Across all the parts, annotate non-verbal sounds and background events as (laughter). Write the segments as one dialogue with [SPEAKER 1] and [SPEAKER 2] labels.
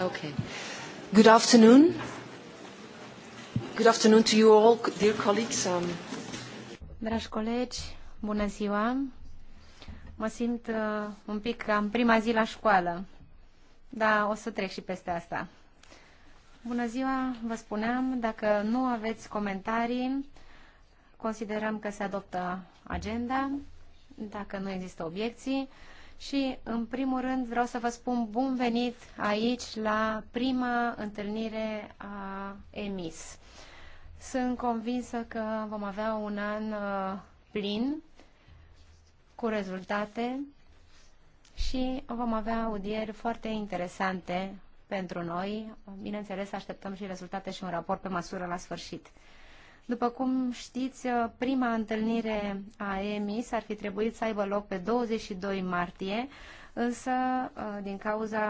[SPEAKER 1] Okay. Good afternoon. Good afternoon to you all, dear colleagues. Um...
[SPEAKER 2] Dragi colegi, bună ziua. Mă simt uh, un pic ca în prima zi la școală, dar o să trec și peste asta. Bună ziua, vă spuneam, dacă nu aveți comentarii, considerăm că se adoptă agenda, dacă nu există obiecții. Și, în primul rând, vreau să vă spun bun venit aici la prima întâlnire a EMIS. Sunt convinsă că vom avea un an uh, plin cu rezultate și vom avea audieri foarte interesante pentru noi. Bineînțeles, așteptăm și rezultate și un raport pe măsură la sfârșit. După cum știți, prima întâlnire a EMi s ar fi trebuit să aibă loc pe 22 martie, însă uh, din cauza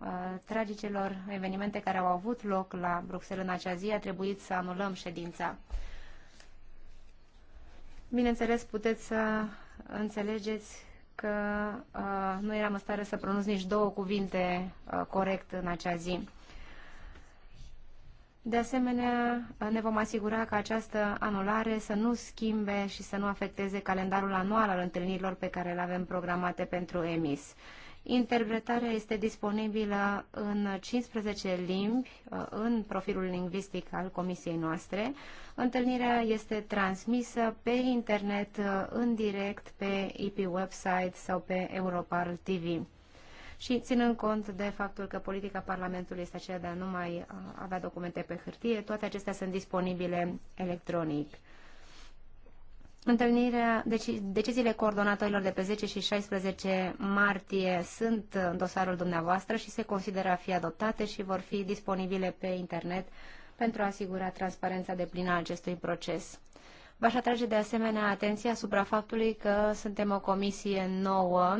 [SPEAKER 2] uh, tragicelor evenimente care au avut loc la Bruxelles în acea zi, a trebuit să anulăm ședința. Bineînțeles, puteți să înțelegeți că uh, nu eram în stare să pronunț nici două cuvinte corect în acea zi. De asemenea, ne vom asigura că această anulare să nu schimbe și să nu afecteze calendarul anual al întâlnirilor pe care le avem programate pentru emis. Interpretarea este disponibilă în 15 limbi uh, în profilul lingvistic al comisiei noastre. Întâlnirea este transmisă pe internet uh, în direct pe IP website sau pe Europarl TV și ținând cont de faptul că politica Parlamentului este aceea de a nu mai uh, avea documente pe hârtie, toate acestea sunt disponibile electronic. Întâlnirea, deci, deciziile coordonatorilor de pe 10 și 16 martie sunt în dosarul dumneavoastră și se consideră a fi adoptate și vor fi disponibile pe internet pentru a asigura transparența de plină a acestui proces. V-aș atrage de asemenea atenția asupra faptului că suntem o comisie nouă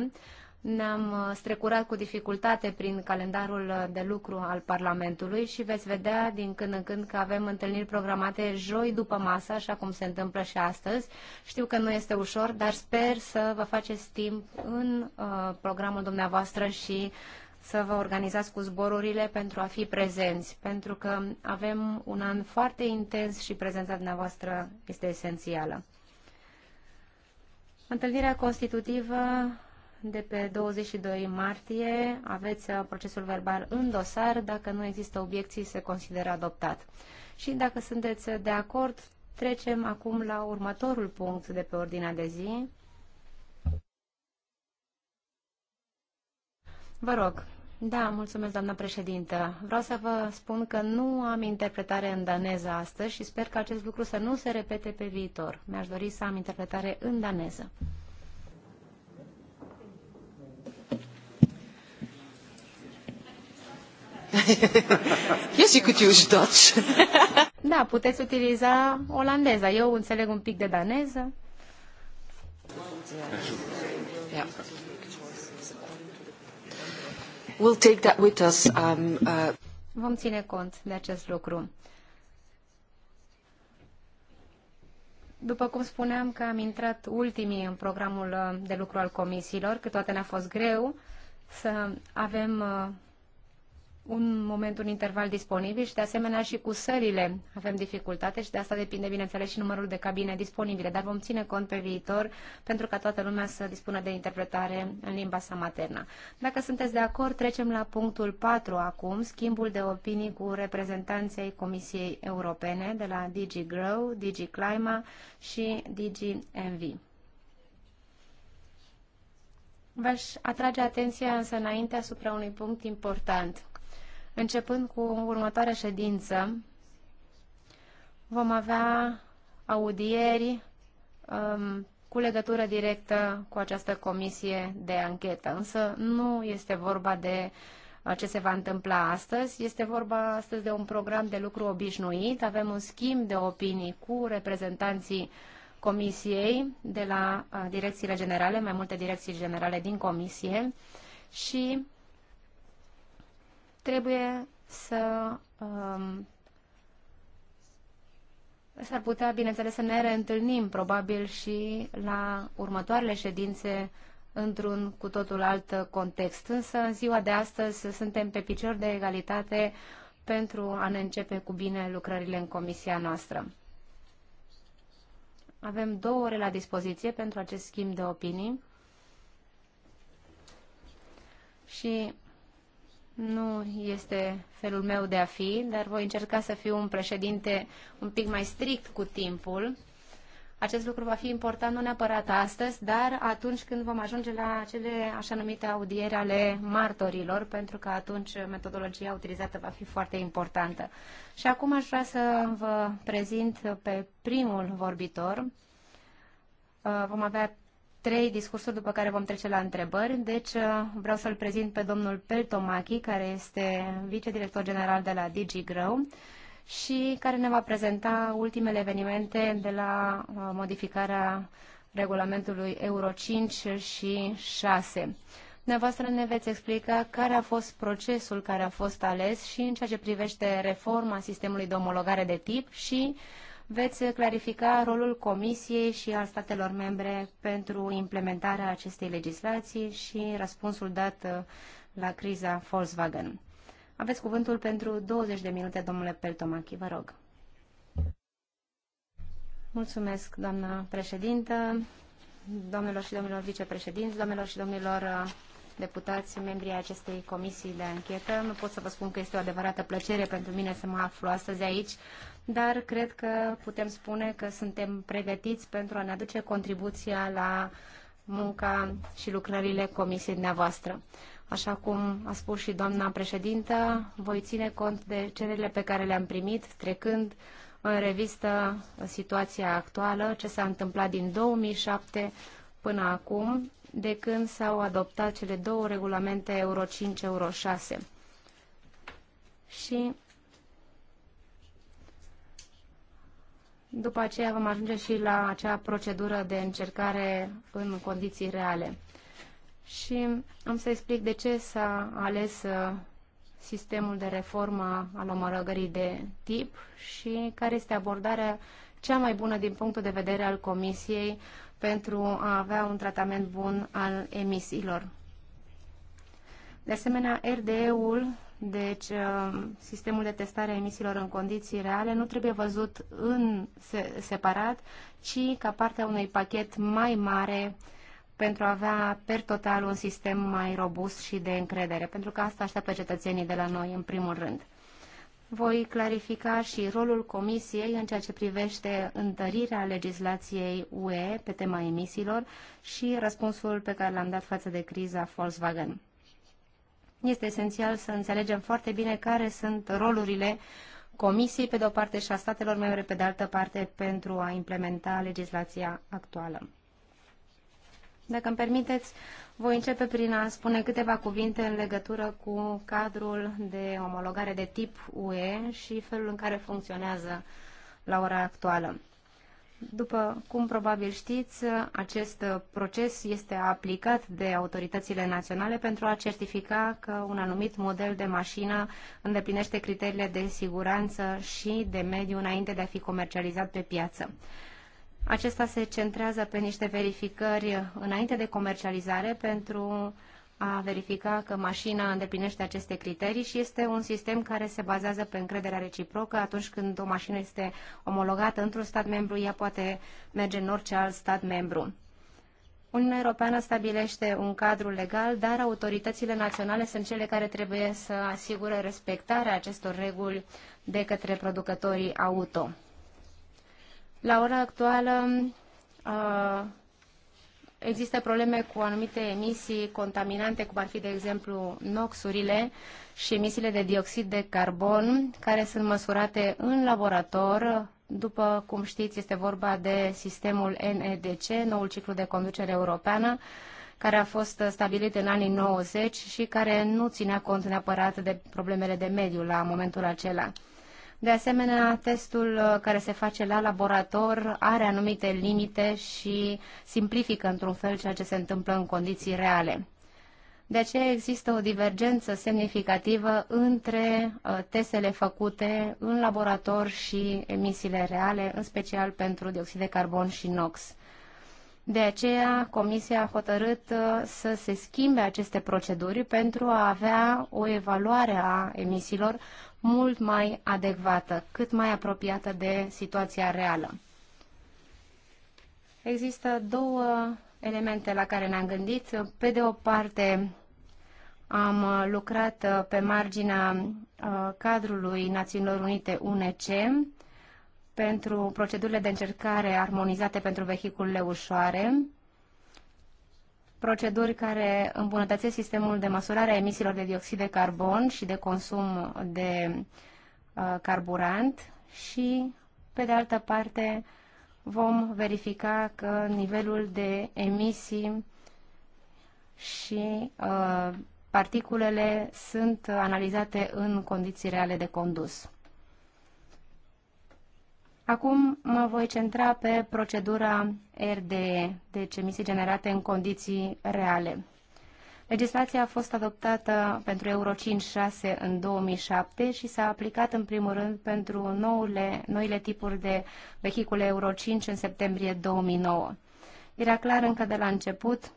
[SPEAKER 2] ne-am uh, strecurat cu dificultate prin calendarul uh, de lucru al Parlamentului și veți vedea din când în când că avem întâlniri programate joi după masă, așa cum se întâmplă și astăzi. Știu că nu este ușor, dar sper să vă faceți timp în uh, programul dumneavoastră și să vă organizați cu zborurile pentru a fi prezenți, pentru că avem un an foarte intens și prezența dumneavoastră este esențială. Întâlnirea constitutivă de pe 22 martie. Aveți uh, procesul verbal în dosar. Dacă nu există obiecții, se consideră adoptat. Și dacă sunteți de acord, trecem acum la următorul punct de pe ordinea de zi. Vă rog. Da, mulțumesc, doamna președintă. Vreau să vă spun că nu am interpretare în daneză astăzi și sper că acest lucru să nu se repete pe viitor. Mi-aș dori să am interpretare în daneză.
[SPEAKER 3] yes, you could use Dutch.
[SPEAKER 2] da, puteți utiliza olandeza. Eu înțeleg un pic de daneză. Yeah. We'll take that with us. Um, uh... Vom ține cont de acest lucru. După cum spuneam că am intrat ultimii în programul uh, de lucru al comisiilor, că toate ne-a fost greu să avem uh, un moment, un interval disponibil și de asemenea și cu sările avem dificultate și de asta depinde, bineînțeles, și numărul de cabine disponibile, dar vom ține cont pe viitor pentru ca toată lumea să dispună de interpretare în limba sa maternă. Dacă sunteți de acord, trecem la punctul 4 acum, schimbul de opinii cu reprezentanții Comisiei Europene de la DG Grow, DG Clima și DG Envy. V-aș atrage atenția însă înainte asupra unui punct important – Începând cu următoarea ședință, vom avea audieri um, cu legătură directă cu această comisie de anchetă. Însă nu este vorba de uh, ce se va întâmpla astăzi. Este vorba astăzi de un program de lucru obișnuit. Avem un schimb de opinii cu reprezentanții comisiei de la uh, direcțiile generale, mai multe direcții generale din comisie și trebuie să um, S-ar putea, bineînțeles, să ne reîntâlnim probabil și la următoarele ședințe într-un cu totul alt context. Însă, în ziua de astăzi, suntem pe picior de egalitate pentru a ne începe cu bine lucrările în comisia noastră. Avem două ore la dispoziție pentru acest schimb de opinii și nu este felul meu de a fi, dar voi încerca să fiu un președinte un pic mai strict cu timpul. Acest lucru va fi important nu neapărat astăzi, dar atunci când vom ajunge la acele așa numite audiere ale martorilor, pentru că atunci metodologia utilizată va fi foarte importantă. Și acum aș vrea să vă prezint pe primul vorbitor. Uh, vom avea trei discursuri, după care vom trece la întrebări. Deci uh, vreau să-l prezint pe domnul Peltomachi, care este vicedirector general de la DigiGrow și care ne va prezenta ultimele evenimente de la uh, modificarea regulamentului Euro 5 și 6. Dumneavoastră ne veți explica care a fost procesul care a fost ales și în ceea ce privește reforma sistemului de omologare de tip și uh, veți clarifica rolul Comisiei și al statelor membre pentru implementarea acestei legislații și răspunsul dat uh, la criza Volkswagen. Aveți cuvântul pentru 20 de minute, domnule Peltomachi, vă rog. Mulțumesc, doamna președintă, domnilor și domnilor vicepreședinți, domnilor și domnilor uh, deputați, membrii acestei comisii de anchetă. Nu pot să vă spun că este o adevărată plăcere pentru mine să mă aflu astăzi aici dar cred că putem spune că suntem pregătiți pentru a ne aduce contribuția la munca și lucrările comisiei dumneavoastră. Așa cum a spus și doamna președintă, voi ține cont de cererile pe care le-am primit, trecând în revistă situația actuală, ce s-a întâmplat din 2007 până acum, de când s-au adoptat cele două regulamente Euro 5, Euro 6. Și După aceea vom ajunge și la acea procedură de încercare în condiții reale. Și am să explic de ce s-a ales uh, sistemul de reformă al omorăgării de tip și care este abordarea cea mai bună din punctul de vedere al Comisiei pentru a avea un tratament bun al emisiilor. De asemenea, RDE-ul deci, uh, sistemul de testare a emisiilor în condiții reale nu trebuie văzut în separat, ci ca partea unui pachet mai mare pentru a avea, per total, un sistem mai robust și de încredere, pentru că asta așteaptă cetățenii de la noi, în primul rând. Voi clarifica și rolul Comisiei în ceea ce privește întărirea legislației UE pe tema emisiilor și răspunsul pe care l-am dat față de criza Volkswagen. Este esențial să înțelegem foarte bine care sunt rolurile Comisiei pe de o parte și a statelor membre pe de altă parte pentru a implementa legislația actuală. Dacă îmi permiteți, voi începe prin a spune câteva cuvinte în legătură cu cadrul de omologare de tip UE și felul în care funcționează la ora actuală. După cum probabil știți, acest proces este aplicat de autoritățile naționale pentru a certifica că un anumit model de mașină îndeplinește criteriile de siguranță și de mediu înainte de a fi comercializat pe piață. Acesta se centrează pe niște verificări înainte de comercializare pentru a verifica că mașina îndeplinește aceste criterii și este un sistem care se bazează pe încrederea reciprocă. Atunci când o mașină este omologată într-un stat membru, ea poate merge în orice alt stat membru. Uniunea Europeană stabilește un cadru legal, dar autoritățile naționale sunt cele care trebuie să asigure respectarea acestor reguli de către producătorii auto. La ora actuală, uh, există probleme cu anumite emisii contaminante, cum ar fi, de exemplu, noxurile și emisiile de dioxid de carbon, care sunt măsurate în laborator. După cum știți, este vorba de sistemul NEDC, noul ciclu de conducere europeană, care a fost stabilit în anii 90 și care nu ținea cont neapărat de problemele de mediu la momentul acela. De asemenea, testul uh, care se face la laborator are anumite limite și simplifică într-un fel ceea ce se întâmplă în condiții reale. De aceea există o divergență semnificativă între uh, testele făcute în laborator și emisiile reale, în special pentru dioxid de carbon și NOx. De aceea, Comisia a hotărât uh, să se schimbe aceste proceduri pentru a avea o evaluare a emisiilor mult mai adecvată, cât mai apropiată de situația reală. Există două elemente la care ne-am gândit. Pe de o parte, am lucrat uh, pe marginea uh, cadrului Națiunilor Unite UNEC pentru procedurile de încercare armonizate pentru vehiculele ușoare, proceduri care îmbunătățesc sistemul de măsurare a emisiilor de dioxid de carbon și de consum de uh, carburant și, pe de altă parte, vom verifica că nivelul de emisii și uh, particulele sunt analizate în condiții reale de condus. Acum mă voi centra pe procedura RDE, deci emisii generate în condiții reale. Legislația a fost adoptată pentru Euro 5-6 în 2007 și s-a aplicat în primul rând pentru noule, noile tipuri de vehicule Euro 5 în septembrie 2009. Era clar încă de la început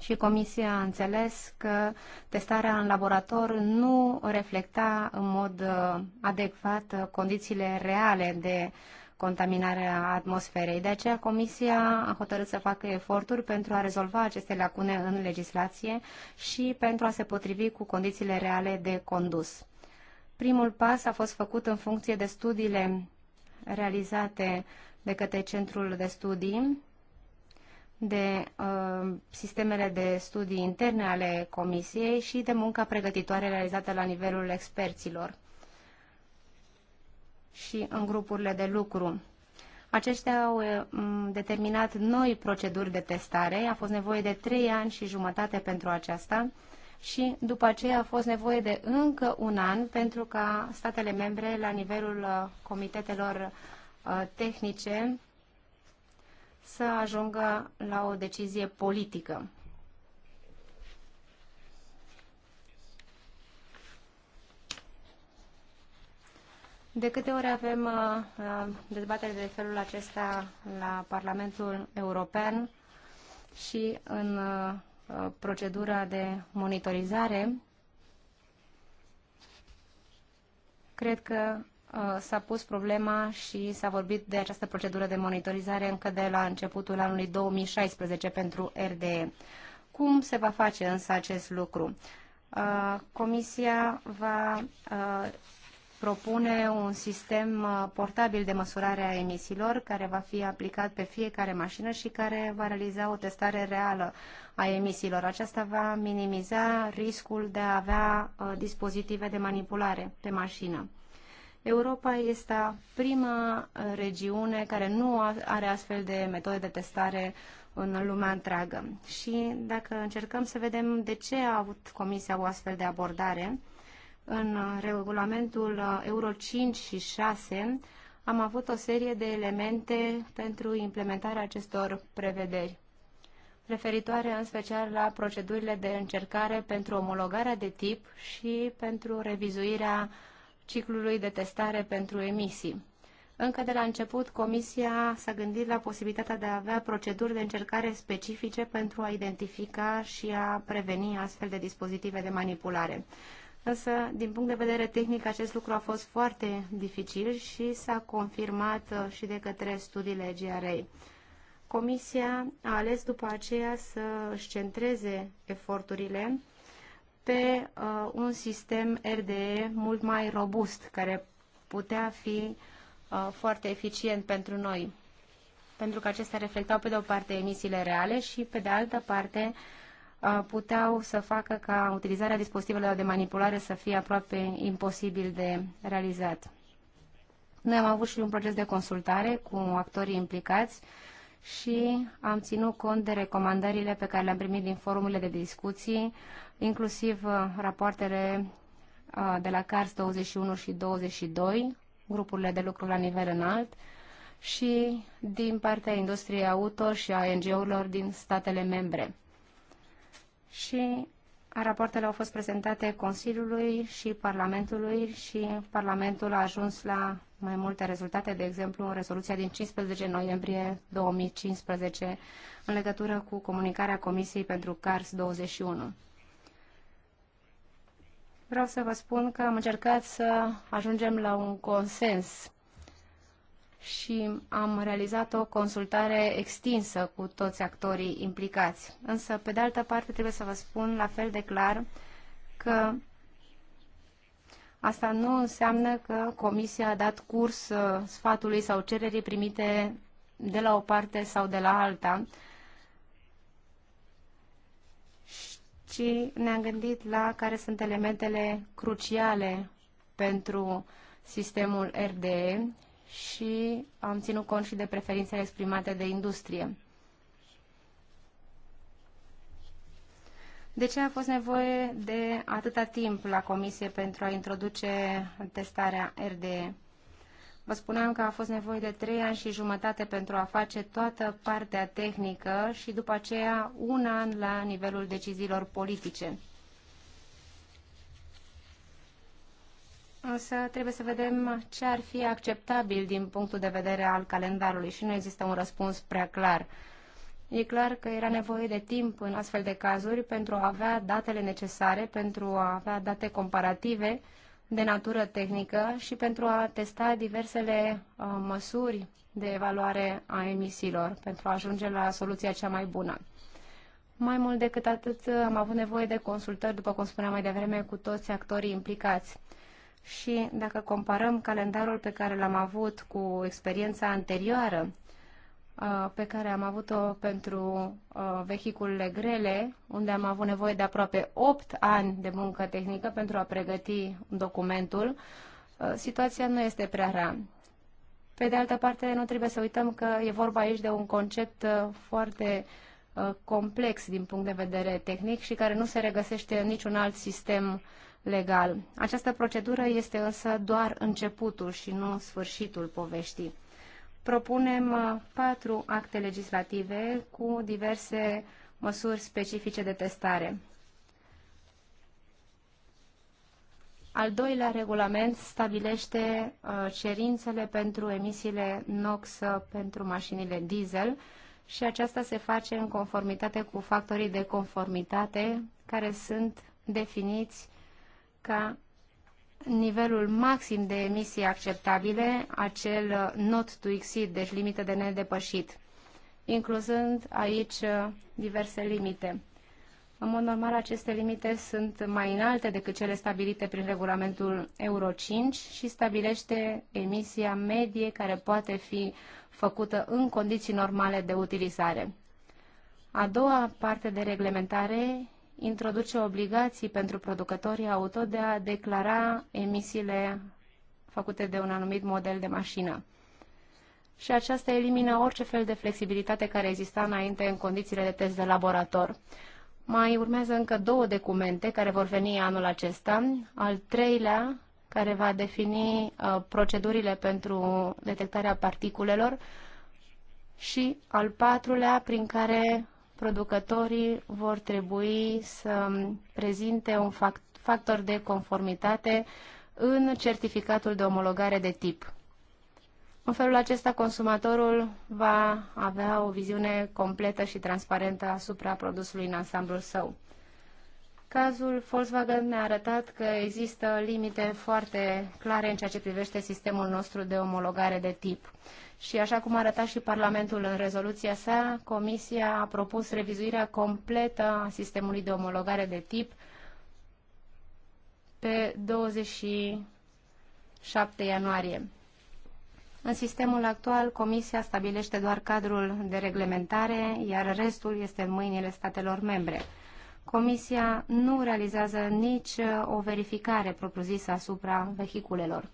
[SPEAKER 2] și Comisia a înțeles că testarea în laborator nu reflecta în mod uh, adecvat uh, condițiile reale de contaminare a atmosferei. De aceea Comisia a hotărât să facă eforturi pentru a rezolva aceste lacune în legislație și pentru a se potrivi cu condițiile reale de condus. Primul pas a fost făcut în funcție de studiile realizate de către Centrul de Studii de uh, sistemele de studii interne ale Comisiei și de munca pregătitoare realizată la nivelul experților și în grupurile de lucru. Aceștia au uh, determinat noi proceduri de testare, a fost nevoie de trei ani și jumătate pentru aceasta și după aceea a fost nevoie de încă un an pentru ca statele membre la nivelul uh, comitetelor uh, tehnice să ajungă la o decizie politică. De câte ori avem uh, uh dezbatere de felul acesta la Parlamentul European și în uh, uh procedura de monitorizare, cred că Uh, s-a pus problema și s-a vorbit de această procedură de monitorizare încă de la începutul anului 2016 pentru RDE. Cum se va face însă acest lucru? Uh, comisia va uh, propune un sistem portabil de măsurare a emisiilor care va fi aplicat pe fiecare mașină și care va realiza o testare reală a emisiilor. Aceasta va minimiza riscul de a avea dispozitive de manipulare pe mașină. Europa este a prima regiune care nu are astfel de metode de testare în lumea întreagă. Și dacă încercăm să vedem de ce a avut Comisia o astfel de abordare, în regulamentul uh, Euro 5 și 6 am avut o serie de elemente pentru implementarea acestor prevederi referitoare în special la procedurile de încercare pentru omologarea de tip și pentru revizuirea uh, ciclului de testare pentru emisii. Încă de la început, Comisia s-a gândit la posibilitatea de a avea proceduri de încercare specifice pentru a identifica și a preveni astfel de dispozitive de manipulare. Însă, din punct de vedere tehnic, acest lucru a fost foarte dificil și s-a confirmat uh, și de către studiile GRA. Comisia a ales după aceea să și centreze eforturile este uh, un sistem RDE mult mai robust, care putea fi uh, foarte eficient pentru noi, pentru că acestea reflectau pe de o parte emisiile reale și pe de altă parte uh, puteau să facă ca utilizarea dispozitivelor de manipulare să fie aproape imposibil de realizat. Noi am avut și un proces de consultare cu actorii implicați, uh, și am ținut cont de recomandările pe care le-am primit din forumurile de discuții, inclusiv uh, rapoartele uh, de la CARS 21 și 22, grupurile de lucru la nivel înalt, și din partea industriei auto și a NGO-urilor din statele membre. Și rapoartele au fost prezentate Consiliului și Parlamentului și Parlamentul a ajuns la mai multe rezultate, de exemplu, în rezoluția din 15 noiembrie 2015 în legătură cu comunicarea Comisiei pentru CARS 21. Vreau să vă spun că am încercat să ajungem la un consens și am realizat o consultare extinsă cu toți actorii implicați. Însă, pe de altă parte, trebuie să vă spun la fel de clar că Asta nu înseamnă că Comisia a dat curs uh, sfatului sau cererii primite de la o parte sau de la alta, ci ne-am gândit la care sunt elementele cruciale pentru sistemul RDE și am ținut cont și de preferințele exprimate de industrie. De ce a fost nevoie de atâta timp la comisie pentru a introduce testarea RDE? Vă spuneam că a fost nevoie de trei ani și jumătate pentru a face toată partea tehnică și după aceea un an la nivelul deciziilor politice. Însă trebuie să vedem ce ar fi acceptabil din punctul de vedere al calendarului și nu există un răspuns prea clar. E clar că era nevoie de timp în astfel de cazuri pentru a avea datele necesare, pentru a avea date comparative de natură tehnică și pentru a testa diversele uh, măsuri de evaluare a emisiilor, pentru a ajunge la soluția cea mai bună. Mai mult decât atât, am avut nevoie de consultări, după cum spuneam mai devreme, cu toți actorii implicați. Și dacă comparăm calendarul pe care l-am avut cu experiența anterioară Uh, pe care am avut-o pentru uh, vehiculele grele, unde am avut nevoie de aproape 8 ani de muncă tehnică pentru a pregăti documentul, uh, situația nu este prea rea. Pe de altă parte, nu trebuie să uităm că e vorba aici de un concept foarte complex din punct de vedere tehnic și care nu se regăsește în niciun alt sistem legal. Această procedură este însă doar începutul și nu sfârșitul poveștii propunem uh, patru acte legislative cu diverse măsuri specifice de testare. Al doilea regulament stabilește uh, cerințele pentru emisiile NOx pentru mașinile diesel și aceasta se face în conformitate cu factorii de conformitate care sunt definiți ca nivelul maxim de emisii acceptabile, acel not to exceed, deci limită de nedepășit, incluzând aici uh, diverse limite. În mod normal, aceste limite sunt mai înalte decât cele stabilite prin regulamentul Euro 5 și stabilește emisia medie care poate fi făcută în condiții normale de utilizare. A doua parte de reglementare introduce obligații pentru producătorii auto de a declara emisiile făcute de un anumit model de mașină. Și aceasta elimină orice fel de flexibilitate care exista înainte în condițiile de test de laborator. Mai urmează încă două documente care vor veni anul acesta. Al treilea, care va defini uh, procedurile pentru detectarea particulelor și al patrulea, prin care producătorii vor trebui să prezinte un factor de conformitate în certificatul de omologare de tip. În felul acesta, consumatorul va avea o viziune completă și transparentă asupra produsului în ansamblul său. Cazul Volkswagen ne-a arătat că există limite foarte clare în ceea ce privește sistemul nostru de omologare de tip. Și așa cum arăta și Parlamentul în rezoluția sa, Comisia a propus revizuirea completă a sistemului de omologare de tip pe 27 ianuarie. În sistemul actual, Comisia stabilește doar cadrul de reglementare, iar restul este în mâinile statelor membre. Comisia nu realizează nici o verificare propriu-zisă asupra vehiculelor.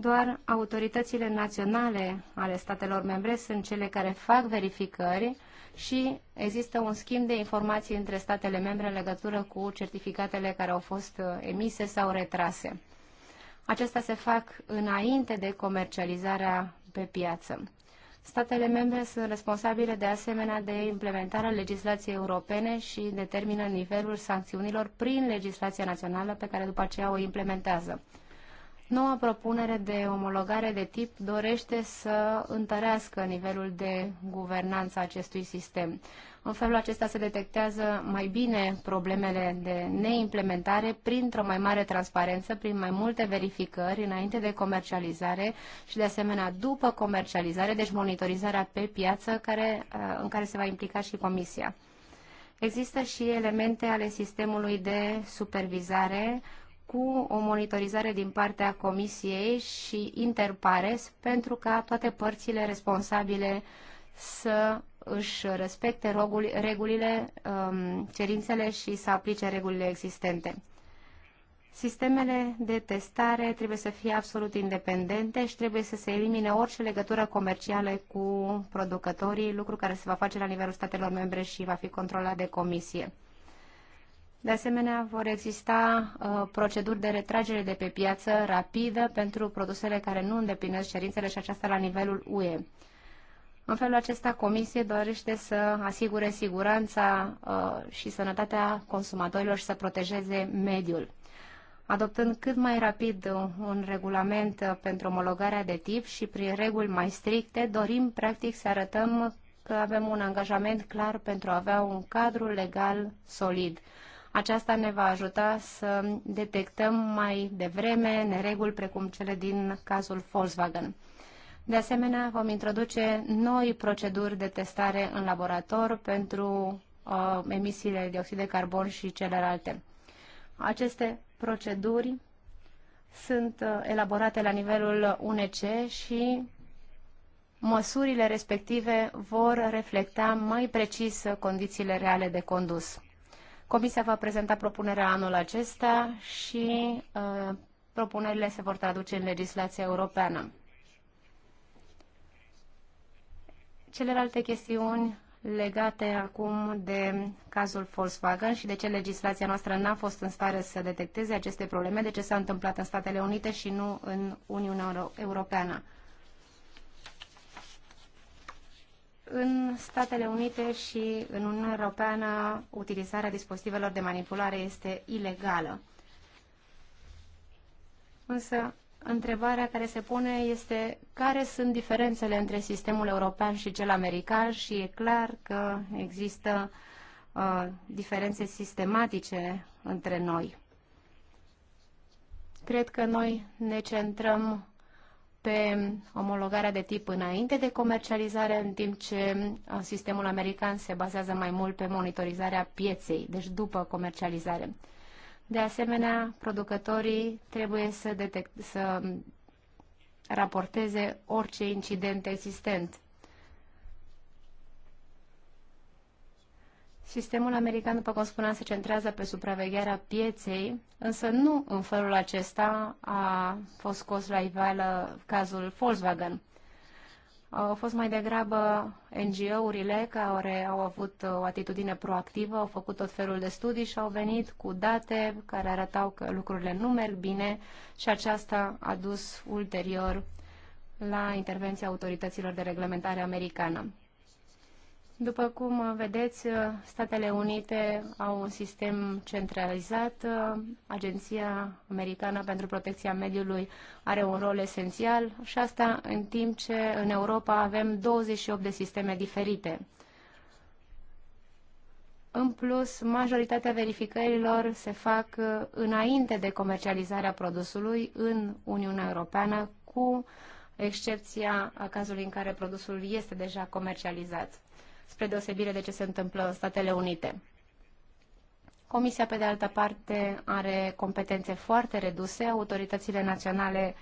[SPEAKER 2] Doar autoritățile naționale ale statelor membre sunt cele care fac verificări și există un schimb de informații între statele membre în legătură cu certificatele care au fost uh, emise sau retrase. Acestea se fac înainte de comercializarea pe piață. Statele membre sunt responsabile de asemenea de implementarea legislației europene și determină nivelul sancțiunilor prin legislația națională pe care după aceea o implementează. Noua propunere de omologare de tip dorește să întărească nivelul de guvernanță acestui sistem. În felul acesta se detectează mai bine problemele de neimplementare printr-o mai mare transparență, prin mai multe verificări înainte de comercializare și de asemenea după comercializare, deci monitorizarea pe piață care, uh, în care se va implica și Comisia. Există și elemente ale sistemului de supervizare cu o monitorizare din partea Comisiei și Interpares pentru ca toate părțile responsabile să își respecte regulile, um, cerințele și să aplice regulile existente. Sistemele de testare trebuie să fie absolut independente și trebuie să se elimine orice legătură comercială cu producătorii, lucru care se va face la nivelul statelor membre și va fi controlat de comisie. De asemenea, vor exista uh, proceduri de retragere de pe piață rapidă pentru produsele care nu îndeplinesc cerințele și aceasta la nivelul UE. În felul acesta, Comisie dorește să asigure siguranța uh, și sănătatea consumatorilor și să protejeze mediul. Adoptând cât mai rapid uh, un regulament uh, pentru omologarea de tip și prin reguli mai stricte, dorim practic să arătăm că avem un angajament clar pentru a avea un cadru legal solid aceasta ne va ajuta să detectăm mai devreme nereguli precum cele din cazul Volkswagen. De asemenea, vom introduce noi proceduri de testare în laborator pentru uh, emisiile de oxid de carbon și celelalte. Aceste proceduri sunt uh, elaborate la nivelul UNC și măsurile respective vor reflecta mai precis condițiile reale de condus. Comisia va prezenta propunerea anul acesta și uh, propunerile se vor traduce în legislația europeană. Celelalte chestiuni legate acum de cazul Volkswagen și de ce legislația noastră n-a fost în stare să detecteze aceste probleme, de ce s-a întâmplat în Statele Unite și nu în Uniunea Europeană. În Statele Unite și în Uniunea Europeană, utilizarea dispozitivelor de manipulare este ilegală. Însă, întrebarea care se pune este care sunt diferențele între sistemul european și cel american și e clar că există uh, diferențe sistematice între noi. Cred că noi ne centrăm pe omologarea de tip înainte de comercializare, în timp ce sistemul american se bazează mai mult pe monitorizarea pieței, deci după comercializare. De asemenea, producătorii trebuie să, detect, să raporteze orice incident existent Sistemul american, după cum spuneam, se centrează pe supravegherea pieței, însă nu în felul acesta a fost scos la iveală cazul Volkswagen. Au fost mai degrabă NGO-urile care au avut o atitudine proactivă, au făcut tot felul de studii și au venit cu date care arătau că lucrurile nu merg bine și aceasta a dus ulterior la intervenția autorităților de reglementare americană. După cum vedeți, Statele Unite au un sistem centralizat. Agenția Americană pentru Protecția Mediului are un rol esențial și asta în timp ce în Europa avem 28 de sisteme diferite. În plus, majoritatea verificărilor se fac înainte de comercializarea produsului în Uniunea Europeană, cu excepția a cazului în care produsul este deja comercializat spre deosebire de ce se întâmplă în Statele Unite. Comisia, pe de altă parte, are competențe foarte reduse. Autoritățile naționale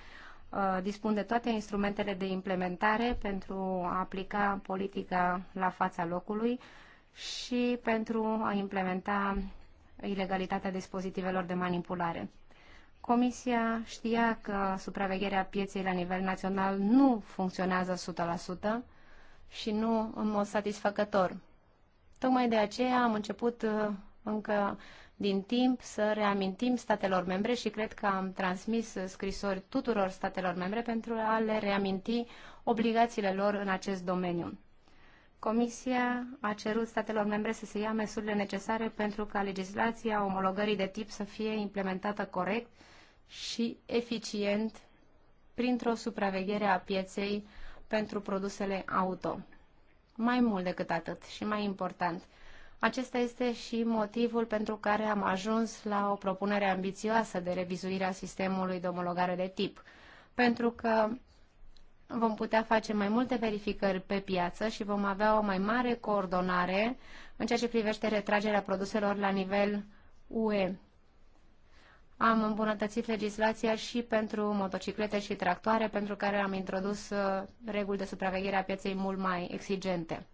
[SPEAKER 2] uh, dispun de toate instrumentele de implementare pentru a aplica politica la fața locului și pentru a implementa ilegalitatea dispozitivelor de manipulare. Comisia știa că supravegherea pieței la nivel național nu funcționează 100%, și nu în mod satisfăcător. Tocmai de aceea am început uh, încă din timp să reamintim statelor membre și cred că am transmis uh, scrisori tuturor statelor membre pentru a le reaminti obligațiile lor în acest domeniu. Comisia a cerut statelor membre să se ia măsurile necesare pentru ca legislația omologării de tip să fie implementată corect și eficient printr-o supraveghere a pieței pentru produsele auto. Mai mult decât atât și mai important, acesta este și motivul pentru care am ajuns la o propunere ambițioasă de revizuire a sistemului de omologare de tip, pentru că vom putea face mai multe verificări pe piață și vom avea o mai mare coordonare în ceea ce privește retragerea produselor la nivel UE. Am îmbunătățit legislația și pentru motociclete și tractoare, pentru care am introdus uh, reguli de supraveghere a pieței mult mai exigente.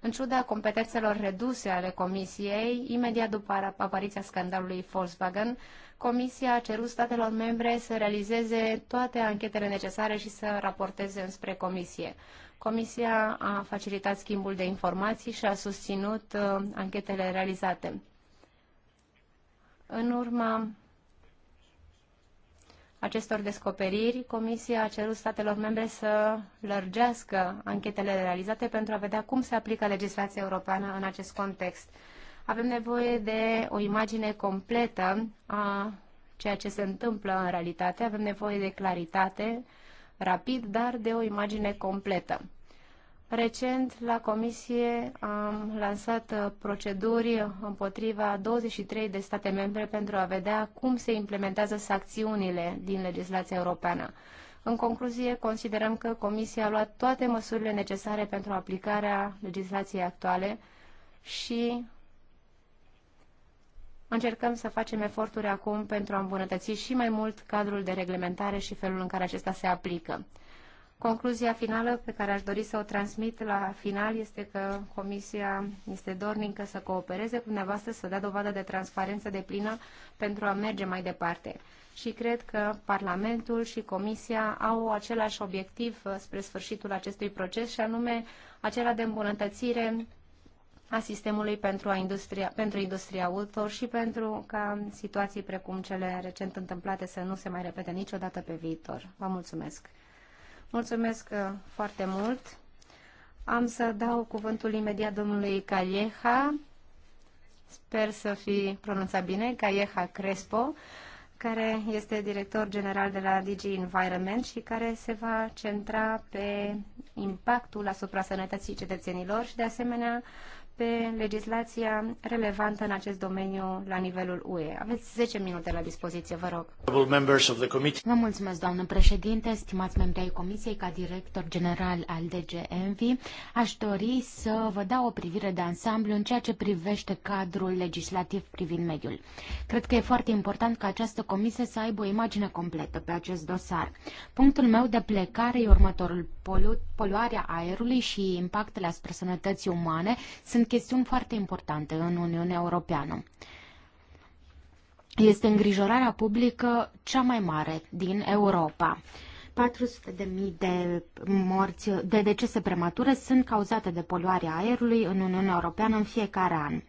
[SPEAKER 2] În ciuda competențelor reduse ale Comisiei, imediat după apariția scandalului Volkswagen, Comisia a cerut statelor membre să realizeze toate anchetele necesare și să raporteze înspre Comisie. Comisia a facilitat schimbul de informații și a susținut uh, anchetele realizate. În urma acestor descoperiri, Comisia a cerut statelor membre să lărgească anchetele realizate pentru a vedea cum se aplică legislația europeană în acest context. Avem nevoie de o imagine completă a ceea ce se întâmplă în realitate, avem nevoie de claritate rapid, dar de o imagine completă. Recent, la Comisie am lansat uh, proceduri împotriva 23 de state membre pentru a vedea cum se implementează sancțiunile din legislația europeană. În concluzie, considerăm că Comisia a luat toate măsurile necesare pentru aplicarea legislației actuale și încercăm să facem eforturi acum pentru a îmbunătăți și mai mult cadrul de reglementare și felul în care acesta se aplică. Concluzia finală pe care aș dori să o transmit la final este că Comisia este dornică să coopereze cu dumneavoastră, să dea dovadă de transparență de plină pentru a merge mai departe. Și cred că Parlamentul și Comisia au același obiectiv spre sfârșitul acestui proces și anume acela de îmbunătățire a sistemului pentru, a industria, pentru industria auto și pentru ca situații precum cele recent întâmplate să nu se mai repete niciodată pe viitor. Vă mulțumesc! Mulțumesc uh, foarte mult. Am să dau cuvântul imediat domnului Calieha. Sper să fi pronunțat bine, Calieha Crespo care este director general de la DG Environment și care se va centra pe impactul asupra sănătății cetățenilor și, de asemenea, pe legislația relevantă în acest domeniu la nivelul UE. Aveți 10 minute la dispoziție, vă rog. Vă mulțumesc, doamnă președinte, stimați membri ai Comisiei,
[SPEAKER 3] ca director general al DG Envi, aș dori să vă dau o privire de ansamblu în ceea ce privește cadrul legislativ privind mediul. Cred că e foarte important ca această comisie să aibă o imagine completă pe acest dosar. Punctul meu de plecare e următorul. Polu- poluarea aerului și impactele asupra sănătății umane sunt chestiuni foarte importante în Uniunea Europeană. Este îngrijorarea publică cea mai mare din Europa. 400.000 de morți de decese premature sunt cauzate de poluarea aerului în Uniunea Europeană în fiecare an.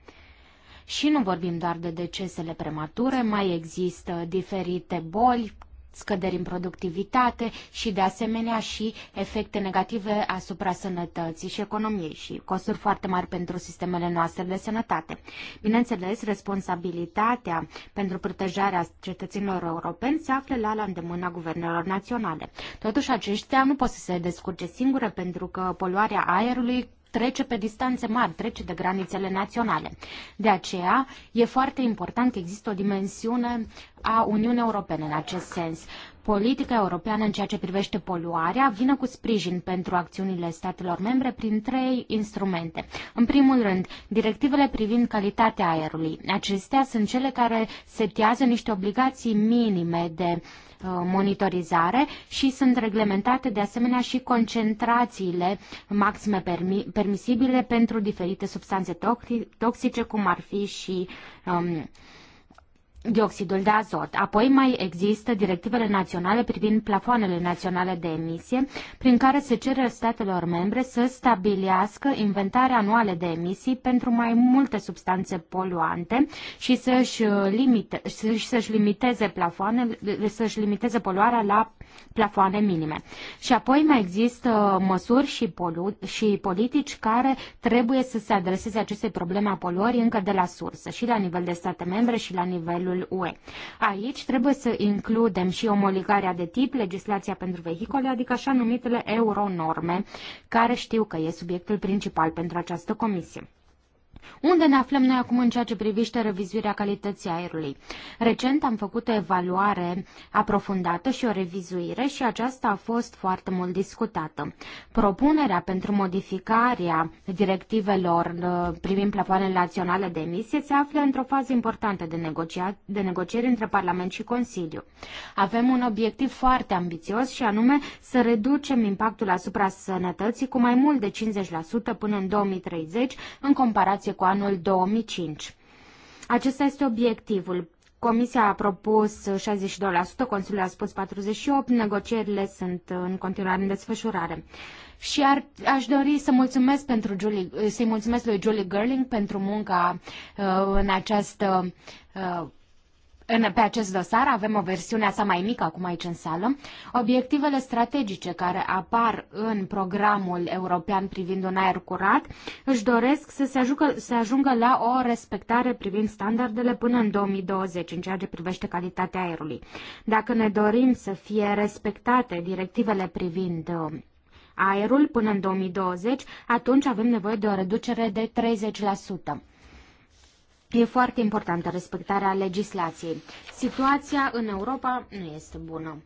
[SPEAKER 3] Și nu vorbim doar de decesele premature, mai există diferite boli, scăderi în productivitate și de asemenea și efecte negative asupra sănătății și economiei și costuri foarte mari pentru sistemele noastre de sănătate. Bineînțeles, responsabilitatea pentru protejarea cetățenilor europeni se află la, la îndemâna guvernelor naționale. Totuși, aceștia nu pot să se descurce singure pentru că poluarea aerului trece pe distanțe mari, trece de granițele naționale. De aceea e foarte important că există o dimensiune a Uniunii Europene în acest sens. Politica europeană în ceea ce privește poluarea vine cu sprijin pentru acțiunile statelor membre prin trei instrumente. În primul rând, directivele privind calitatea aerului. Acestea sunt cele care setează niște obligații minime de uh, Uh, monitorizare și sunt reglementate de asemenea și concentrațiile maxime permisibile pentru diferite substanțe toxice, cum ar fi și um, dioxidul de azot. Apoi mai există directivele naționale privind plafoanele naționale de emisie, prin care se cere statelor membre să stabilească inventare anuale de emisii pentru mai multe substanțe poluante și să-și, uh, limite, să limiteze plafoanele, să-și limiteze poluarea la plafoane minime. Și apoi mai există măsuri și, polu- și politici care trebuie să se adreseze acestei probleme a poluării încă de la sursă, și la nivel de state membre și la nivelul Consiliul UE. Aici trebuie să includem și omologarea de tip, legislația pentru vehicole, adică așa numitele euronorme, care știu că e subiectul principal pentru această comisie. Unde ne aflăm noi acum în ceea ce privește revizuirea calității aerului? Recent am făcut o evaluare aprofundată și o revizuire și aceasta a fost foarte mult discutată. Propunerea pentru modificarea directivelor uh, privind plafoanele naționale de emisie se află într-o fază importantă de, negocia- de negocieri între Parlament și Consiliu. Avem un obiectiv foarte ambițios și anume să reducem impactul asupra sănătății cu mai mult de 50% până în 2030 în comparație comparație cu anul 2005. Acesta este obiectivul. Comisia a propus 62%, Consiliul a spus 48%, negocierile sunt în continuare în desfășurare. Și ar, aș dori să mulțumesc pentru Julie, să-i mulțumesc lui Julie Gerling pentru munca uh, în această uh, în, pe acest dosar, avem o versiune a sa mai mică acum aici în sală, obiectivele strategice care apar în programul european privind un aer curat își doresc să se, ajungă, ajungă la o respectare privind standardele până în 2020 în ceea ce privește calitatea aerului. Dacă ne dorim să fie respectate directivele privind uh, aerul până în 2020, atunci avem nevoie de o reducere de 30%. E foarte importantă respectarea legislației. Situația în Europa nu este bună.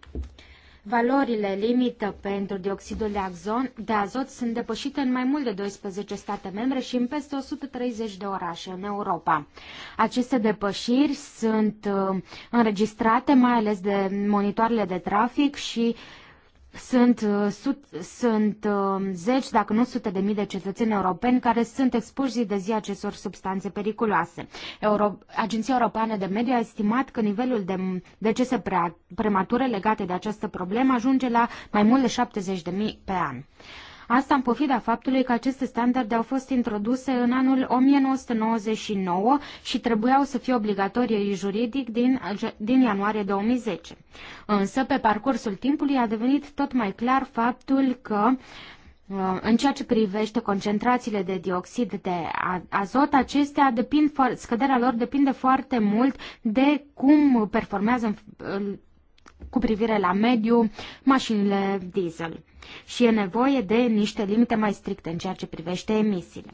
[SPEAKER 3] Valorile limită pentru dioxidul de, axon, de azot sunt depășite în mai mult de 12 state membre și în peste 130 de orașe în Europa. Aceste depășiri sunt uh, înregistrate mai ales de monitoarele de trafic și uh, sunt, uh, sut, sunt um, zeci, dacă nu sute de mii de cetățeni europeni care sunt expuși zi de zi acestor substanțe periculoase. Euro, Agenția Europeană de Mediu a estimat că nivelul de decese prea, premature legate de această problemă ajunge la mai mult de 70 de mii pe an. Asta în pofida faptului că aceste standarde au fost introduse în anul 1999 și trebuiau să fie obligatorii juridic din, din ianuarie 2010. Însă, pe parcursul timpului a devenit tot mai clar faptul că uh, în ceea ce privește concentrațiile de dioxid de azot, acestea depind, scăderea lor depinde foarte mult de cum performează cu privire la mediu mașinile diesel. Și e nevoie de niște limite mai stricte în ceea ce privește emisiile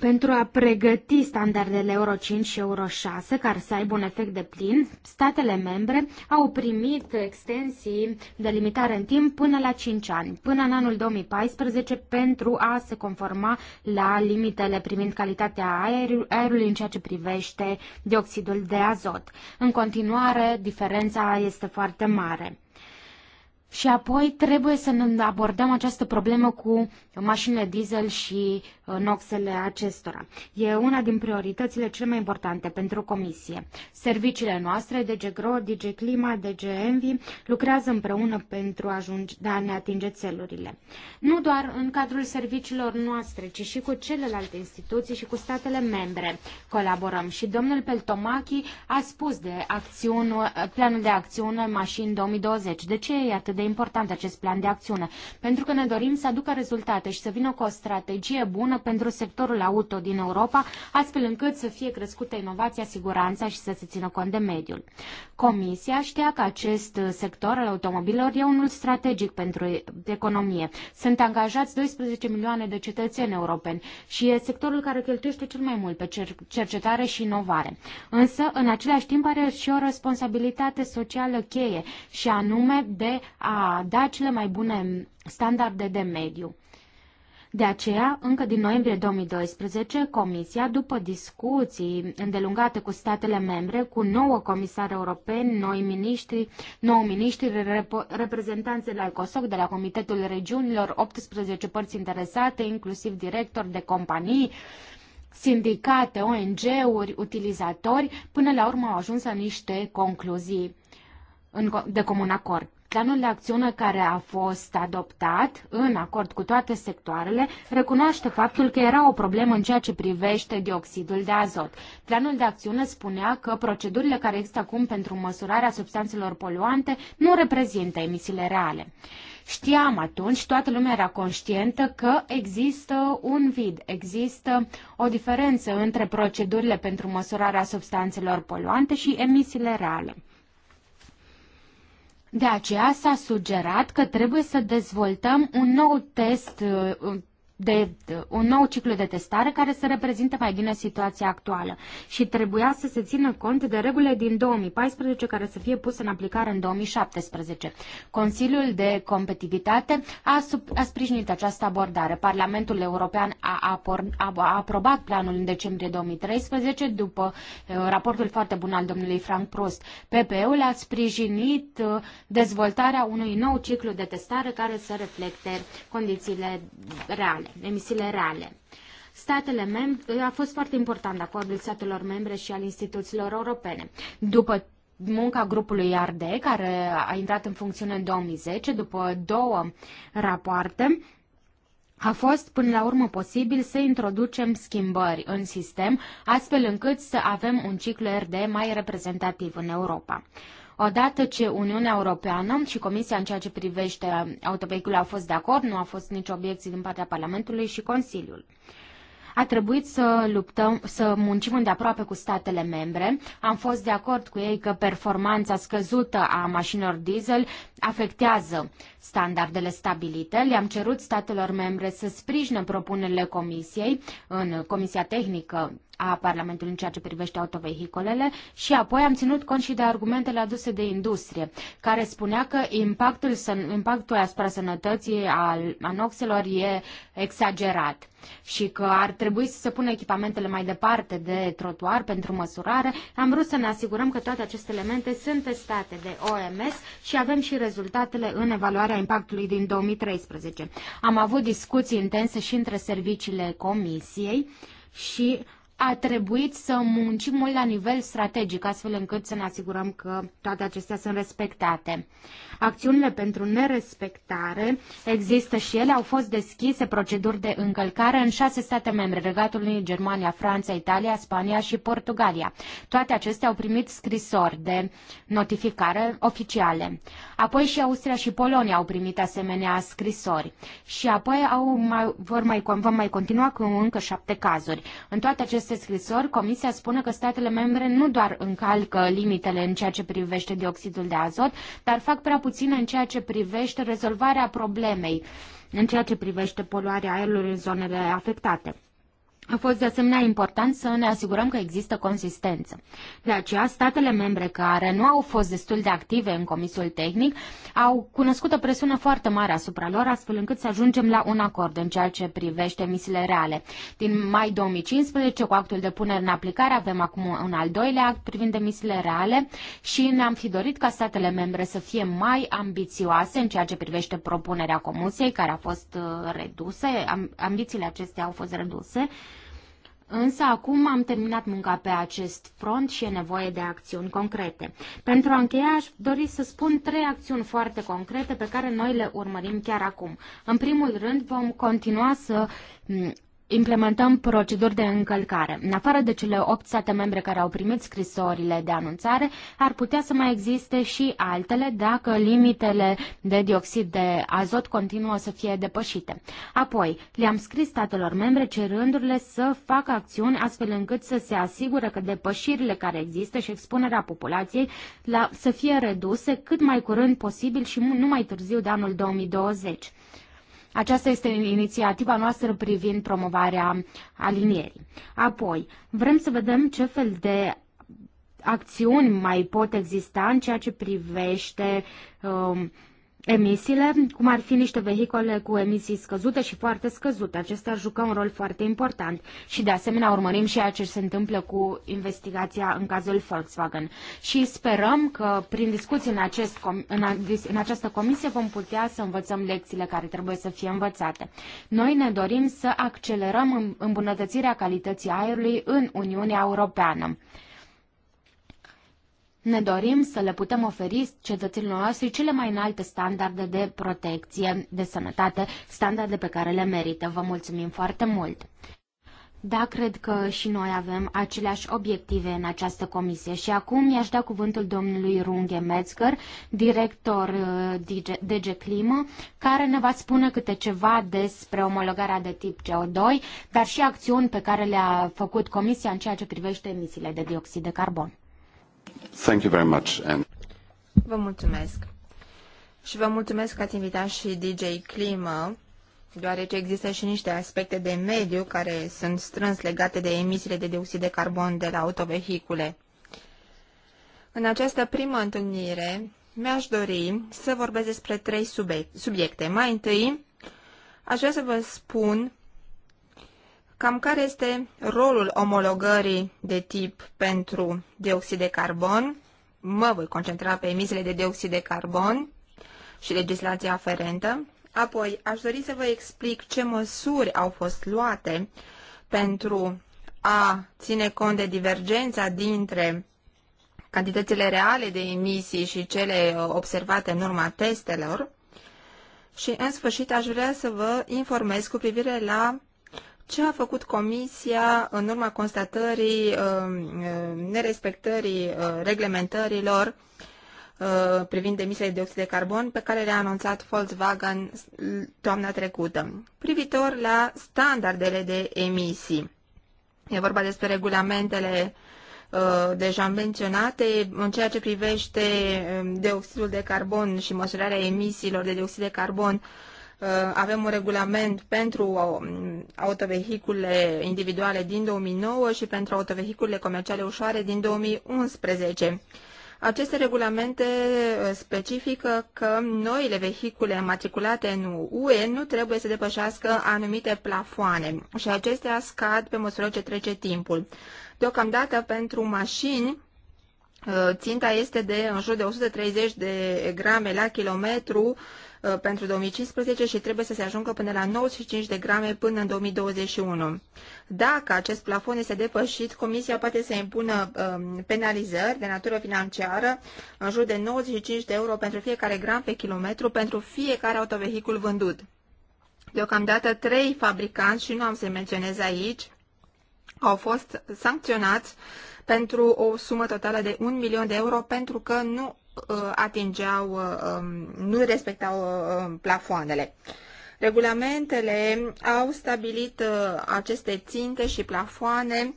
[SPEAKER 3] pentru a pregăti standardele Euro 5 și Euro 6, care să aibă un efect de plin, statele membre au primit extensii de limitare în timp până la 5 ani, până în anul 2014, pentru a se conforma la limitele privind calitatea aerului în ceea ce privește dioxidul de azot. În continuare, diferența este foarte mare. Și apoi trebuie să ne abordăm această problemă cu mașinile diesel și noxele acestora. E una din prioritățile cele mai importante pentru Comisie. Serviciile noastre, DG Gro, DG Clima, DG Envi, lucrează împreună pentru a, ajunge, a ne atinge țelurile. Nu doar în cadrul serviciilor noastre, ci și cu celelalte instituții și cu statele membre colaborăm. Și domnul Peltomachi a spus de acțiune, planul de acțiune Mașini 2020. De ce e atât de important acest plan de acțiune? Pentru că ne dorim să aducă rezultate și să vină cu o strategie bună europeană pentru sectorul auto din Europa, astfel încât să fie crescută inovația, siguranța și să se țină cont de mediul. Comisia știa că acest sector al automobilor e unul strategic pentru economie. Sunt angajați 12 milioane de cetățeni europeni și e sectorul care cheltuiește cel mai mult pe cercetare și inovare. Însă, în același timp, are și o responsabilitate socială cheie și anume de a da cele mai bune standarde de mediu. De aceea, încă din noiembrie 2012, Comisia, după discuții îndelungate cu statele membre, cu nouă comisari europeni, noi miniștri, nouă miniștri, rep- reprezentanțe la COSOC, de la Comitetul Regiunilor, 18 părți interesate, inclusiv directori de companii, sindicate, ONG-uri, utilizatori, până la urmă au ajuns la niște concluzii de comun acord. Planul de acțiune care a fost adoptat în acord cu toate sectoarele recunoaște faptul că era o problemă în ceea ce privește dioxidul de azot. Planul de acțiune spunea că procedurile care există acum pentru măsurarea substanțelor poluante nu reprezintă emisiile reale. Știam atunci, toată lumea era conștientă că există un vid, există o diferență între procedurile pentru măsurarea substanțelor poluante și emisiile reale. De aceea s-a sugerat că trebuie să dezvoltăm un nou test uh, de un nou ciclu de testare care să reprezinte mai bine situația actuală și trebuia să se țină cont de regulile din 2014 care să fie puse în aplicare în 2017. Consiliul de Competitivitate a, sub, a sprijinit această abordare. Parlamentul European a, apor, a, a aprobat planul în decembrie 2013 după uh, raportul foarte bun al domnului Frank Prost. PPE-ul a sprijinit uh, dezvoltarea unui nou ciclu de testare care să reflecte condițiile reale reale, emisiile reale. Statele membre, a fost foarte important acordul statelor membre și al instituțiilor europene. După munca grupului ARDE, care a intrat în funcțiune în 2010, după două rapoarte, a fost până la urmă posibil să introducem schimbări în sistem, astfel încât să avem un ciclu RD mai reprezentativ în Europa. Odată ce Uniunea Europeană și Comisia în ceea ce privește autovehicule au fost de acord, nu a fost nicio obiecție din partea Parlamentului și Consiliul a trebuit să luptăm, să muncim îndeaproape cu statele membre. Am fost de acord cu ei că performanța scăzută a mașinilor diesel afectează standardele stabilite. Le-am cerut statelor membre să sprijină propunerile Comisiei în Comisia Tehnică a Parlamentului în ceea ce privește autovehicolele și apoi am ținut cont și de argumentele aduse de industrie, care spunea că impactul, impactul asupra sănătății al anoxelor e exagerat și că ar trebui să se pună echipamentele mai departe de trotuar pentru măsurare. Am vrut să ne asigurăm că toate aceste elemente sunt testate de OMS și avem și rezultatele în evaluarea impactului din 2013. Am avut discuții intense și între serviciile comisiei și a trebuit să muncim mult la nivel strategic, astfel încât să ne asigurăm că toate acestea sunt respectate. Acțiunile pentru nerespectare există și ele, au fost deschise proceduri de încălcare în șase state membre, Regatul Unii, Germania, Franța, Italia, Spania și Portugalia. Toate acestea au primit scrisori de notificare oficiale. Apoi și Austria și Polonia au primit asemenea scrisori. Și apoi au mai, vor mai, vom mai continua cu încă șapte cazuri. În toate aceste aceste scrisori, Comisia spune că statele membre nu doar încalcă limitele în ceea ce privește dioxidul de azot, dar fac prea puțin în ceea ce privește rezolvarea problemei, în ceea ce privește poluarea aerului în zonele afectate. A fost de asemenea important să ne asigurăm că există consistență. De aceea, statele membre care nu au fost destul de active în comisul tehnic au cunoscut o presiune foarte mare asupra lor, astfel încât să ajungem la un acord în ceea ce privește emisiile reale. Din mai 2015, cu actul de punere în aplicare, avem acum un al doilea act privind emisiile reale și ne-am fi dorit ca statele membre să fie mai ambițioase în ceea ce privește propunerea comisiei, care a fost uh, redusă, ambițiile acestea au fost reduse Însă acum am terminat munca pe acest front și e nevoie de acțiuni concrete. Pentru a încheia, aș dori să spun trei acțiuni foarte concrete pe care noi le urmărim chiar acum. În primul rând, vom continua să implementăm proceduri de încălcare. În afară de cele 8 state membre care au primit scrisorile de anunțare, ar putea să mai existe și altele dacă limitele de dioxid de azot continuă să fie depășite. Apoi, le-am scris statelor membre cerându-le să facă acțiuni astfel încât să se asigure că depășirile care există și expunerea populației la, să fie reduse cât mai curând posibil și nu mai târziu de anul 2020. Aceasta este inițiativa noastră privind promovarea alinierii. Apoi, vrem să vedem ce fel de acțiuni mai pot exista în ceea ce privește uh, emisiile, cum ar fi niște vehicole cu emisii scăzute și foarte scăzute. Acestea jucă un rol foarte important și de asemenea urmărim și ce se întâmplă cu investigația în cazul Volkswagen. Și sperăm că prin discuții în, acest, în, în această comisie vom putea să învățăm lecțiile care trebuie să fie învățate. Noi ne dorim să accelerăm îmbunătățirea calității aerului în Uniunea Europeană. Ne dorim să le putem oferi cetățenilor noștri cele mai înalte standarde de protecție, de sănătate, standarde pe care le merită. Vă mulțumim foarte mult! Da, cred că și noi avem aceleași obiective în această comisie. Și acum i-aș da cuvântul domnului Runghe Metzger, director DG, uh, DG Climă, care ne va spune câte ceva despre omologarea de tip CO2, dar și acțiuni pe care le-a făcut comisia în ceea ce privește emisiile de dioxid de carbon. Vă mulțumesc. Și vă mulțumesc că ați
[SPEAKER 1] invitat și DJ Climă, deoarece există și niște aspecte de mediu care sunt strâns legate de emisiile de dioxid de carbon de la autovehicule. În această primă întâlnire mi-aș dori să vorbesc despre trei subiecte. Mai întâi, aș vrea să vă spun Cam care este rolul omologării de tip pentru dioxid de carbon? Mă voi concentra pe emisiile de dioxid de carbon și legislația aferentă. Apoi, aș dori să vă explic ce măsuri au fost luate pentru a ține cont de divergența dintre cantitățile reale de emisii și cele observate în urma testelor. Și, în sfârșit, aș vrea să vă informez cu privire la ce a făcut Comisia în urma constatării uh, uh, nerespectării uh, reglementărilor privind emisiile de oxid de carbon pe care le-a anunțat Volkswagen toamna trecută, privitor la standardele de emisii? E vorba despre regulamentele deja menționate în ceea ce privește um, dioxidul de carbon și măsurarea emisiilor de dioxid de carbon Uh, avem un regulament pentru uh, autovehicule individuale din 2009 și pentru autovehicule comerciale ușoare din 2011. Aceste regulamente uh, specifică că noile vehicule matriculate în UE nu trebuie să depășească anumite plafoane și acestea scad pe măsură ce trece timpul. Deocamdată pentru mașini, ținta este de în jur de 130 de grame la kilometru Uh, pentru 2015 și trebuie să se ajungă până la 95 de grame până în 2021. Dacă acest plafon este depășit, Comisia poate să impună um, penalizări de natură financiară în jur de 95 de euro pentru fiecare gram pe kilometru pentru fiecare autovehicul vândut. Deocamdată trei fabricanți, și nu am să-i menționez aici, au fost sancționați pentru o sumă totală de 1 milion de euro pentru că nu Uh, atingeau, uh, um, nu respectau uh, um, plafoanele. Regulamentele au stabilit aceste ținte și plafoane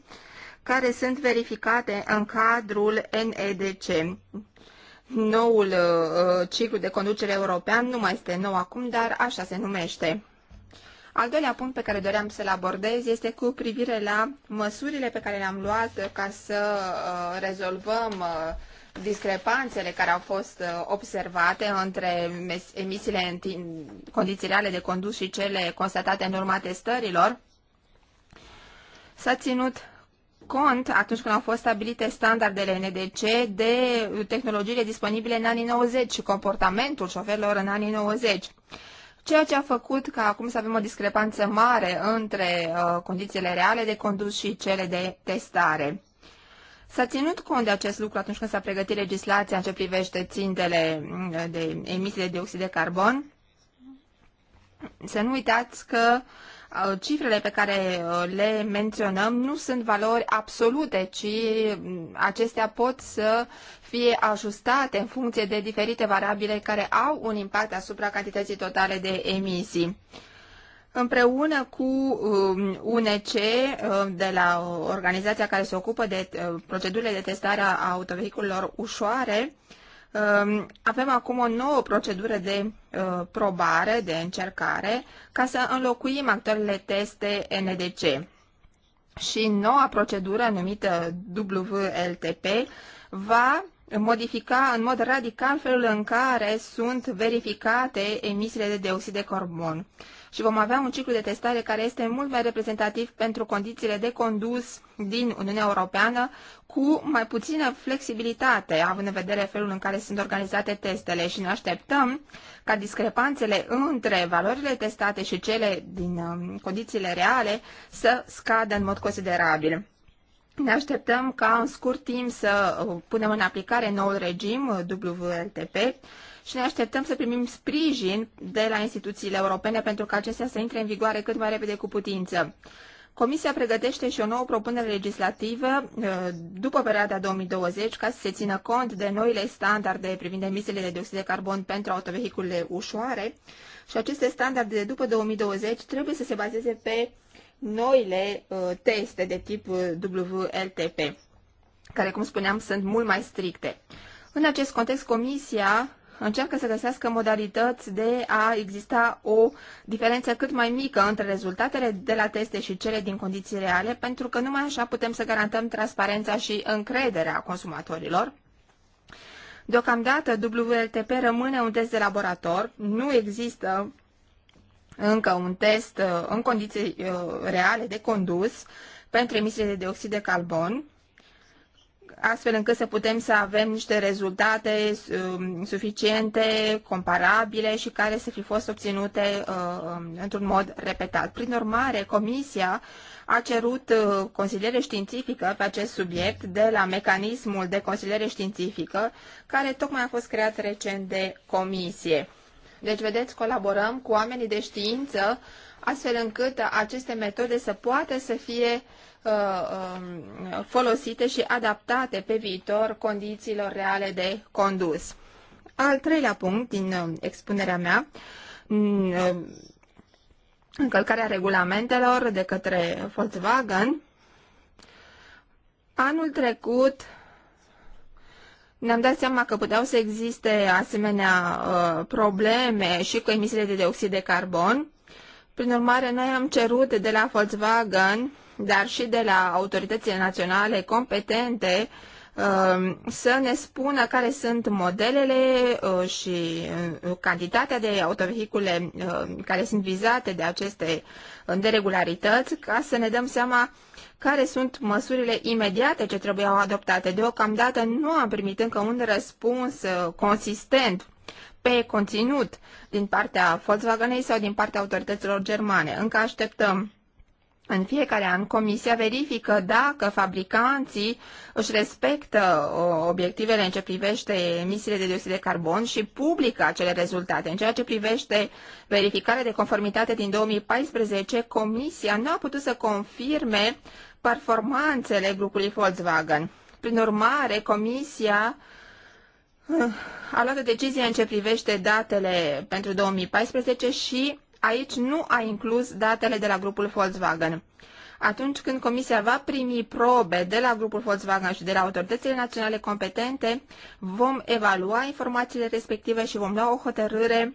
[SPEAKER 1] care sunt verificate în cadrul NEDC. Noul ciclu de conducere european nu mai este nou acum, dar așa se numește. Al doilea punct pe care doream să-l abordez este cu privire la măsurile pe care le-am luat ca să rezolvăm discrepanțele care au fost uh, observate între emisiile în condiții reale de condus și cele constatate în urma testărilor, s-a ținut cont, atunci când au fost stabilite standardele NDC, de tehnologiile disponibile în anii 90 și comportamentul șoferilor în anii 90. Ceea ce a făcut ca acum să avem o discrepanță mare între uh, condițiile reale de condus și cele de testare. S-a ținut cont de acest lucru atunci când s-a pregătit legislația în ce privește țintele mm, de emisii de dioxid de carbon. Să nu uitați că uh, cifrele pe care uh, le menționăm nu sunt valori absolute, ci mm, acestea pot să fie ajustate în funcție de diferite variabile care au un impact asupra cantității totale de emisii împreună cu UNC um, um, de la organizația care se ocupă de uh, procedurile de testare a autovehiculelor ușoare, um, avem acum o nouă procedură de uh, probare, de încercare, ca să înlocuim actualele teste NDC. Și noua procedură numită WLTP va modifica în mod radical felul în care sunt verificate emisiile de dioxid de carbon și vom avea un ciclu de testare care este mult mai reprezentativ pentru condițiile de condus din Uniunea Europeană, cu mai puțină flexibilitate, având în vedere felul în care sunt organizate testele și ne așteptăm ca discrepanțele între valorile testate și cele din um, condițiile reale să scadă în mod considerabil. Ne așteptăm ca în scurt timp să uh, punem în aplicare noul regim uh, WLTP și ne așteptăm să primim sprijin de la instituțiile europene pentru ca acestea să intre în vigoare cât mai repede cu putință. Comisia pregătește și o nouă propunere legislativă uh, după perioada 2020 ca să se țină cont de noile standarde privind emisiile de dioxid de carbon pentru autovehiculele ușoare și aceste standarde de după 2020 trebuie să se bazeze pe noile uh, teste de tip uh, WLTP, care, cum spuneam, sunt mult mai stricte. În acest context, Comisia încearcă să găsească modalități de a exista o diferență cât mai mică între rezultatele de la teste și cele din condiții reale, pentru că numai așa putem să garantăm transparența și încrederea consumatorilor. Deocamdată, WLTP rămâne un test de laborator, nu există încă un test uh, în condiții uh, reale de condus pentru emisiile de dioxid de carbon, astfel încât să putem să avem niște rezultate um, suficiente, comparabile și care să fi fost obținute uh, într-un mod repetat. Prin urmare, Comisia a cerut uh, consiliere științifică pe acest subiect de la mecanismul de consiliere științifică, care tocmai a fost creat recent de Comisie. Deci, vedeți, colaborăm cu oamenii de știință astfel încât aceste metode să poată să fie uh, um, folosite și adaptate pe viitor condițiilor reale de condus. Al treilea punct din uh, expunerea mea, mm, uh, încălcarea regulamentelor de către Volkswagen. Anul trecut ne-am dat seama că puteau să existe asemenea probleme și cu emisiile de dioxid de carbon prin urmare, noi am cerut de la Volkswagen, dar și de la autoritățile naționale competente, um, să ne spună care sunt modelele uh, și uh, cantitatea de autovehicule uh, care sunt vizate de aceste deregularități, ca să ne dăm seama care sunt măsurile imediate ce trebuiau adoptate. Deocamdată nu am primit încă un răspuns consistent pe conținut din partea Volkswagenei sau din partea autorităților germane. Încă așteptăm în fiecare an, Comisia verifică dacă fabricanții își respectă obiectivele în ce privește emisiile de dioxid de carbon și publică acele rezultate. În ceea ce privește verificarea de conformitate din 2014, Comisia nu a putut să confirme performanțele grupului Volkswagen. Prin urmare, Comisia uh, a luat o decizie în ce privește datele pentru 2014 și aici nu a inclus datele de la grupul Volkswagen. Atunci când Comisia va primi probe de la grupul Volkswagen și de la autoritățile naționale competente, vom evalua informațiile respective și vom lua o hotărâre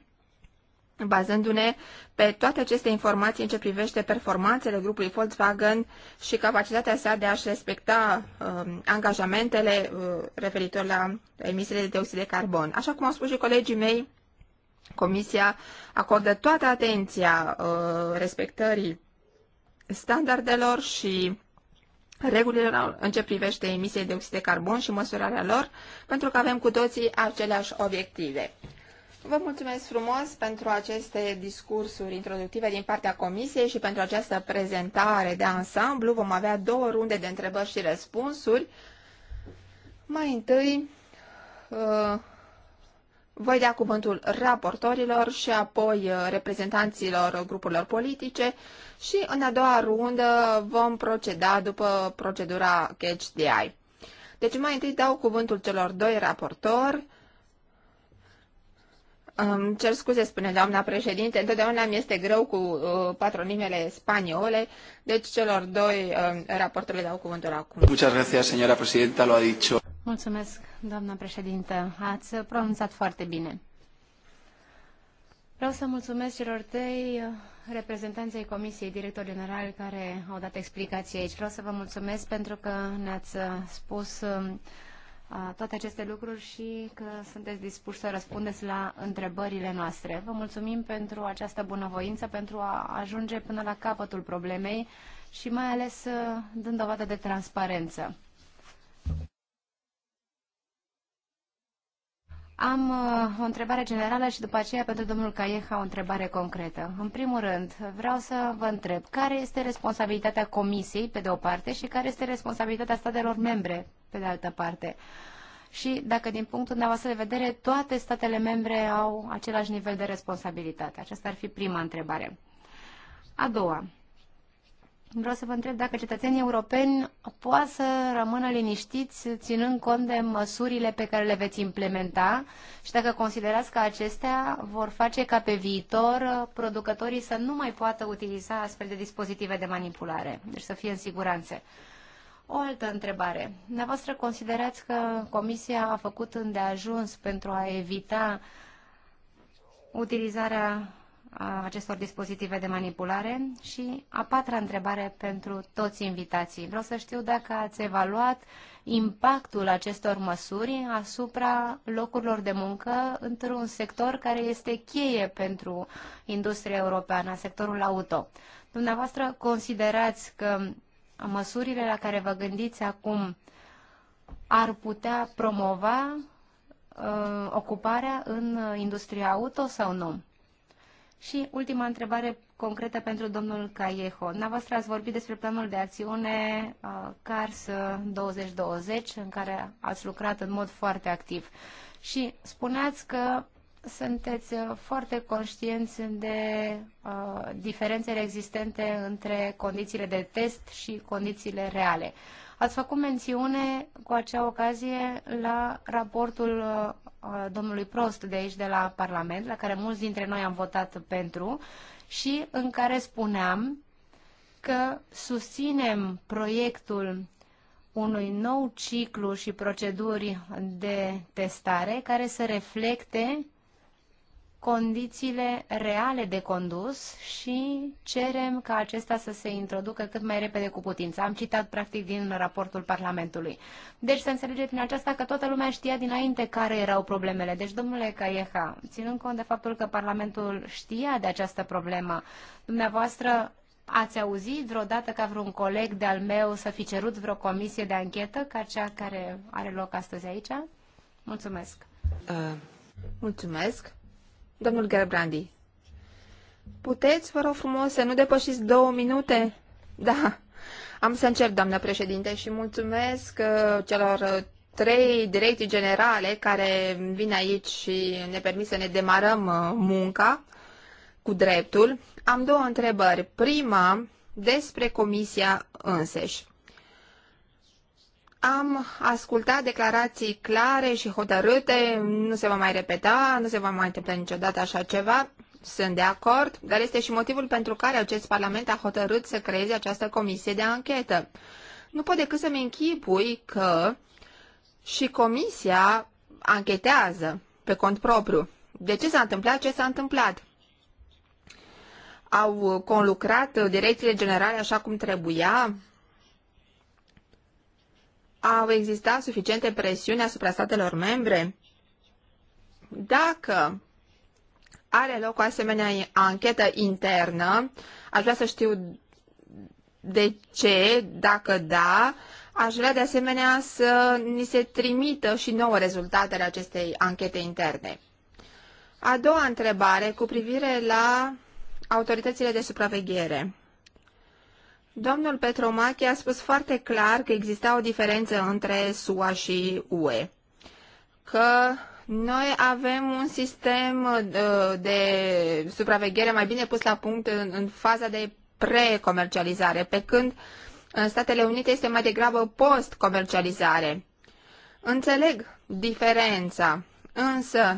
[SPEAKER 1] bazându-ne pe toate aceste informații în ce privește performanțele grupului Volkswagen și capacitatea sa de a-și respecta uh, angajamentele uh, referitor la emisiile de dioxid de carbon. Așa cum au spus și colegii mei, Comisia acordă toată atenția uh, respectării standardelor și regulilor în ce privește emisiile de dioxid de carbon și măsurarea lor, pentru că avem cu toții aceleași obiective. Vă mulțumesc frumos pentru aceste discursuri introductive din partea Comisiei și pentru această prezentare de ansamblu. Vom avea două runde de întrebări și răspunsuri. Mai întâi uh, voi da cuvântul raportorilor și apoi uh, reprezentanților grupurilor politice și în a doua rundă vom proceda după procedura Catch the Eye. Deci mai întâi dau cuvântul celor doi raportori îmi cer scuze, spune doamna președinte, întotdeauna mi este greu cu uh, patronimele spaniole, deci celor doi
[SPEAKER 2] uh, raportori le dau cuvântul acum. Mulțumesc, doamna președintă, ați pronunțat foarte bine. Vreau să mulțumesc celor trei uh, reprezentanței Comisiei Director General care au dat explicații aici. Vreau să vă mulțumesc pentru că ne-ați spus uh, toate aceste lucruri și că sunteți dispuși să răspundeți la întrebările noastre. Vă mulțumim pentru această bunăvoință, pentru a ajunge până la capătul problemei și mai ales uh, dând dovadă de transparență. Am uh, o întrebare generală și după aceea pentru domnul Caieha o întrebare concretă. În primul rând, vreau să vă întreb care este responsabilitatea Comisiei, pe de o parte, și care este responsabilitatea statelor membre, pe de altă parte. Și dacă, din punctul dumneavoastră de vedere, toate statele membre au același nivel de responsabilitate. Aceasta ar fi prima întrebare. A doua, Vreau să vă întreb dacă cetățenii europeni poate să rămână liniștiți ținând cont de măsurile pe care le veți implementa și dacă considerați că acestea vor face ca pe viitor producătorii să nu mai poată utiliza astfel de dispozitive de manipulare, deci să fie în siguranță. O altă întrebare. Dumneavoastră considerați că Comisia a făcut îndeajuns pentru a evita utilizarea a acestor dispozitive de manipulare? Și a patra întrebare pentru toți invitații. Vreau să știu dacă ați evaluat impactul acestor măsuri asupra locurilor de muncă într-un sector care este cheie pentru industria europeană, sectorul auto. Dumneavoastră considerați că măsurile la care vă gândiți acum ar putea promova uh, ocuparea în industria auto sau nu? Și ultima întrebare concretă pentru domnul Caieho. Dumneavoastră ați vorbit despre planul de acțiune uh, CARS 2020, în care ați lucrat în mod foarte activ. Și spuneați că sunteți uh, foarte conștienți de uh, diferențele existente între condițiile de test și condițiile reale. Ați făcut mențiune cu acea ocazie la raportul uh, Uh, domnului Prost de aici, de la Parlament, la care mulți dintre noi am votat pentru și în care spuneam că susținem proiectul unui nou ciclu și proceduri de testare care să reflecte condițiile reale de condus și cerem ca acesta să se introducă cât mai repede cu putință. Am citat practic din raportul Parlamentului. Deci să înțelegeți prin aceasta că toată lumea știa dinainte care erau problemele. Deci, domnule Caieha, ținând cont de faptul că Parlamentul știa de această problemă, dumneavoastră Ați auzit vreodată ca vreun coleg de-al meu să fi cerut vreo comisie de anchetă ca cea care are loc astăzi aici? Mulțumesc! Uh, mulțumesc! Domnul Gerbrandi.
[SPEAKER 1] Puteți, vă rog frumos, să nu depășiți două minute? Da, am să încerc, doamnă președinte, și mulțumesc uh, celor uh, trei direcții generale care vin aici și ne permit să ne demarăm uh, munca cu dreptul. Am două întrebări. Prima, despre comisia înseși am ascultat declarații clare și hotărâte, nu se va mai repeta, nu se va mai întâmpla niciodată așa ceva, sunt de acord, dar este și motivul pentru care acest Parlament a hotărât să creeze această comisie de anchetă. Nu pot decât să-mi închipui că și comisia anchetează pe cont propriu. De ce s-a întâmplat ce s-a întâmplat? Au conlucrat direcțiile generale așa cum trebuia? Au existat suficiente presiuni asupra statelor membre? Dacă are loc o asemenea anchetă internă, aș vrea să știu de ce, dacă da, aș vrea de asemenea să ni se trimită și nouă rezultatele acestei anchete interne. A doua întrebare cu privire la autoritățile de supraveghere. Domnul Petromache a spus foarte clar că exista o diferență între SUA și UE, că noi avem un sistem uh, de supraveghere mai bine pus la punct în, faza de precomercializare, pe când în Statele Unite este mai degrabă post-comercializare. Înțeleg diferența, însă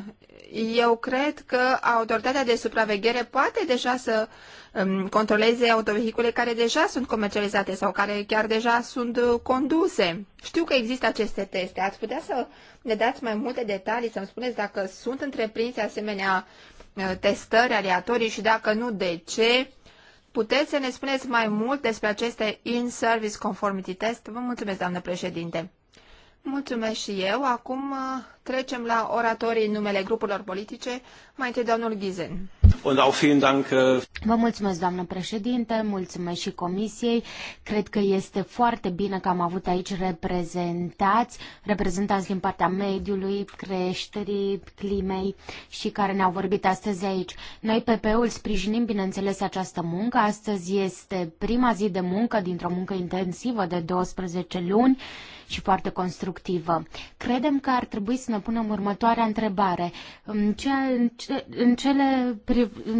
[SPEAKER 1] eu cred că autoritatea de supraveghere poate deja să um, controleze autovehicule care deja sunt comercializate sau care chiar deja sunt uh, conduse. Știu că există aceste teste. Ați putea să ne dați mai multe detalii, să-mi spuneți dacă sunt întreprinse asemenea uh, testări aleatorii și dacă nu, de ce? Puteți să ne spuneți mai mult despre aceste in-service conformity test? Vă mulțumesc, doamnă președinte. Mulțumesc și eu. Acum uh, trecem la oratorii în numele grupurilor politice. Mai întâi domnul Ghizen.
[SPEAKER 2] Uh,
[SPEAKER 3] Vă mulțumesc, doamnă președinte, mulțumesc și comisiei. Cred că este foarte bine că am avut aici reprezentați, reprezentați din partea mediului, creșterii, climei și care ne-au vorbit astăzi aici. Noi, PP-ul, sprijinim, bineînțeles, această muncă. Astăzi este prima zi de muncă, dintr-o muncă intensivă de 12 luni și foarte constructivă. Credem că ar trebui să ne punem următoarea întrebare. În, ce, în cele,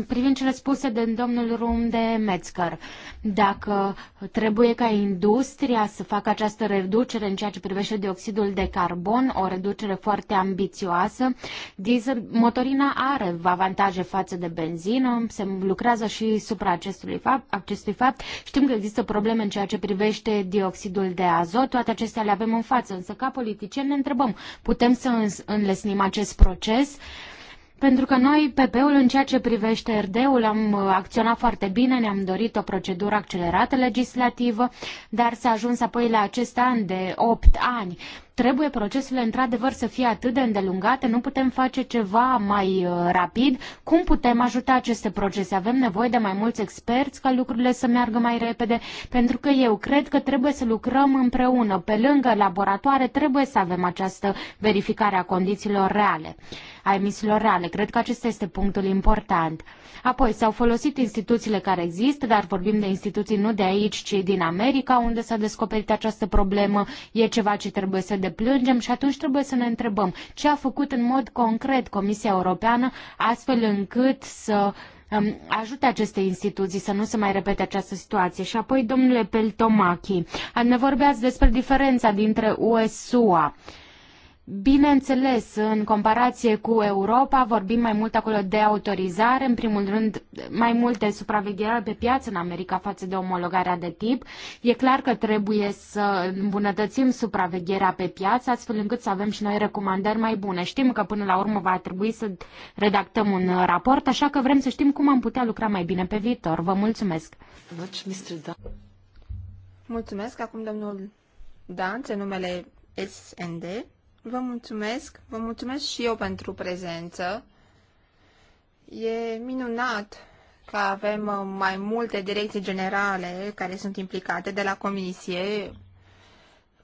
[SPEAKER 3] privind cele spuse de domnul Rum de Metzger, dacă trebuie ca industria să facă această reducere în ceea ce privește dioxidul de carbon, o reducere foarte ambițioasă, diesel, motorina are avantaje față de benzină, se lucrează și supra acestui fapt, acestui fapt. Știm că există probleme în ceea ce privește dioxidul de azot, toate acestea le avem în față, însă ca politicieni ne întrebăm, putem să înlesnim acest proces? Pentru că noi, PP-ul, în ceea ce privește RD-ul, am uh, acționat foarte bine, ne-am dorit o procedură accelerată legislativă, dar s-a ajuns apoi la acest an de 8 ani. Trebuie procesele într-adevăr să fie atât de îndelungate, nu putem face ceva mai uh, rapid. Cum putem ajuta aceste procese? Avem nevoie de mai mulți experți ca lucrurile să meargă mai repede, pentru că eu cred că trebuie să lucrăm împreună. Pe lângă laboratoare trebuie să avem această verificare a condițiilor reale a emisiilor reale. Cred că acesta este punctul important. Apoi, s-au folosit instituțiile care există, dar vorbim de instituții nu de aici, ci din America, unde s-a descoperit această problemă. E ceva ce trebuie să deplângem și atunci trebuie să ne întrebăm ce a făcut în mod concret Comisia Europeană astfel încât să um, ajute aceste instituții să nu se mai repete această situație. Și apoi, domnule Peltomachi, ne vorbeați despre diferența dintre USUA. sua Bineînțeles, în comparație cu Europa, vorbim mai mult acolo de autorizare, în primul rând mai multe supraveghere pe piață în America față de omologarea de tip. E clar că trebuie să îmbunătățim supravegherea pe piață, astfel încât să avem și noi recomandări mai bune. Știm că până la urmă va trebui să redactăm un raport, așa că vrem să știm cum am putea lucra mai bine pe viitor. Vă mulțumesc!
[SPEAKER 1] Mulțumesc! Acum domnul Dan, numele SND. Vă mulțumesc, vă mulțumesc și eu pentru prezență. E minunat că avem uh, mai multe direcții generale care sunt implicate de la comisie.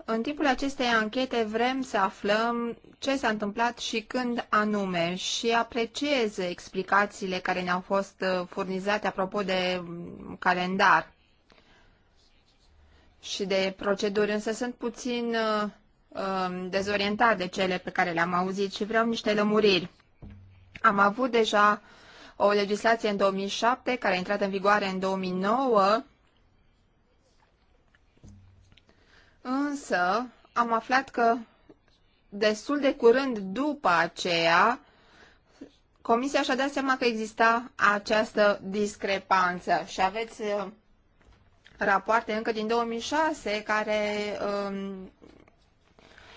[SPEAKER 1] În timpul acestei anchete vrem să aflăm ce s-a întâmplat și când anume și apreciez explicațiile care ne-au fost uh, furnizate apropo de um, calendar și de proceduri, însă sunt puțin uh, Um, dezorientat de cele pe care le-am auzit și vreau niște lămuriri. Am avut deja o legislație în 2007 care a intrat în vigoare în 2009, însă am aflat că destul de curând după aceea Comisia și-a dat seama că exista această discrepanță și aveți uh, rapoarte încă din 2006 care um,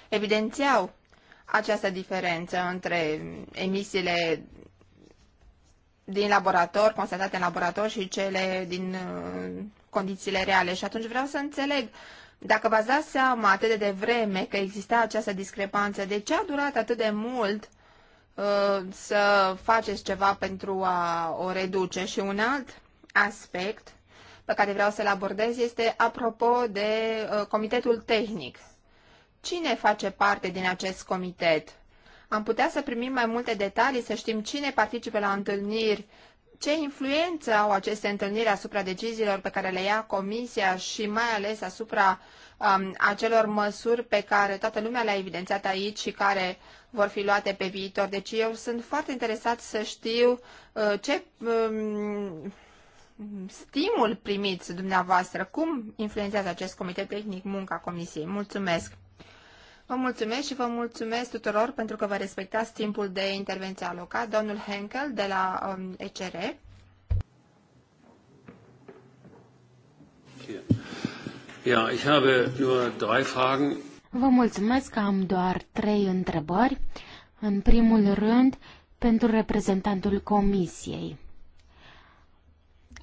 [SPEAKER 1] evidențiau această diferență între emisiile din laborator, constatate în laborator și cele din uh, condițiile reale. Și atunci vreau să înțeleg dacă v-ați dat seama atât de devreme că exista această discrepanță, de ce a durat atât de mult uh, să faceți ceva pentru a o reduce? Și un alt aspect pe care vreau să-l abordez este apropo de uh, comitetul tehnic Cine face parte din acest comitet? Am putea să primim mai multe detalii, să știm cine participă la întâlniri, ce influență au aceste întâlniri asupra deciziilor pe care le ia Comisia și mai ales asupra um, acelor măsuri pe care toată lumea le-a evidențiat aici și care vor fi luate pe viitor. Deci eu sunt foarte interesat să știu uh, ce um, stimul primiți dumneavoastră, cum influențează acest comitet tehnic munca Comisiei. Mulțumesc! Vă mulțumesc și vă mulțumesc tuturor pentru că vă respectați timpul de intervenție alocat. Domnul Henkel de la um, ECR.
[SPEAKER 3] Ja, ich habe nur drei Fragen. Vă mulțumesc că am doar trei întrebări. În primul rând, pentru reprezentantul Comisiei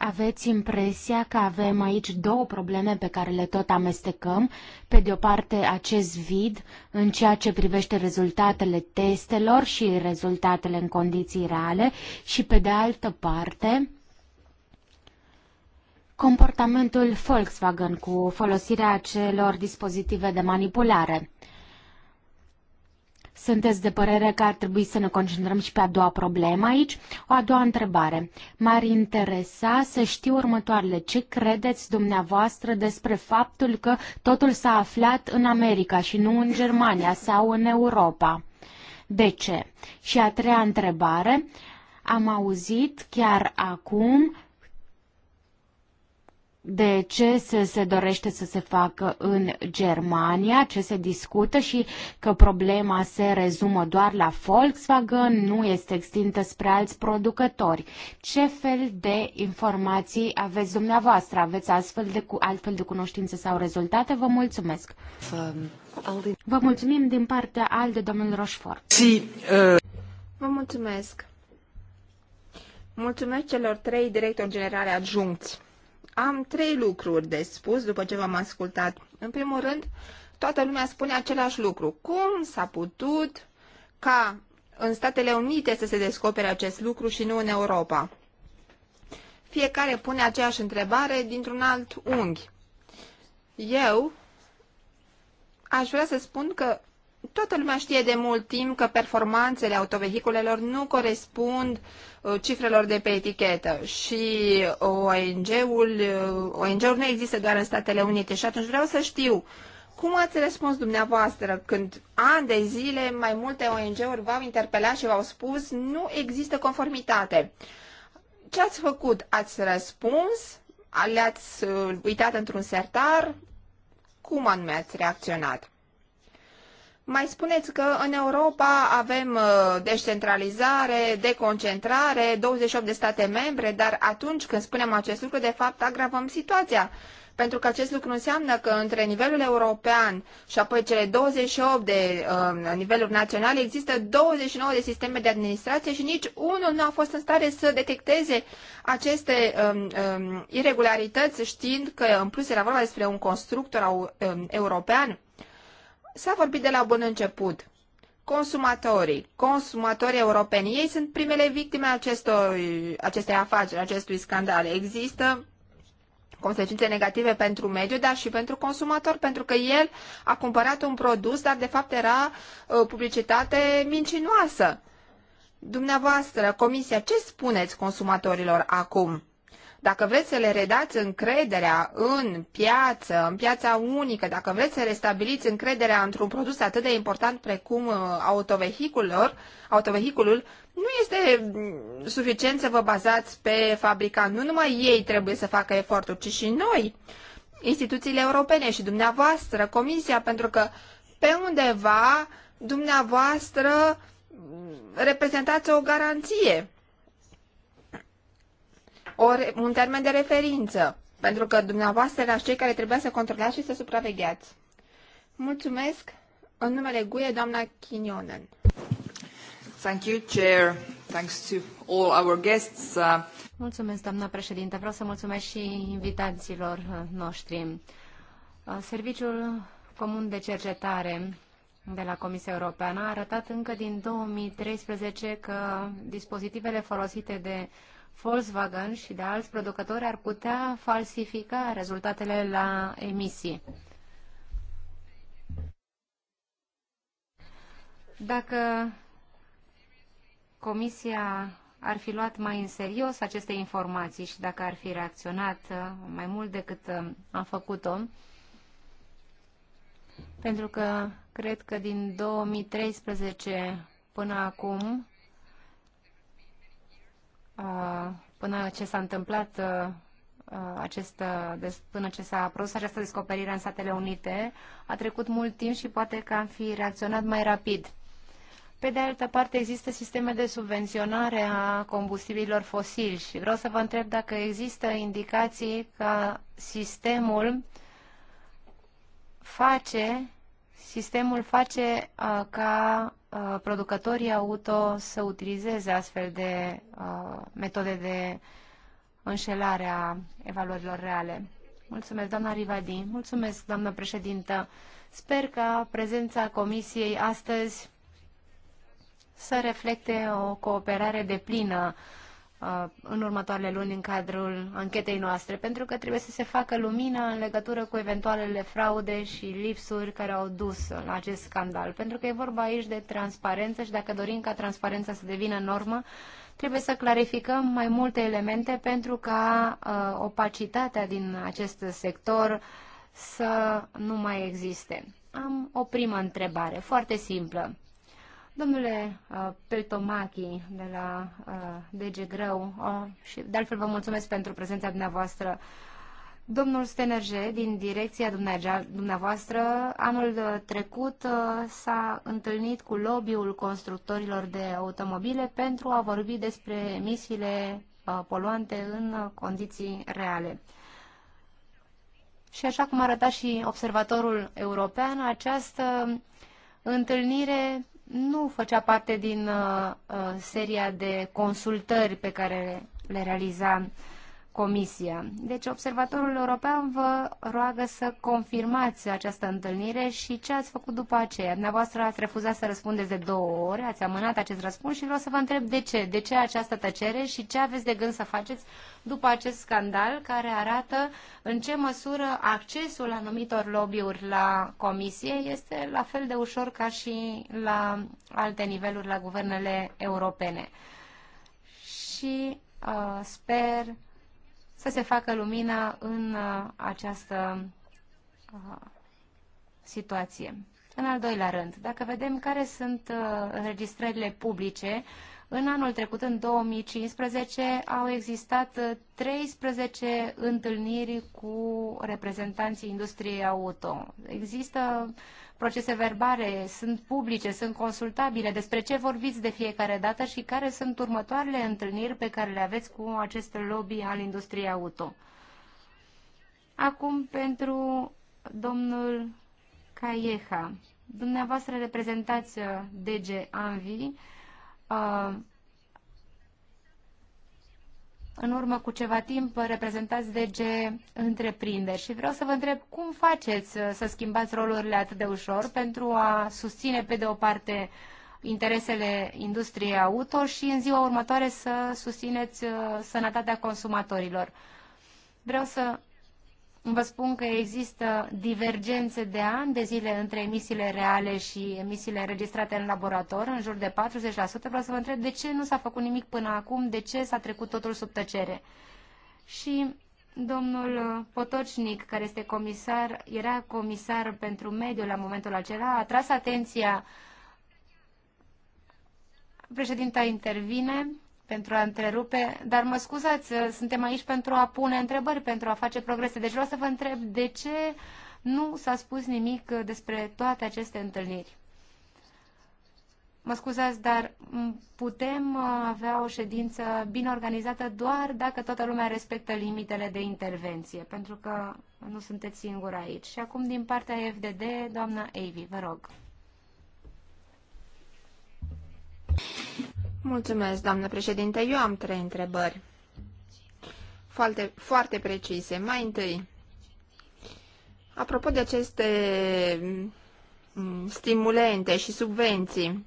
[SPEAKER 3] aveți impresia că avem aici două probleme pe care le tot amestecăm. Pe de o parte, acest vid în ceea ce privește rezultatele testelor și rezultatele în condiții reale și pe de altă parte, comportamentul Volkswagen cu folosirea acelor dispozitive de manipulare. Sunteți de părere că ar trebui să ne concentrăm și pe a doua problemă aici? O a doua întrebare. M-ar interesa să știu următoarele. Ce credeți dumneavoastră despre faptul că totul s-a aflat în America și nu în Germania sau în Europa? De ce? Și a treia întrebare. Am auzit chiar acum de ce se, se dorește să se facă în Germania, ce se discută și că problema se rezumă doar la Volkswagen, nu este extinsă spre alți producători. Ce fel de informații aveți dumneavoastră? Aveți astfel de, altfel de cunoștințe sau rezultate? Vă mulțumesc! Vă mulțumim din partea al de domnul Roșfort. Uh, Vă mulțumesc!
[SPEAKER 1] Mulțumesc celor trei directori generale adjuncți am trei lucruri de spus după ce v-am ascultat. În primul rând, toată lumea spune același lucru. Cum s-a putut ca în Statele Unite să se descopere acest lucru și nu în Europa? Fiecare pune aceeași întrebare dintr-un alt unghi. Eu aș vrea să spun că Toată lumea știe de mult timp că performanțele autovehiculelor nu corespund uh, cifrelor de pe etichetă și uh, ONG-ul, uh, ONG-ul nu există doar în Statele Unite și atunci vreau să știu cum ați răspuns dumneavoastră când ani de zile mai multe ONG-uri v-au interpelat și v-au spus nu există conformitate? Ce ați făcut? Ați răspuns? Le-ați uitat într-un sertar? Cum anume ați reacționat? Mai spuneți că în Europa avem uh, descentralizare, deconcentrare, 28 de state membre, dar atunci când spunem acest lucru, de fapt agravăm situația. Pentru că acest lucru înseamnă că între nivelul european și apoi cele 28 de uh, niveluri naționale există 29 de sisteme de administrație și nici unul nu a fost în stare să detecteze aceste um, um, irregularități, știind că în plus era vorba despre un constructor au, um, european S-a vorbit de la bun început. Consumatorii, consumatorii europeni, ei sunt primele victime acestor, acestei afaceri, acestui scandal. Există consecințe negative pentru mediu, dar și pentru consumator, pentru că el a cumpărat un produs, dar de fapt era uh, publicitate mincinoasă. Dumneavoastră, Comisia, ce spuneți consumatorilor acum? Dacă vreți să le redați încrederea în piață, în piața unică, dacă vreți să restabiliți încrederea într-un produs atât de important precum uh, autovehiculor, autovehiculul, nu este mm, suficient să vă bazați pe fabricant. Nu numai ei trebuie să facă eforturi, ci și noi, instituțiile europene și dumneavoastră, Comisia, pentru că pe undeva dumneavoastră mm, reprezentați o garanție ori un termen de referință, pentru că dumneavoastră erați cei care trebuia să controlați și să supravegheați. Mulțumesc. În numele GUE, doamna Chinionen. Thank you, Chair. Thanks to all our guests. Uh,
[SPEAKER 2] mulțumesc, doamna președinte. Vreau să mulțumesc și invitațiilor uh, noștri. Uh, Serviciul Comun de Cercetare de la Comisia Europeană a arătat încă din 2013 că dispozitivele folosite de uh, Volkswagen și de alți producători ar putea falsifica rezultatele la emisii. Dacă Comisia ar fi luat mai în serios aceste informații și dacă ar fi reacționat uh, mai mult decât uh, a făcut-o, pentru că cred că din 2013 până acum până ce s-a întâmplat acest, până ce s-a produs această descoperire în Statele Unite, a trecut mult timp și poate că am fi reacționat mai rapid. Pe de altă parte, există sisteme de subvenționare a combustibililor fosili și vreau să vă întreb dacă există indicații că sistemul face Sistemul face uh, ca uh, producătorii auto să utilizeze astfel de uh, metode de înșelare a evaluărilor reale. Mulțumesc, doamna Rivadi. Mulțumesc, doamna președintă. Sper că prezența comisiei astăzi să reflecte o cooperare deplină plină Uh, în următoarele luni în cadrul anchetei noastre, pentru că trebuie să se facă lumină în legătură cu eventualele fraude și lipsuri care au dus la acest scandal, pentru că e vorba aici de transparență și dacă dorim ca transparența să devină normă, trebuie să clarificăm mai multe elemente pentru ca uh, opacitatea din acest sector să nu mai existe. Am o primă întrebare, foarte simplă. Domnule uh, Peltomachi de la uh, DG Grău, uh, și de altfel vă mulțumesc pentru prezența dumneavoastră. Domnul Stenerge, din direcția dumneavoastră, anul uh, trecut uh, s-a întâlnit cu lobby-ul constructorilor de automobile pentru a vorbi despre emisiile uh, poluante în uh, condiții reale. Și așa cum arăta și observatorul european, această întâlnire nu făcea parte din uh, uh, seria de consultări pe care le realiza Comisia. Deci, Observatorul European vă roagă să confirmați această întâlnire și ce ați făcut după aceea. Dumneavoastră ați refuzat să răspundeți de două ori, ați amânat acest răspuns și vreau să vă întreb de ce. De ce această tăcere și ce aveți de gând să faceți după acest scandal care arată în ce măsură accesul anumitor lobby-uri la Comisie este la fel de ușor ca și la alte niveluri la guvernele europene. Și uh, sper să se facă lumină în uh, această uh, situație. În al doilea rând, dacă vedem care sunt uh, înregistrările publice, în anul trecut, în 2015, au existat 13 întâlniri cu reprezentanții industriei auto. Există uh, procese verbale sunt publice, sunt consultabile, despre ce vorbiți de fiecare dată și care sunt următoarele întâlniri pe care le aveți cu acest lobby al industriei auto. Acum pentru domnul Caieha. Dumneavoastră reprezentați uh, DG Anvi, în urmă cu ceva timp reprezentați DG Întreprinderi și vreau să vă întreb cum faceți uh, să schimbați rolurile atât de ușor pentru a susține pe de o parte interesele industriei auto și în ziua următoare să susțineți uh, sănătatea consumatorilor. Vreau să Vă spun că există divergențe de ani de zile între emisiile reale și emisiile înregistrate în laborator, în jur de 40%. Vreau să vă întreb de ce nu s-a făcut nimic până acum, de ce s-a trecut totul sub tăcere. Și domnul Potocnic, care este comisar, era comisar pentru mediu la momentul acela, a tras atenția, președinta intervine, pentru a întrerupe, dar mă scuzați, ă, suntem aici pentru a pune întrebări, pentru a face progrese. Deci vreau să vă întreb de ce nu s-a spus nimic ă, despre toate aceste întâlniri. Mă scuzați, dar putem ă, avea o ședință bine organizată doar dacă toată lumea respectă limitele de intervenție, pentru că nu sunteți singuri aici. Și acum, din partea FDD, doamna Avi, vă rog.
[SPEAKER 1] Mulțumesc, doamnă președinte. Eu am trei întrebări. Foarte, foarte precise. Mai întâi, apropo de aceste mm, stimulente și subvenții,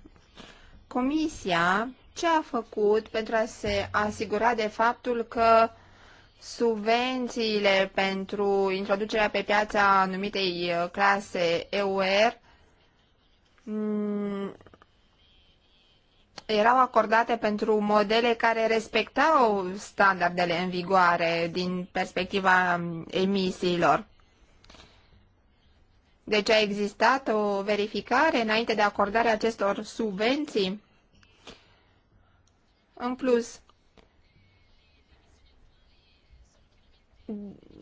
[SPEAKER 1] Comisia ce a făcut pentru a se asigura de faptul că subvențiile pentru introducerea pe piața anumitei uh, clase EUR mm, erau acordate pentru modele care respectau standardele în vigoare din perspectiva emisiilor. Deci a existat o verificare înainte de acordarea acestor subvenții? În plus,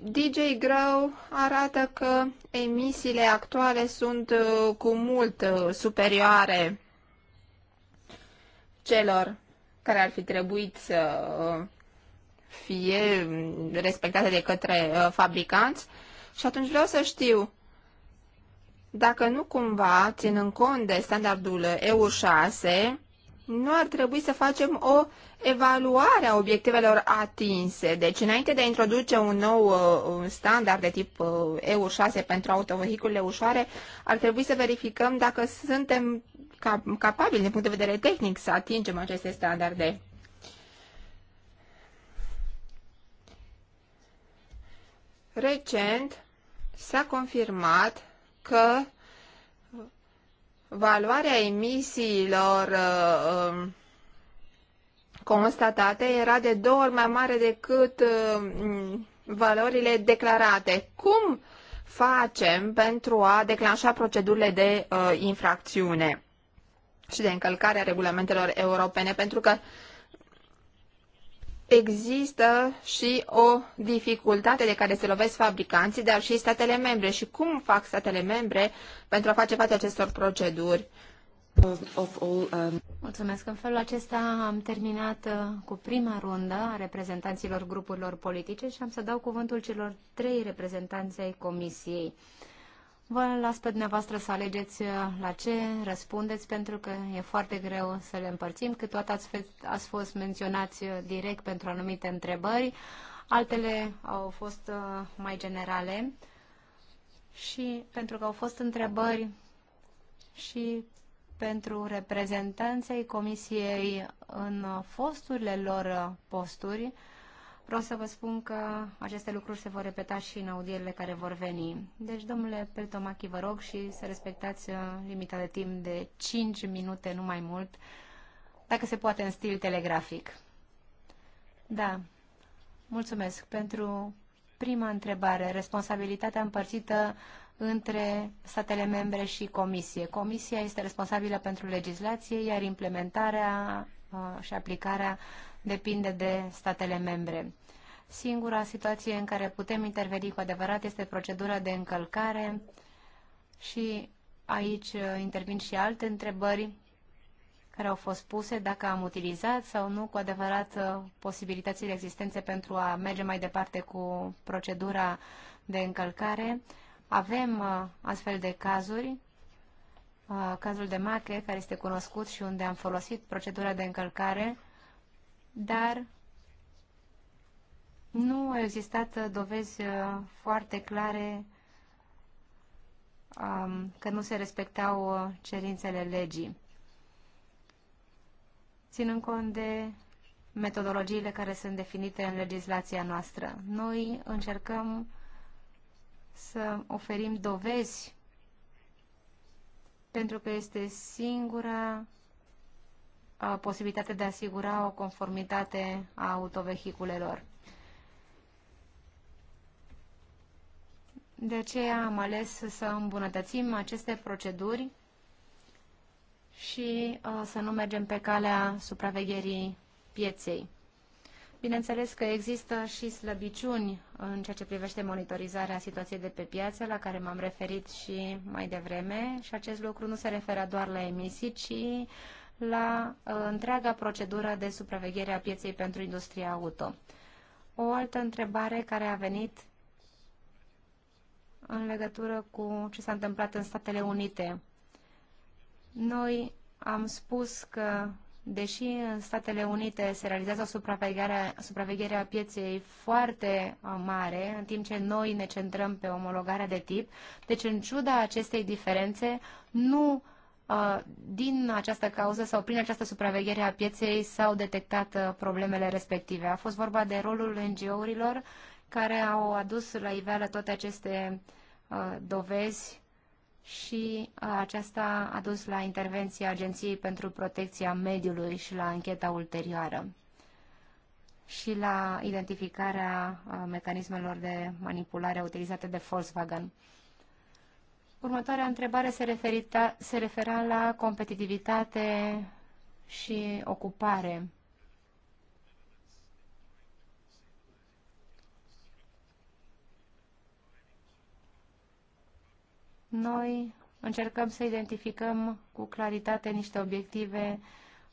[SPEAKER 1] DJ Grow arată că emisiile actuale sunt uh, cu mult uh, superioare celor care ar fi trebuit să fie respectate de către uh, fabricanți. Și atunci vreau să știu dacă nu cumva, ținând cont de standardul EU6, nu ar trebui să facem o evaluare a obiectivelor atinse. Deci, înainte de a introduce un nou uh, standard de tip uh, EU6 pentru autovehiculele ușoare, ar trebui să verificăm dacă suntem capabil din punct de vedere tehnic să atingem aceste standarde. Recent s-a confirmat că valoarea emisiilor uh, um, constatate era de două ori mai mare decât uh, valorile declarate. Cum facem pentru a declanșa procedurile de uh, infracțiune? și de încălcare a regulamentelor europene, pentru că există și o dificultate de care se lovesc fabricanții, dar și statele membre. Și cum fac statele membre pentru a face față acestor proceduri?
[SPEAKER 2] Mulțumesc. În felul acesta am terminat uh, cu prima rundă a reprezentanților grupurilor politice și am să dau cuvântul celor trei reprezentanți ai Comisiei. Vă las pe dumneavoastră să alegeți uh, la ce răspundeți, pentru că e foarte greu să le împărțim, că toate ați, ați fost menționați uh, direct pentru anumite întrebări, altele au fost uh, mai generale și pentru că au fost întrebări și pentru reprezentanței Comisiei în fosturile lor posturi, Vreau să vă spun că aceste lucruri se vor repeta și în audierile care vor veni. Deci, domnule Peltomachi, vă rog și să respectați uh, limita de timp de 5 minute, nu mai mult, dacă se poate în stil telegrafic. Da, mulțumesc pentru prima întrebare. Responsabilitatea împărțită între statele membre și comisie. Comisia este responsabilă pentru legislație, iar implementarea și aplicarea depinde de statele membre. Singura situație în care putem interveni cu adevărat este procedura de încălcare și aici intervin și alte întrebări care au fost puse, dacă am utilizat sau nu cu adevărat posibilitățile existențe pentru a merge mai departe cu procedura de încălcare. Avem astfel de cazuri cazul de Mache, care este cunoscut și unde am folosit procedura de încălcare, dar nu au existat uh, dovezi uh, foarte clare um, că nu se respectau uh, cerințele legii. Ținând cont de metodologiile care sunt definite în legislația noastră, noi încercăm să oferim dovezi pentru că este singura posibilitate de a asigura o conformitate a autovehiculelor. De aceea am ales să îmbunătățim aceste proceduri și să nu mergem pe calea supravegherii pieței. Bineînțeles că există și slăbiciuni în ceea ce privește monitorizarea situației de pe piață, la care m-am referit și mai devreme, și acest lucru nu se referă doar la emisii, ci la uh, întreaga procedură de supraveghere a pieței pentru industria auto. O altă întrebare care a venit în legătură cu ce s-a întâmplat în Statele Unite. Noi am spus că deși în Statele Unite se realizează o supraveghere, supraveghere a pieței foarte mare, în timp ce noi ne centrăm pe omologarea de tip, deci în ciuda acestei diferențe, nu din această cauză sau prin această supraveghere a pieței s-au detectat problemele respective. A fost vorba de rolul NGO-urilor care au adus la iveală toate aceste dovezi și uh, aceasta a dus la intervenția Agenției pentru Protecția Mediului și la ancheta ulterioară și la identificarea uh, mecanismelor de manipulare utilizate de Volkswagen. Următoarea întrebare se, referita, se refera la competitivitate și ocupare. noi încercăm să identificăm cu claritate niște obiective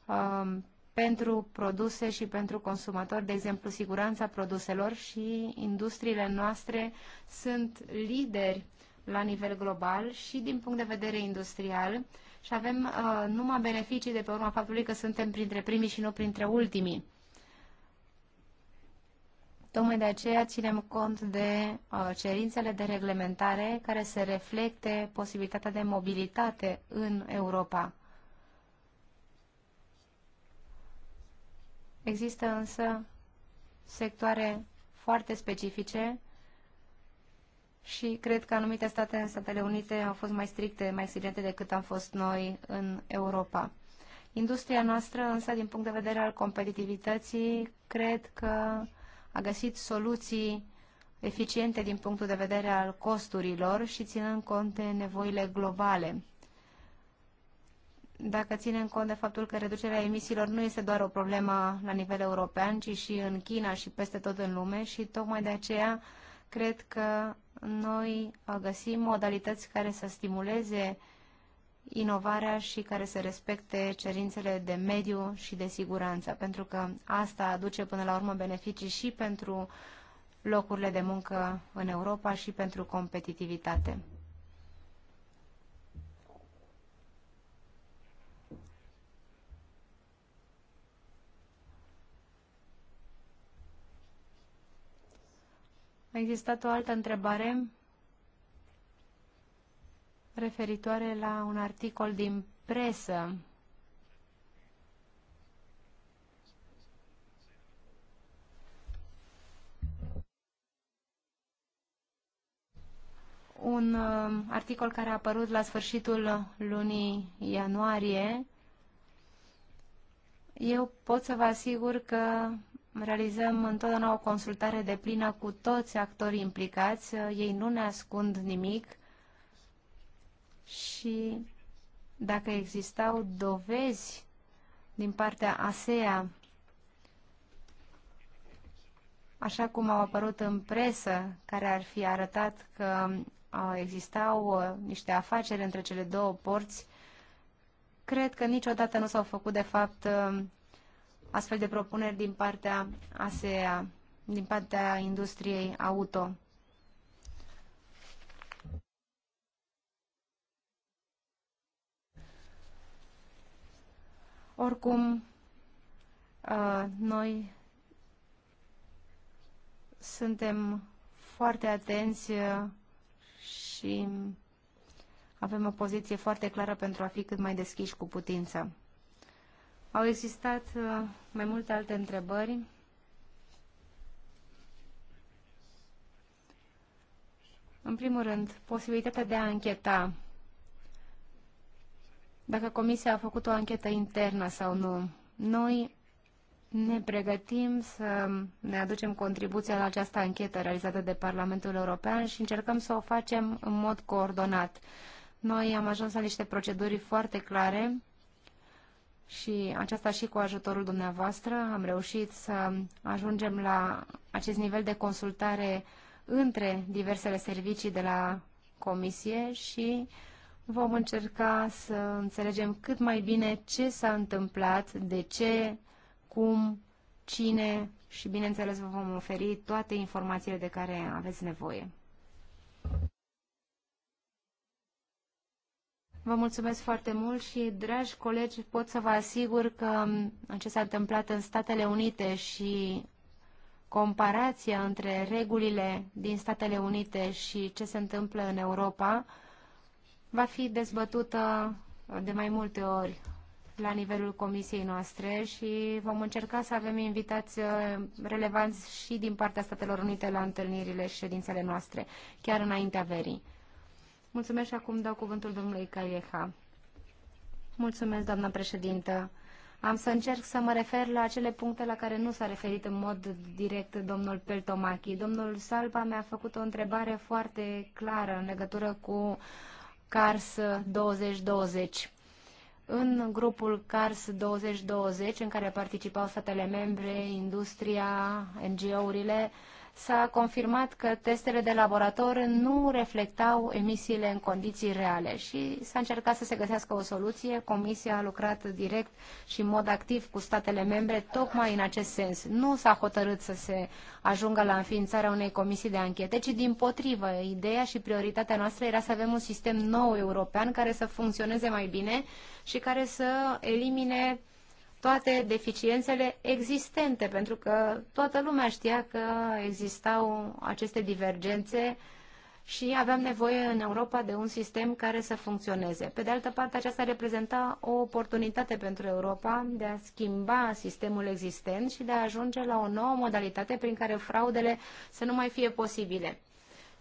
[SPEAKER 2] um, pentru produse și pentru consumatori, de exemplu, siguranța produselor și industriile noastre sunt lideri la nivel global și din punct de vedere industrial și avem uh, numai beneficii de pe urma faptului că suntem printre primii și nu printre ultimii. Tocmai de aceea ținem cont de uh, cerințele de reglementare care se reflecte posibilitatea de mobilitate în Europa. Există însă sectoare foarte specifice și cred că anumite state în Statele Unite au fost mai stricte, mai exigente decât am fost noi în Europa. Industria noastră, însă, din punct de vedere al competitivității, cred că a găsit soluții eficiente din punctul de vedere al costurilor și ținând cont de nevoile globale. Dacă ținem cont de faptul că reducerea emisiilor nu este doar o problemă la nivel european, ci și în China și peste tot în lume și tocmai de aceea cred că noi găsim modalități care să stimuleze inovarea și care să respecte cerințele de mediu și de siguranță, pentru că asta aduce până la urmă beneficii și pentru locurile de muncă în Europa și pentru competitivitate. A existat o altă întrebare referitoare la un articol din presă un uh, articol care a apărut la sfârșitul lunii ianuarie. Eu pot să vă asigur că realizăm întotdeauna o consultare de plină cu toți actorii implicați. Ei nu ne ascund nimic și dacă existau dovezi din partea ASEA, așa cum au apărut în presă, care ar fi arătat că existau niște afaceri între cele două porți, cred că niciodată nu s-au făcut, de fapt, astfel de propuneri din partea ASEA, din partea industriei auto. Oricum, noi suntem foarte atenți și avem o poziție foarte clară pentru a fi cât mai deschiși cu putință. Au existat mai multe alte întrebări. În primul rând, posibilitatea de a încheta dacă Comisia a făcut o anchetă internă sau nu. Noi ne pregătim să ne aducem contribuția la această anchetă realizată de Parlamentul European și încercăm să o facem în mod coordonat. Noi am ajuns la niște proceduri foarte clare și aceasta și cu ajutorul dumneavoastră am reușit să ajungem la acest nivel de consultare între diversele servicii de la Comisie și uh, vom încerca să înțelegem cât mai bine ce s-a întâmplat, de ce, cum, cine și, bineînțeles, vă vom oferi toate informațiile de care aveți nevoie. Vă mulțumesc foarte mult și, dragi colegi, pot să vă asigur că ce s-a întâmplat în Statele Unite și comparația între regulile din Statele Unite și ce se întâmplă în Europa va fi dezbătută de mai multe ori la nivelul comisiei noastre și vom încerca să avem invitați uh, relevanți și din partea Statelor Unite la întâlnirile și ședințele noastre, chiar înaintea verii. Mulțumesc și acum dau cuvântul domnului Caieha. Mulțumesc, doamna președintă. Am să încerc să mă refer la acele puncte la care nu s-a referit în mod direct domnul Peltomachi. Domnul Salva mi-a făcut o întrebare foarte clară în legătură cu uh, CARS 2020. În grupul CARS 2020, în care participau statele membre, industria, NGO-urile, s-a confirmat că testele de laborator nu reflectau emisiile în condiții reale și s-a încercat să se găsească o soluție. Comisia a lucrat direct și în mod activ cu statele membre tocmai în acest sens. Nu s-a hotărât să se ajungă la înființarea unei comisii de anchete, ci din potrivă, ideea și prioritatea noastră era să avem un sistem nou european care să funcționeze mai bine și care să elimine toate deficiențele existente, pentru că toată lumea știa că existau aceste divergențe și aveam nevoie în Europa de un sistem care să funcționeze. Pe de altă parte, aceasta reprezenta o oportunitate pentru Europa de a schimba sistemul existent și de a ajunge la o nouă modalitate prin care fraudele să nu mai fie posibile.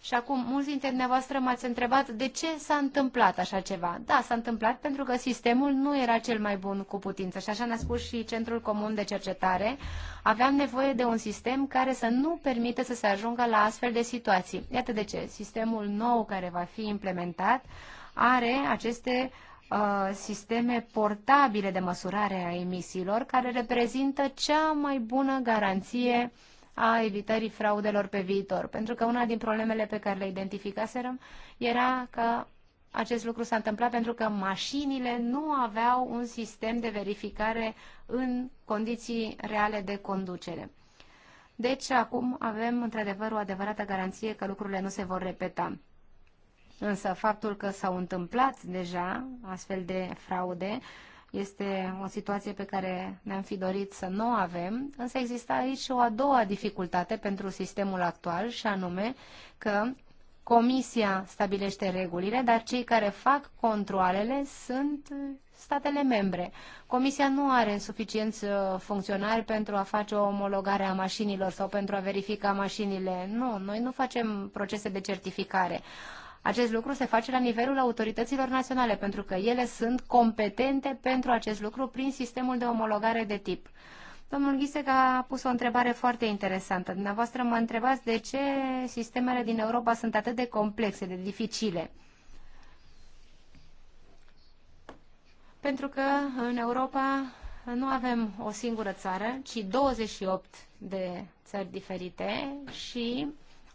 [SPEAKER 2] Și acum, mulți dintre dumneavoastră m-ați întrebat de ce s-a întâmplat așa ceva. Da, s-a întâmplat pentru că sistemul nu era cel mai bun cu putință și așa ne-a spus și Centrul Comun de Cercetare. Aveam nevoie de un sistem care să nu permită să se ajungă la astfel de situații. Iată de ce. Sistemul nou care va fi implementat are aceste uh, sisteme portabile de măsurare a emisiilor, care reprezintă cea mai bună garanție uh, a evitării fraudelor pe viitor. Pentru că una din problemele pe care le identificaserăm era că acest lucru s-a întâmplat pentru că mașinile nu aveau un sistem de verificare în condiții reale de conducere. Deci acum avem într-adevăr o adevărată garanție că lucrurile nu se vor repeta. Însă faptul că s-au întâmplat deja astfel de fraude este o situație pe care ne-am fi dorit să nu o avem, însă există aici o a doua dificultate pentru sistemul actual și anume că Comisia stabilește regulile, dar cei care fac controlele sunt statele membre. Comisia nu are suficienți uh, funcționari pentru a face o omologare a mașinilor sau pentru a verifica mașinile. Nu, noi nu facem procese de certificare. Acest lucru se face la nivelul autorităților naționale, pentru că ele sunt competente pentru acest lucru prin sistemul de omologare de tip. Domnul Ghisec a pus o întrebare foarte interesantă. Dumneavoastră mă întrebați de ce sistemele din Europa sunt atât de complexe, de dificile. Pentru că în Europa nu avem o singură țară, ci 28 de țări diferite și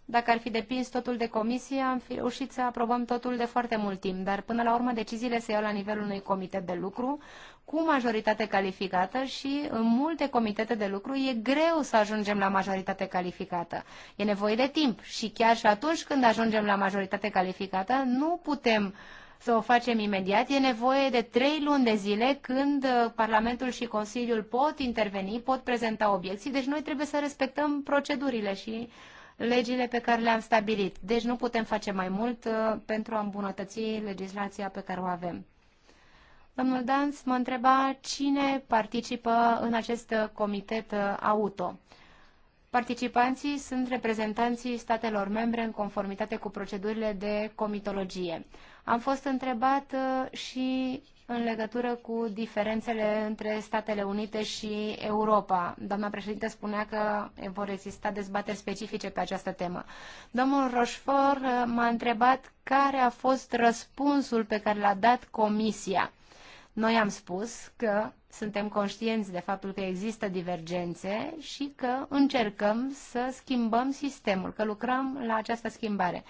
[SPEAKER 2] dacă ar fi depins totul de comisie, am fi reușit să aprobăm totul de foarte mult timp, dar până la urmă deciziile se iau la nivelul unui comitet de lucru cu majoritate calificată și în multe comitete de lucru e greu să ajungem la majoritate calificată. E nevoie de timp și chiar și atunci când ajungem la majoritate calificată nu putem să o facem imediat. E nevoie de trei luni de zile când uh, Parlamentul și Consiliul pot interveni, pot prezenta obiecții, deci noi trebuie să respectăm procedurile și legile pe care le-am stabilit. Deci nu putem face mai mult uh, pentru a îmbunătăți legislația pe care o avem. Domnul Dans mă întreba cine participă în acest comitet uh, auto. Participanții sunt reprezentanții statelor membre în conformitate cu procedurile de comitologie. Am fost întrebat uh, și în legătură cu diferențele între Statele Unite și Europa. Doamna președinte spunea că vor exista dezbateri specifice pe această temă. Domnul Roșfor uh, m-a întrebat care a fost răspunsul pe care l-a dat Comisia. Noi am spus că suntem conștienți de faptul că există divergențe și că încercăm să schimbăm sistemul, că lucrăm la această schimbare.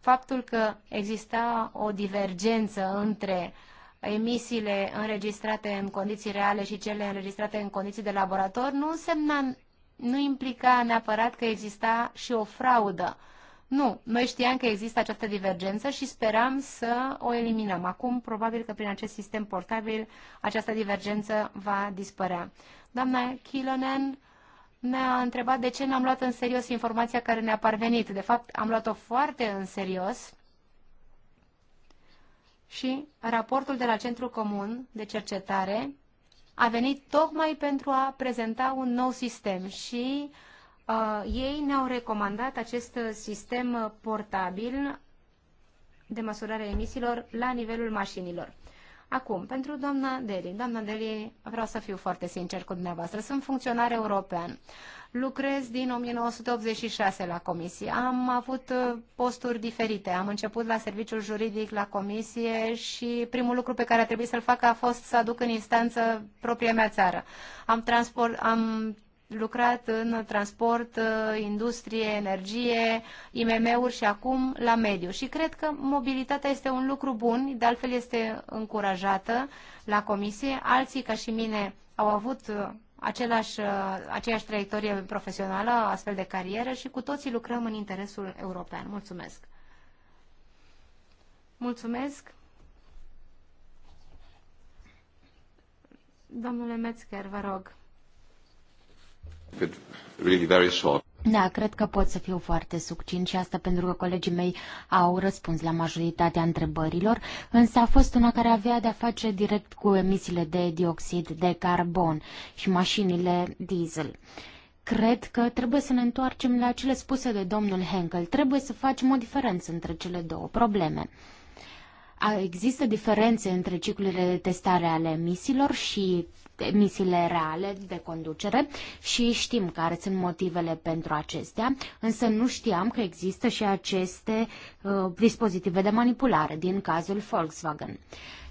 [SPEAKER 2] Faptul că exista o divergență între uh, emisiile înregistrate în condiții reale și cele înregistrate în condiții de laborator nu însemna, nu implica neapărat că exista și o fraudă. Nu, noi știam că există această divergență și speram să o eliminăm. Acum, probabil că prin acest sistem portabil, această divergență va dispărea. Doamna Kilonen ne-a întrebat de ce n-am luat în serios informația care ne-a parvenit. De fapt, am luat-o foarte în serios și raportul de la Centrul Comun de Cercetare a venit tocmai pentru a prezenta un nou sistem și uh, ei ne-au recomandat acest sistem portabil de măsurare emisiilor la nivelul mașinilor. Acum, pentru doamna Deli. Doamna Deli, vreau să fiu foarte sincer cu dumneavoastră. Sunt funcționar european. Uh, Lucrez din 1986 la comisie. Am avut uh, posturi diferite. Am început la serviciul juridic la comisie și primul lucru pe care a trebuit să-l fac a fost să aduc în instanță propria mea țară. Am, transport, am lucrat în transport, uh, industrie, energie, IMM-uri și acum la mediu. Și cred că mobilitatea este un lucru bun, de altfel este încurajată la comisie. Alții ca și mine au avut uh, același, uh, aceeași traiectorie profesională, astfel de carieră și cu toții lucrăm în interesul european. Mulțumesc! Mulțumesc! Domnule Metzger, vă rog.
[SPEAKER 1] Really very short.
[SPEAKER 3] Da, cred că pot să fiu foarte succint și asta pentru că colegii mei au răspuns la majoritatea întrebărilor, însă a fost una care avea de-a face direct cu emisiile de dioxid de carbon și mașinile diesel. Cred că trebuie să ne întoarcem la cele spuse de domnul Henkel. Trebuie să facem o diferență între cele două probleme. Există diferențe între ciclurile de testare ale emisiilor și emisiile reale de conducere și știm care sunt motivele pentru acestea, însă nu știam că există și aceste uh, dispozitive de manipulare din cazul Volkswagen.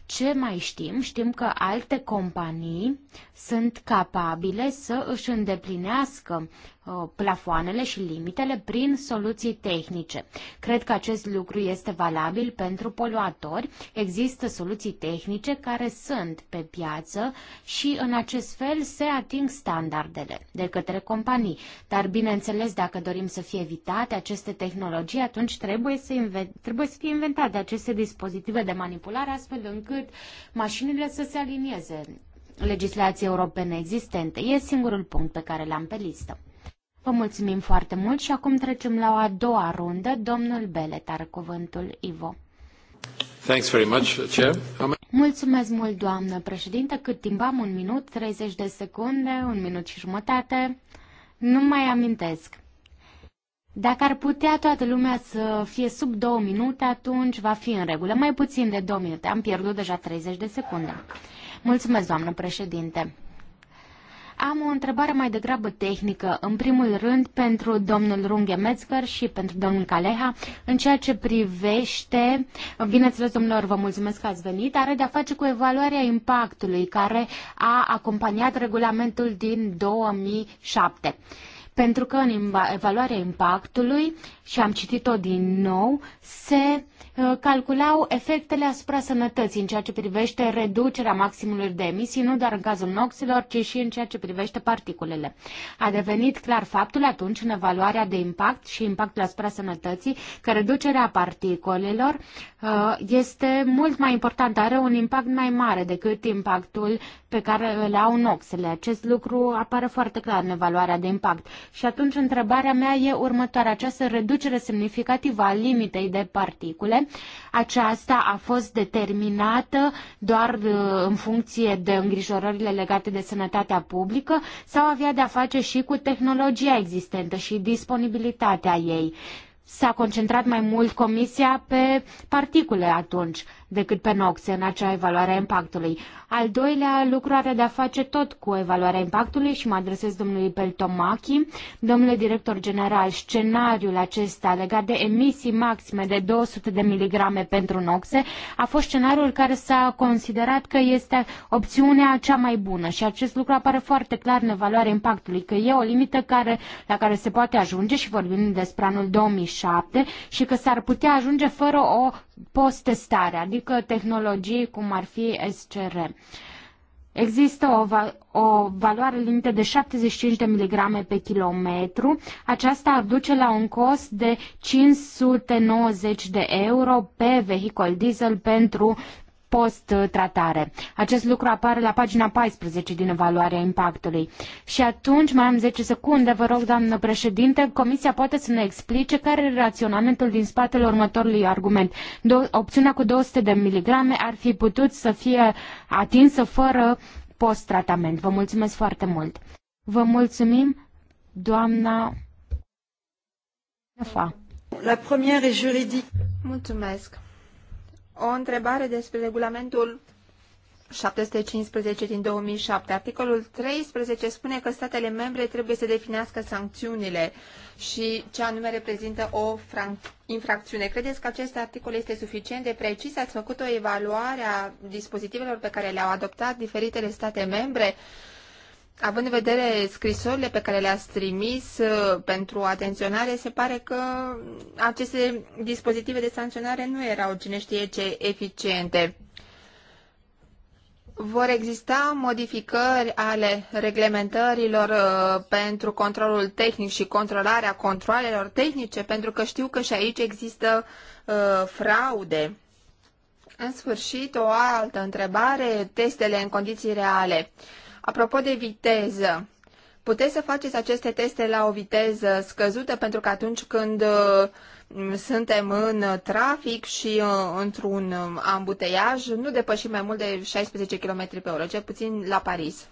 [SPEAKER 3] Ce mai știm? Știm că alte companii sunt capabile să își îndeplinească Uh, plafoanele și limitele prin soluții tehnice. Cred că acest lucru este valabil pentru poluatori. Există soluții tehnice care sunt pe piață și în acest fel se ating standardele de către companii. Dar bineînțeles, dacă dorim să fie evitate aceste tehnologii, atunci trebuie să, trebuie să fie inventate aceste dispozitive de manipulare astfel încât mașinile să se alinieze legislației europene existente. E singurul punct pe care l-am pe listă. Vă mulțumim foarte mult și acum trecem la o a doua rundă. Domnul Belet are cuvântul Ivo.
[SPEAKER 2] Thanks
[SPEAKER 1] very much, Chair.
[SPEAKER 3] Mulțumesc mult, doamnă președinte, Cât timp am? Un minut, 30 de secunde, un minut și jumătate. Nu mai amintesc. Dacă ar putea toată lumea să fie sub două minute, atunci va fi în regulă. Mai puțin de două minute. Am pierdut deja 30 de secunde. Mulțumesc, doamnă președinte. Am o întrebare mai degrabă tehnică, în primul rând pentru domnul Runghe Metzger și pentru domnul Caleha, în ceea ce privește, bineînțeles domnilor, vă mulțumesc că ați venit, are de-a face cu evaluarea impactului care a acompaniat regulamentul din 2007 pentru că în evaluarea impactului, și am citit-o din nou, se uh, Uh, calculau efectele asupra sănătății în ceea ce privește reducerea maximului de emisii, nu doar în cazul noxilor, ci și în ceea ce privește particulele. A devenit clar faptul atunci în evaluarea de impact și impactul asupra sănătății că reducerea particulelor uh, este mult mai importantă, are un impact mai mare decât impactul pe care îl au noxele. Acest lucru apare foarte clar în evaluarea de impact. Și atunci întrebarea mea e următoarea. Această reducere semnificativă a limitei de particule aceasta a fost determinată doar uh, în funcție de îngrijorările legate de sănătatea publică sau avea de-a face și cu tehnologia existentă și disponibilitatea ei. S-a concentrat mai mult comisia pe particule atunci decât pe noxe în acea evaluare a impactului. Al doilea lucru are de-a face tot cu evaluarea impactului și mă adresez domnului Peltomachi. Domnule director general, scenariul acesta legat de emisii maxime de 200 de miligrame pentru noxe a fost scenariul care s-a considerat că este opțiunea cea mai bună și acest lucru apare foarte clar în evaluarea impactului, că e o limită care, la care se poate ajunge și vorbim despre anul 2007 și că s-ar putea ajunge fără o post-testare, adică adică tehnologii cum ar fi SCR. Există o, va- o valoare limită de 75 de miligrame pe kilometru. Aceasta ar duce la un cost de 590 de euro pe vehicol diesel pentru post-tratare. Acest lucru apare la pagina 14 din evaluarea impactului. Și atunci, mai am 10 secunde, vă rog, doamnă președinte, Comisia poate să ne explice care e raționamentul din spatele următorului argument. Do- opțiunea cu 200 de miligrame ar fi putut să fie atinsă fără post-tratament. Vă mulțumesc foarte mult. Vă mulțumim, doamna Fa.
[SPEAKER 1] La première est juridique. Mulțumesc o întrebare despre regulamentul 715 din 2007. Articolul 13 spune că statele membre trebuie să definească sancțiunile și ce anume reprezintă o infracțiune. Credeți că acest articol este suficient de precis? Ați făcut o evaluare a dispozitivelor pe care le-au adoptat diferitele state membre? Uh, având în vedere scrisorile pe care le-ați trimis uh, pentru atenționare, se pare că aceste dispozitive de sancționare nu erau cine știe ce eficiente. Vor exista modificări ale reglementărilor uh, pentru controlul tehnic și controlarea controlelor tehnice, pentru că știu că și aici există uh, fraude. În sfârșit, o altă întrebare, testele în condiții reale. Uh, Apropo de viteză, puteți să faceți aceste teste la o viteză scăzută pentru că atunci când uh, suntem în trafic și uh, într-un uh, ambuteiaj, nu depășim mai mult de 16 km pe oră, cel puțin la Paris.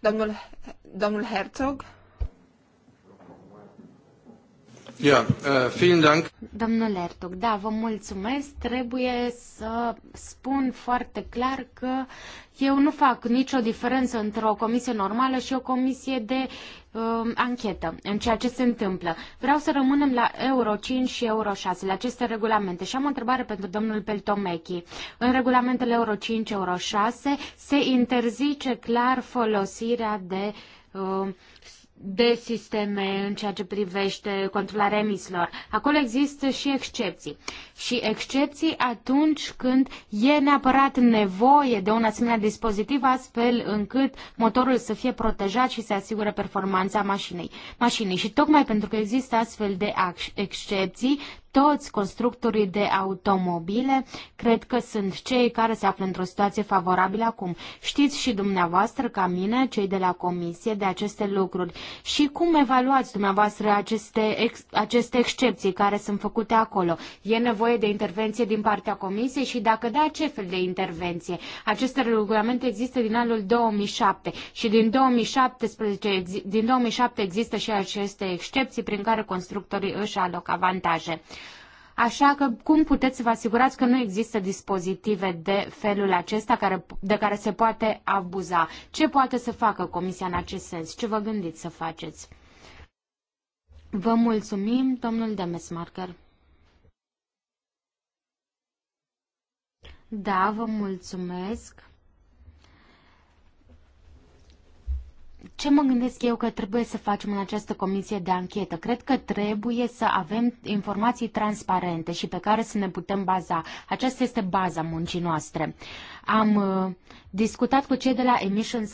[SPEAKER 3] Domnul, domnul Herzog?
[SPEAKER 1] Yeah, uh, vielen Dank.
[SPEAKER 3] Domnul Ertug, da, vă mulțumesc. Trebuie să spun foarte clar că eu nu fac nicio diferență între o comisie normală și o comisie de uh, anchetă în ceea ce se întâmplă. Vreau să rămânem la Euro 5 și Euro 6, la aceste regulamente. Și am o întrebare pentru domnul Peltomechi. În regulamentele Euro 5, Euro 6 se interzice clar folosirea de uh, de sisteme în ceea ce privește controlarea emisiilor. Acolo există și excepții și excepții atunci când e neapărat nevoie de un asemenea dispozitiv astfel încât motorul să fie protejat și să asigure performanța mașinii. mașinii. Și tocmai pentru că există astfel de excepții, toți constructorii de automobile cred că sunt cei care se află într-o situație favorabilă acum. Știți și dumneavoastră, ca mine, cei de la comisie, de aceste lucruri. Și cum evaluați dumneavoastră aceste, ex, aceste excepții care sunt făcute acolo? E nevoie nevoie de intervenție din partea Comisiei și dacă da, ce fel de intervenție? Aceste regulamente există din anul 2007 și din 2017, din 2007 există și aceste excepții prin care constructorii își aloc avantaje. Așa că cum puteți să vă asigurați că nu există dispozitive de felul acesta care, de care se poate abuza? Ce poate să facă Comisia în acest sens? Ce vă gândiți să faceți? Vă mulțumim, domnul Demesmarker. Da, vă mulțumesc. Ce mă gândesc eu că trebuie să facem în această comisie de anchetă? Cred că trebuie să avem informații transparente și pe care să ne putem baza. Aceasta este baza muncii noastre. Am uh, discutat cu cei de la Emissions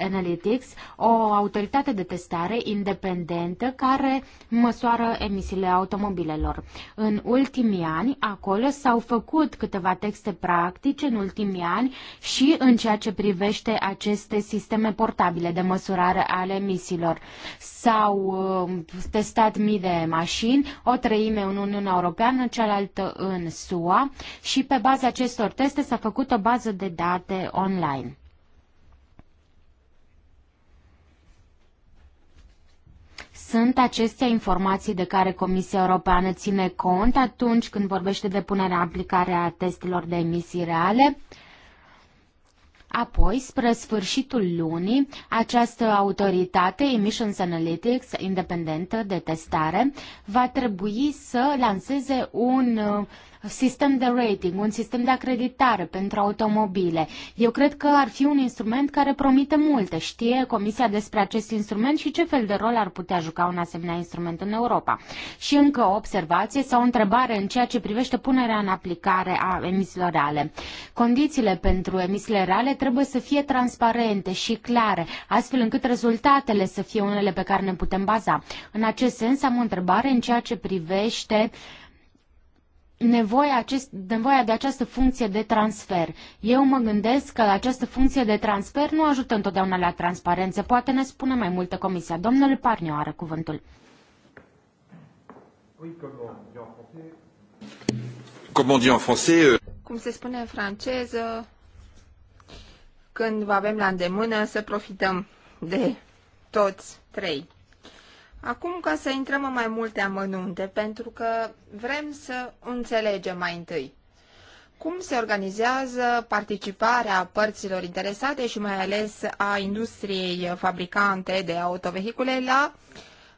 [SPEAKER 3] Analytics, o autoritate de testare independentă care măsoară emisiile automobilelor. În ultimii ani, acolo s-au făcut câteva texte practice în ultimii ani și în ceea ce privește aceste sisteme portabile de măsurare ale emisiilor. S-au uh, testat mii de mașini, o treime în Uniunea Europeană, cealaltă în SUA și pe baza acestor teste s-a făcut o bază de date online. Sunt acestea informații de care Comisia Europeană ține cont atunci când vorbește de punerea în aplicare a testelor de emisii reale? Apoi, spre sfârșitul lunii, această autoritate, Emissions Analytics, independentă de testare, va trebui să lanseze un sistem de rating, un sistem de acreditare pentru automobile. Eu cred că ar fi un instrument care promite multe. Știe Comisia despre acest instrument și ce fel de rol ar putea juca un asemenea instrument în Europa. Și încă o observație sau o întrebare în ceea ce privește punerea în aplicare a emisiilor reale. Condițiile pentru emisiile reale trebuie să fie transparente și clare, astfel încât rezultatele să fie unele pe care ne putem baza. În acest sens am o întrebare în ceea ce privește nevoia, acest, nevoia de această funcție de transfer. Eu mă gândesc că această funcție de transfer nu ajută întotdeauna la transparență. Poate ne spune mai multă comisia. Domnul Parniu are cuvântul.
[SPEAKER 1] Euh, Cum se spune în franceză, când avem la îndemână să profităm de toți trei. Acum ca să intrăm în mai multe amănunte, pentru că vrem să înțelegem mai întâi cum se organizează participarea părților interesate și mai ales a industriei fabricante de autovehicule la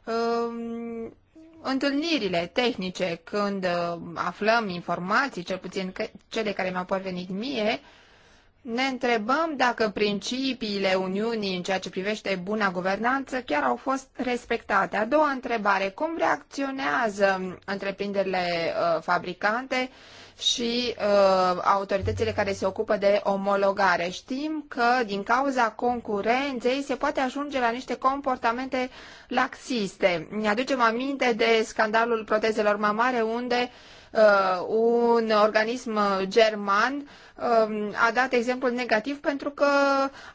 [SPEAKER 1] uh, întâlnirile tehnice, când uh, aflăm informații, cel puțin cele care mi-au parvenit mie, uh, ne întrebăm dacă principiile Uniunii în ceea ce privește buna guvernanță chiar au fost respectate. A doua întrebare, cum reacționează întreprinderile uh, fabricante și uh, autoritățile care se ocupă de omologare? Știm că din cauza concurenței se poate ajunge la niște comportamente laxiste. Ne aducem aminte de scandalul protezelor mamare unde uh, un organism german Um, a dat exemplul negativ pentru că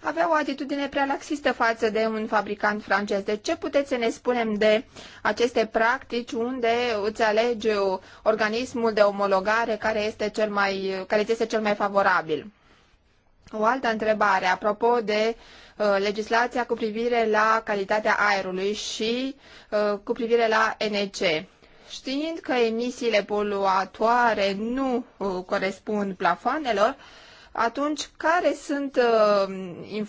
[SPEAKER 1] avea o atitudine prea laxistă față de un fabricant francez. De deci, ce puteți să ne spunem de aceste practici unde îți alege uh, organismul de omologare care este cel mai, care este cel mai favorabil? O altă întrebare, apropo de uh, legislația cu privire la calitatea aerului și uh, cu privire la NC știind că emisiile poluatoare nu uh, corespund plafoanelor, atunci care sunt uh,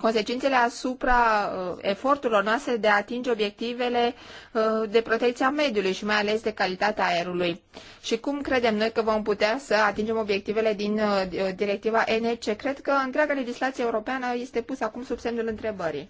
[SPEAKER 1] consecințele asupra uh, eforturilor noastre de a atinge obiectivele uh, de protecția mediului și mai ales de calitatea aerului? Și cum credem noi că vom putea să atingem obiectivele din uh, directiva NEC? Cred că întreaga legislație europeană este pusă acum sub semnul întrebării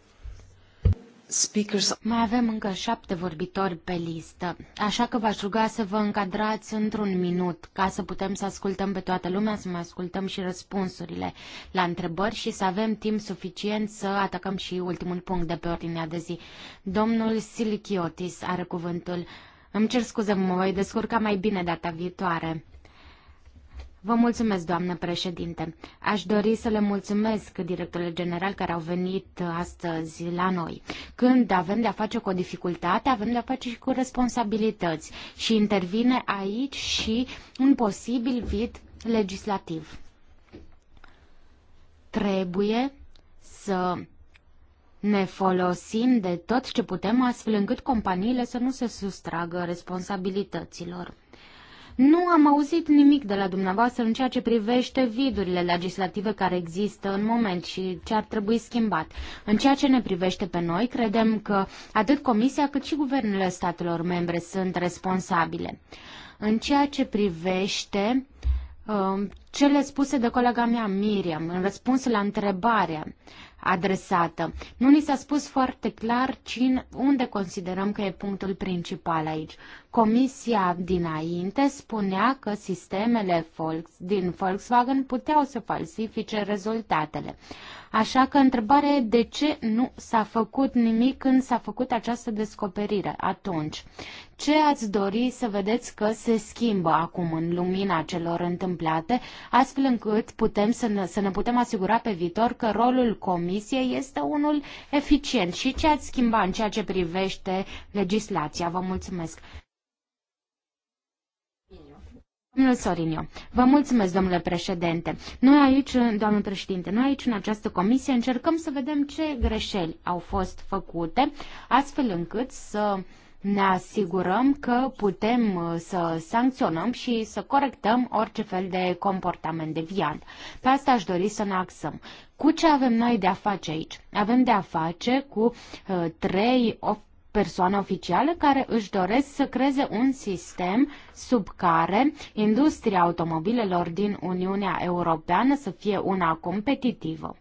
[SPEAKER 3] speakers. Mai avem încă șapte vorbitori pe listă, așa că v-aș ruga să vă încadrați într-un minut ca să putem să ascultăm pe toată lumea, să mai ascultăm și răspunsurile la întrebări și să avem timp suficient să atacăm și ultimul punct de pe ordinea de zi. Domnul Silichiotis are cuvântul. Îmi cer scuze, mă voi descurca mai bine data viitoare. Vă mulțumesc, doamnă președinte. Aș dori să le mulțumesc directorilor general care au venit astăzi la noi. Când avem de-a face cu o dificultate, avem de-a face și cu responsabilități și intervine aici și un posibil vid legislativ. Trebuie să ne folosim de tot ce putem astfel încât companiile să nu se sustragă responsabilităților. Nu am auzit nimic de la dumneavoastră în ceea ce privește vidurile legislative care există în moment și ce ar trebui schimbat. În ceea ce ne privește pe noi, credem că atât Comisia cât și guvernele statelor membre sunt responsabile. În ceea ce privește um, cele spuse de colega mea Miriam în răspuns la întrebarea adresată. Nu ni s-a spus foarte clar cine, unde considerăm că e punctul principal aici. Comisia dinainte spunea că sistemele Volks, din Volkswagen puteau să falsifice rezultatele. Așa că întrebarea e de ce nu s-a făcut nimic când s-a făcut această descoperire atunci. Ce ați dori să vedeți că se schimbă acum în lumina celor întâmplate, astfel încât putem să ne, să ne putem asigura pe viitor că rolul comisiei este unul eficient și ce ați schimba în ceea ce privește legislația? Vă mulțumesc! Domnul Sorinio, vă mulțumesc, domnule președinte. Noi aici, doamnă președinte, noi aici în această comisie încercăm să vedem ce greșeli au fost făcute, astfel încât să ne asigurăm că putem uh, să sancționăm și să corectăm orice fel de comportament deviant. Pe asta aș dori să ne axăm. Cu ce avem noi de a face aici? Avem de a face cu uh, trei of- persoane oficiale care își doresc să creeze un sistem sub care industria automobilelor din Uniunea Europeană să fie una competitivă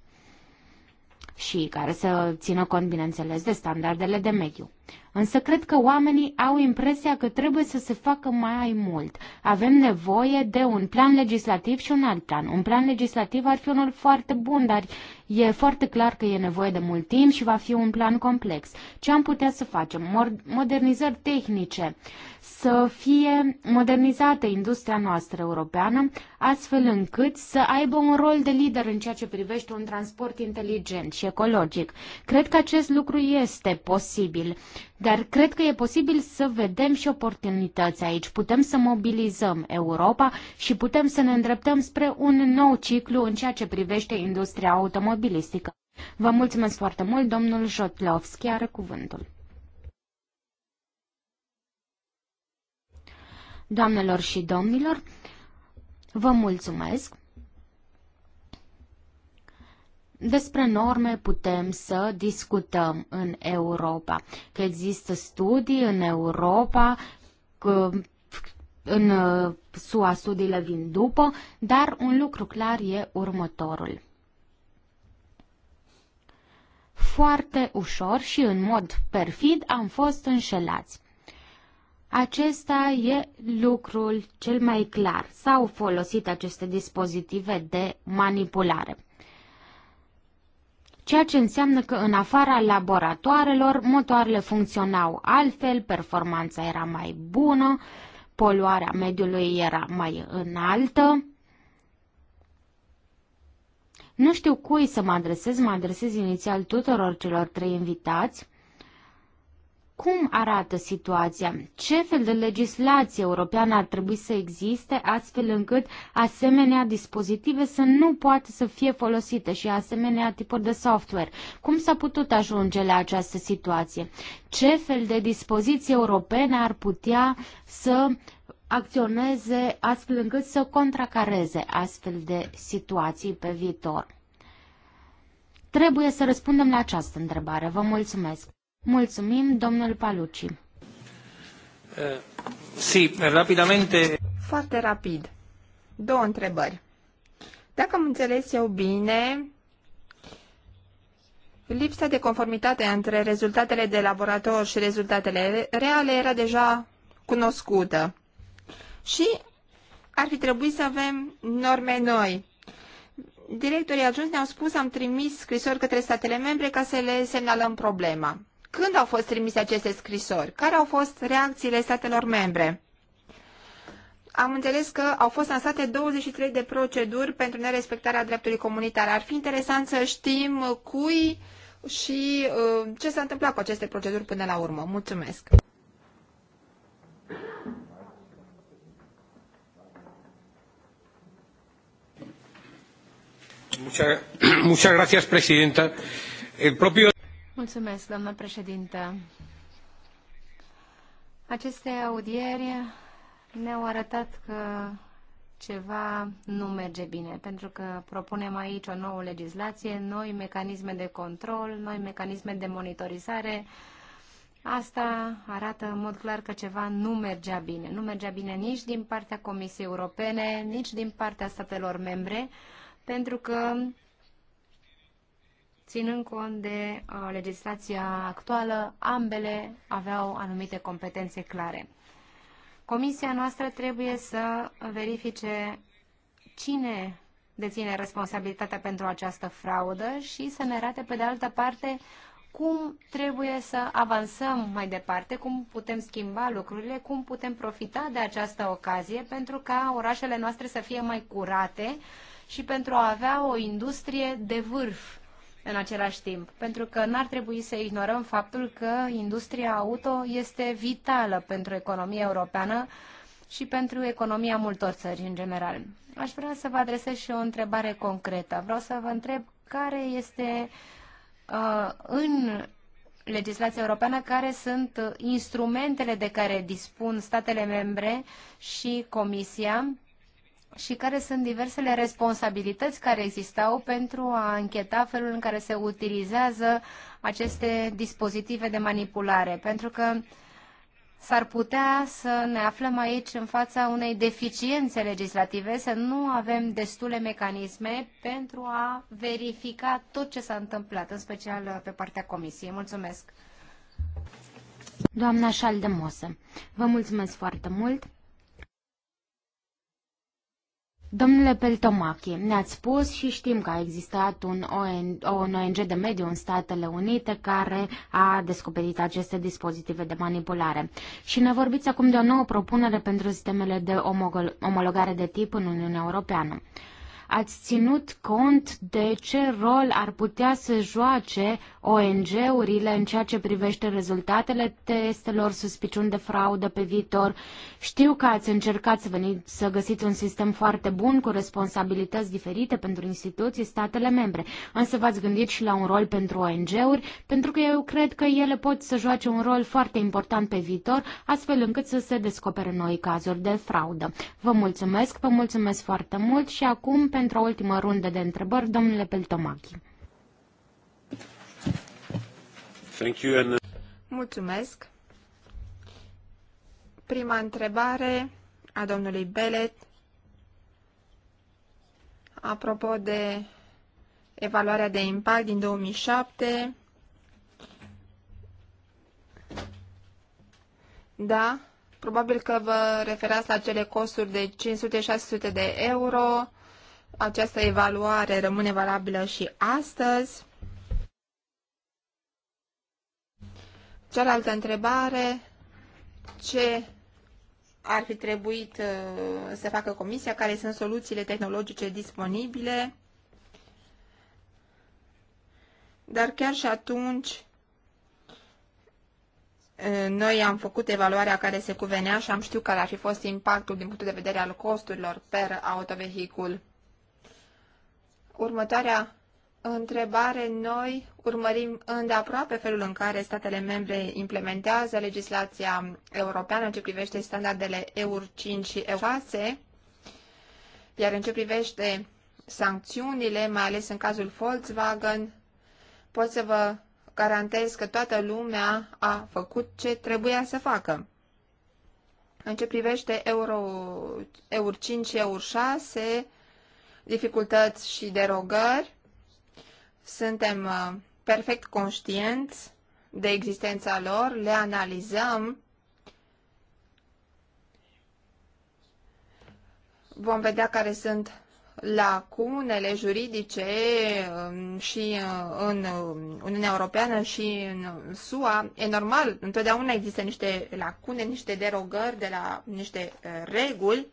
[SPEAKER 3] și care să țină cont, bineînțeles, de standardele de mediu. Însă cred că oamenii au impresia că trebuie să se facă mai mult. Avem nevoie de un plan legislativ și un alt plan. Un plan legislativ ar fi unul foarte bun, dar e foarte clar că e nevoie de mult timp și va fi un plan complex. Ce am putea să facem? Modernizări tehnice, să fie modernizată industria noastră europeană, astfel încât să aibă un rol de lider în ceea ce privește un transport inteligent și ecologic. Cred că acest lucru este posibil. Dar cred că e posibil să vedem și oportunități aici. Putem să mobilizăm Europa și putem să ne îndreptăm spre un nou ciclu în ceea ce privește industria automobilistică. Vă mulțumesc foarte mult, domnul Jotlovski are cuvântul. Doamnelor și domnilor, vă mulțumesc. Despre norme putem să discutăm în Europa, că există studii în Europa, că în uh, SUA studiile vin după, dar un lucru clar e următorul. Foarte ușor și în mod perfid am fost înșelați. Acesta e lucrul cel mai clar. S-au folosit aceste dispozitive de manipulare ceea ce înseamnă că în afara laboratoarelor motoarele funcționau altfel, performanța era mai bună, poluarea mediului era mai înaltă. Nu știu cui să mă adresez, mă adresez inițial tuturor celor trei invitați. Cum arată situația? Ce fel de legislație europeană ar trebui să existe astfel încât asemenea dispozitive să nu poată să fie folosite și asemenea tipuri de software? Cum s-a putut ajunge la această situație? Ce fel de dispoziție europene ar putea să acționeze astfel încât să contracareze astfel de situații pe viitor? Trebuie să răspundem la această întrebare. Vă mulțumesc! Mulțumim, domnul Paluci. Uh,
[SPEAKER 2] eh, si, rapidamente.
[SPEAKER 3] Foarte rapid. Două întrebări.
[SPEAKER 1] Dacă am înțeles eu bine, lipsa de conformitate între rezultatele de laborator și rezultatele reale era deja cunoscută. Și ar fi trebuit să avem norme noi. Directorii adjunți ne-au spus, am trimis scrisori către statele membre ca să le semnalăm problema. Când au fost trimise aceste scrisori? Care au fost reacțiile statelor membre? Am înțeles că au fost lansate 23 de proceduri pentru nerespectarea dreptului comunitar. Ar fi interesant să știm cui și uh, ce s-a întâmplat cu aceste proceduri până la urmă. Mulțumesc!
[SPEAKER 2] Muchas, (clears throat) muchas gracias, Presidenta. El propio președintă. Aceste audieri ne-au arătat că ceva nu merge bine, pentru că propunem aici o nouă legislație, noi mecanisme de control, noi mecanisme de monitorizare. Asta arată în mod clar că ceva nu mergea bine. Nu mergea bine nici din partea Comisiei Europene, nici din partea statelor membre, pentru că Ținând cont de uh, legislația actuală, ambele aveau anumite competențe clare. Comisia noastră trebuie să verifice cine deține responsabilitatea pentru această fraudă și să ne arate, pe de altă parte, cum trebuie să avansăm mai departe, cum putem schimba lucrurile, cum putem profita de această ocazie pentru ca orașele noastre să fie mai curate și pentru a avea o industrie de vârf în același timp, pentru că n-ar trebui să ignorăm faptul că industria auto este vitală pentru economia europeană și pentru economia multor țări în general. Aș vrea să vă adresez și o întrebare concretă. Vreau să vă întreb care este uh, în legislația europeană care sunt instrumentele de care dispun statele membre și Comisia și care sunt diversele responsabilități care existau pentru a încheta felul în care se utilizează aceste dispozitive de manipulare. Pentru că s-ar putea să ne aflăm aici în fața unei deficiențe legislative, să nu avem destule mecanisme pentru a verifica tot ce s-a întâmplat, în special pe partea Comisiei. Mulțumesc!
[SPEAKER 3] Doamna Șaldemosă, vă mulțumesc foarte mult! Domnule Peltomache, ne-ați spus și știm că a existat un un ONG de mediu în Statele Unite care a descoperit aceste dispozitive de manipulare. Și ne vorbiți acum de o nouă propunere pentru sistemele de omologare de tip în Uniunea Europeană. Ați ținut cont de ce rol ar putea să joace ONG-urile în ceea ce privește rezultatele testelor, suspiciuni de fraudă pe viitor? Știu că ați încercat să, veniți, să găsiți un sistem foarte bun cu responsabilități diferite pentru instituții, statele membre, însă v-ați gândit și la un rol pentru ONG-uri, pentru că eu cred că ele pot să joace un rol foarte important pe viitor, astfel încât să se descopere noi cazuri de fraudă. Vă mulțumesc, vă mulțumesc foarte mult și acum pentru pentru o ultimă rundă de întrebări, domnule Peltomachi. Thank you and... Mulțumesc. Prima
[SPEAKER 1] întrebare a domnului Belet apropo de evaluarea de impact din 2007. Da, probabil că vă referați la cele costuri de 500-600 de euro această evaluare rămâne valabilă și astăzi. Cealaltă întrebare, ce ar fi trebuit uh, să facă comisia, care sunt soluțiile tehnologice disponibile, dar chiar și atunci uh, noi am făcut evaluarea care se cuvenea și am știut care ar fi fost impactul din punct de vedere al costurilor per autovehicul următoarea întrebare, noi urmărim îndeaproape felul în care statele membre implementează legislația europeană în ce privește standardele EUR 5 și EUR 6, iar în ce privește sancțiunile, mai ales în cazul Volkswagen, pot să vă garantez că toată lumea a făcut ce trebuia să facă. În ce privește Euro, EUR 5 și EUR 6, dificultăți și derogări. Suntem uh, perfect conștienți de existența lor, le analizăm, vom vedea care sunt lacunele juridice um, și uh, în Uniunea Europeană și în SUA. E normal, întotdeauna există niște lacune, niște derogări de la niște uh, reguli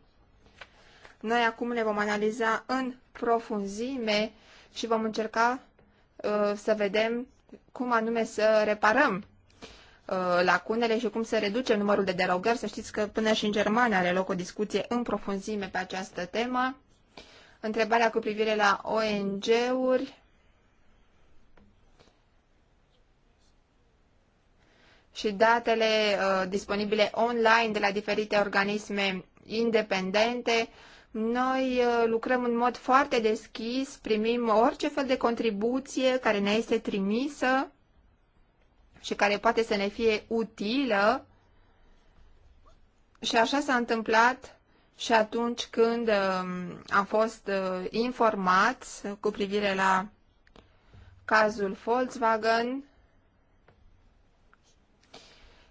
[SPEAKER 1] noi acum le vom analiza în profunzime și vom încerca uh, să vedem cum anume să reparăm uh, lacunele și cum să reducem numărul de derogări. Să știți că până și în Germania are loc o discuție în profunzime pe această temă. Întrebarea cu privire la ONG-uri. și datele uh, disponibile online de la diferite organisme independente. Uh, noi uh, lucrăm în mod foarte deschis, primim orice fel de contribuție care ne este trimisă și care poate să ne fie utilă. Și așa s-a întâmplat și atunci când um, am fost uh, informați cu privire la cazul Volkswagen,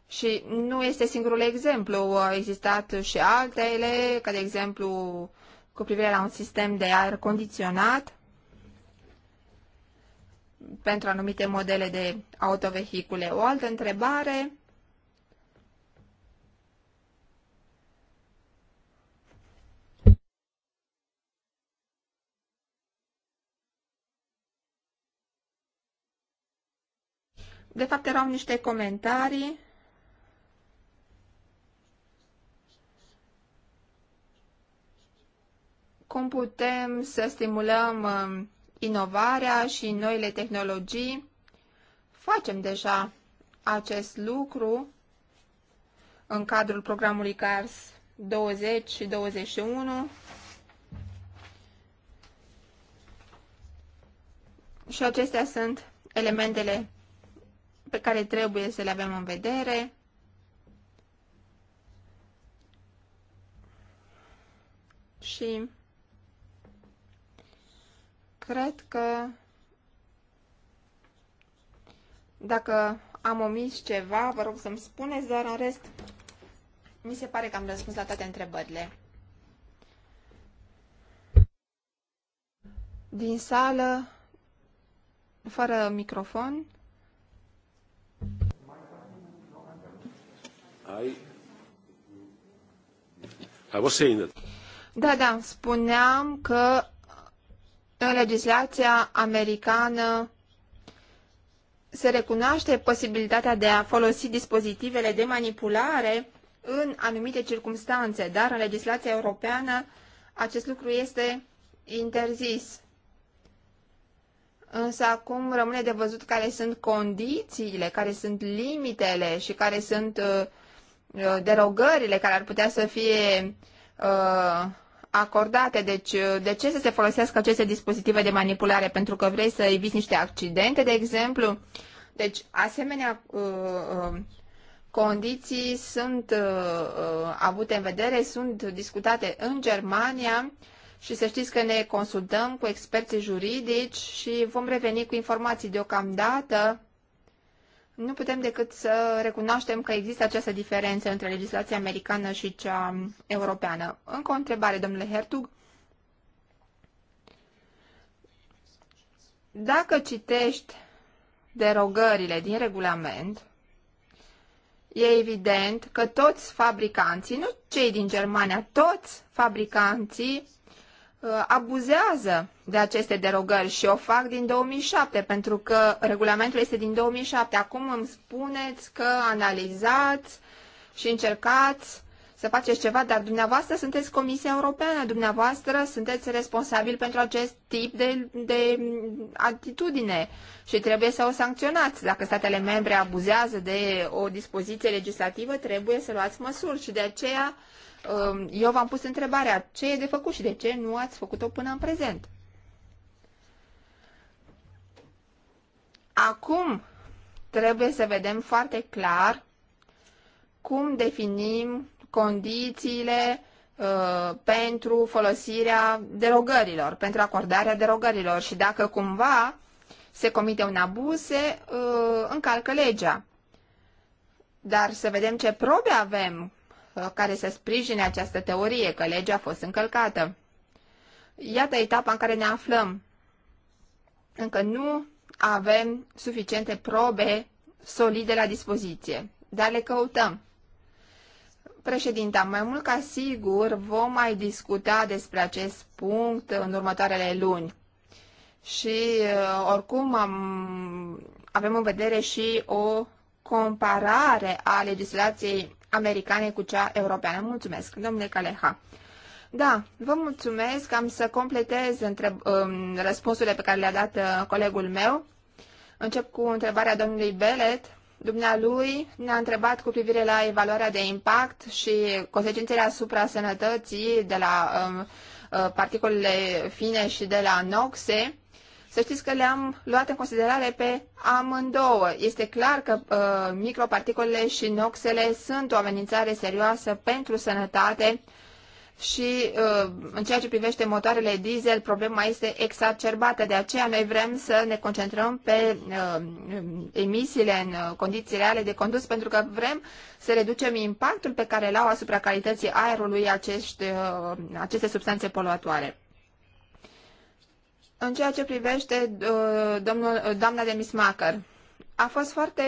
[SPEAKER 1] și nu este singurul exemplu, au existat și altele, ca de exemplu cu privire la un sistem de aer condiționat pentru anumite modele de autovehicule. O altă întrebare De fapt, erau niște comentarii cum putem să stimulăm um, inovarea și noile tehnologii. Facem deja acest lucru în cadrul programului CARS 20 și 21. Și acestea sunt elementele pe care trebuie să le avem în vedere. Și Cred că dacă am omis ceva, vă rog să-mi spuneți, dar în rest mi se pare că am răspuns la toate întrebările. Din sală, fără microfon. I... I was saying that. Da, da, spuneam că în legislația americană se recunoaște posibilitatea de a folosi dispozitivele de manipulare în anumite circunstanțe, dar în legislația europeană acest lucru este interzis. Însă acum rămâne de văzut care sunt condițiile, care sunt limitele și care sunt uh, uh derogările care ar putea să fie uh, acordate. Deci, uh, de ce să se folosească aceste dispozitive de manipulare? Pentru că vrei să eviți niște accidente, de exemplu? Deci, asemenea uh, uh, condiții sunt uh, uh, avute în vedere, sunt discutate în Germania și să știți că ne consultăm cu experții juridici și vom reveni cu informații deocamdată. Nu putem decât să recunoaștem că există această diferență între legislația americană și cea europeană. Încă o întrebare, domnule Hertug. Dacă citești derogările din regulament, e evident că toți fabricanții, nu cei din Germania, toți fabricanții Uh, abuzează de aceste derogări și o fac din 2007, pentru că regulamentul este din 2007. Acum îmi spuneți că analizați și încercați să faceți ceva, dar dumneavoastră sunteți Comisia Europeană, dumneavoastră sunteți responsabil pentru acest tip de, de atitudine și trebuie să o sancționați. Dacă statele membre abuzează de o dispoziție legislativă, trebuie să luați măsuri și de aceea Um, eu v-am pus întrebarea ce e de făcut și de ce nu ați făcut-o până în prezent. Acum trebuie să vedem foarte clar cum definim condițiile uh, pentru folosirea derogărilor, pentru acordarea derogărilor și dacă cumva se comite un abuz, se uh, încalcă legea. Dar să vedem ce probe avem Uh, care să sprijine această teorie că legea a fost încălcată. Iată etapa în care ne aflăm. Încă nu avem suficiente probe solide la dispoziție, dar le căutăm. Președinta, mai mult ca sigur vom mai discuta despre acest punct în următoarele luni. Și uh, oricum am, avem în vedere și o comparare a legislației americane cu cea europeană. Mulțumesc, domnule Caleha. Da, vă mulțumesc. Am să completez între, um, răspunsurile pe care le-a dat uh, colegul meu. Încep cu întrebarea domnului Belet. Dumnealui ne-a întrebat cu privire la evaluarea de impact și consecințele asupra sănătății de la um, uh, particulele fine și de la noxe. Să știți că le-am luat în considerare pe amândouă. Este clar că uh, microparticolele și noxele sunt o amenințare serioasă pentru sănătate și uh, în ceea ce privește motoarele diesel, problema este exacerbată. De aceea noi vrem să ne concentrăm pe uh, emisiile în condiții reale de condus, pentru că vrem să reducem impactul pe care îl au asupra calității aerului acești, uh, aceste substanțe poluatoare. În ceea ce privește uh, domnul, uh, doamna de Mismacher, a fost foarte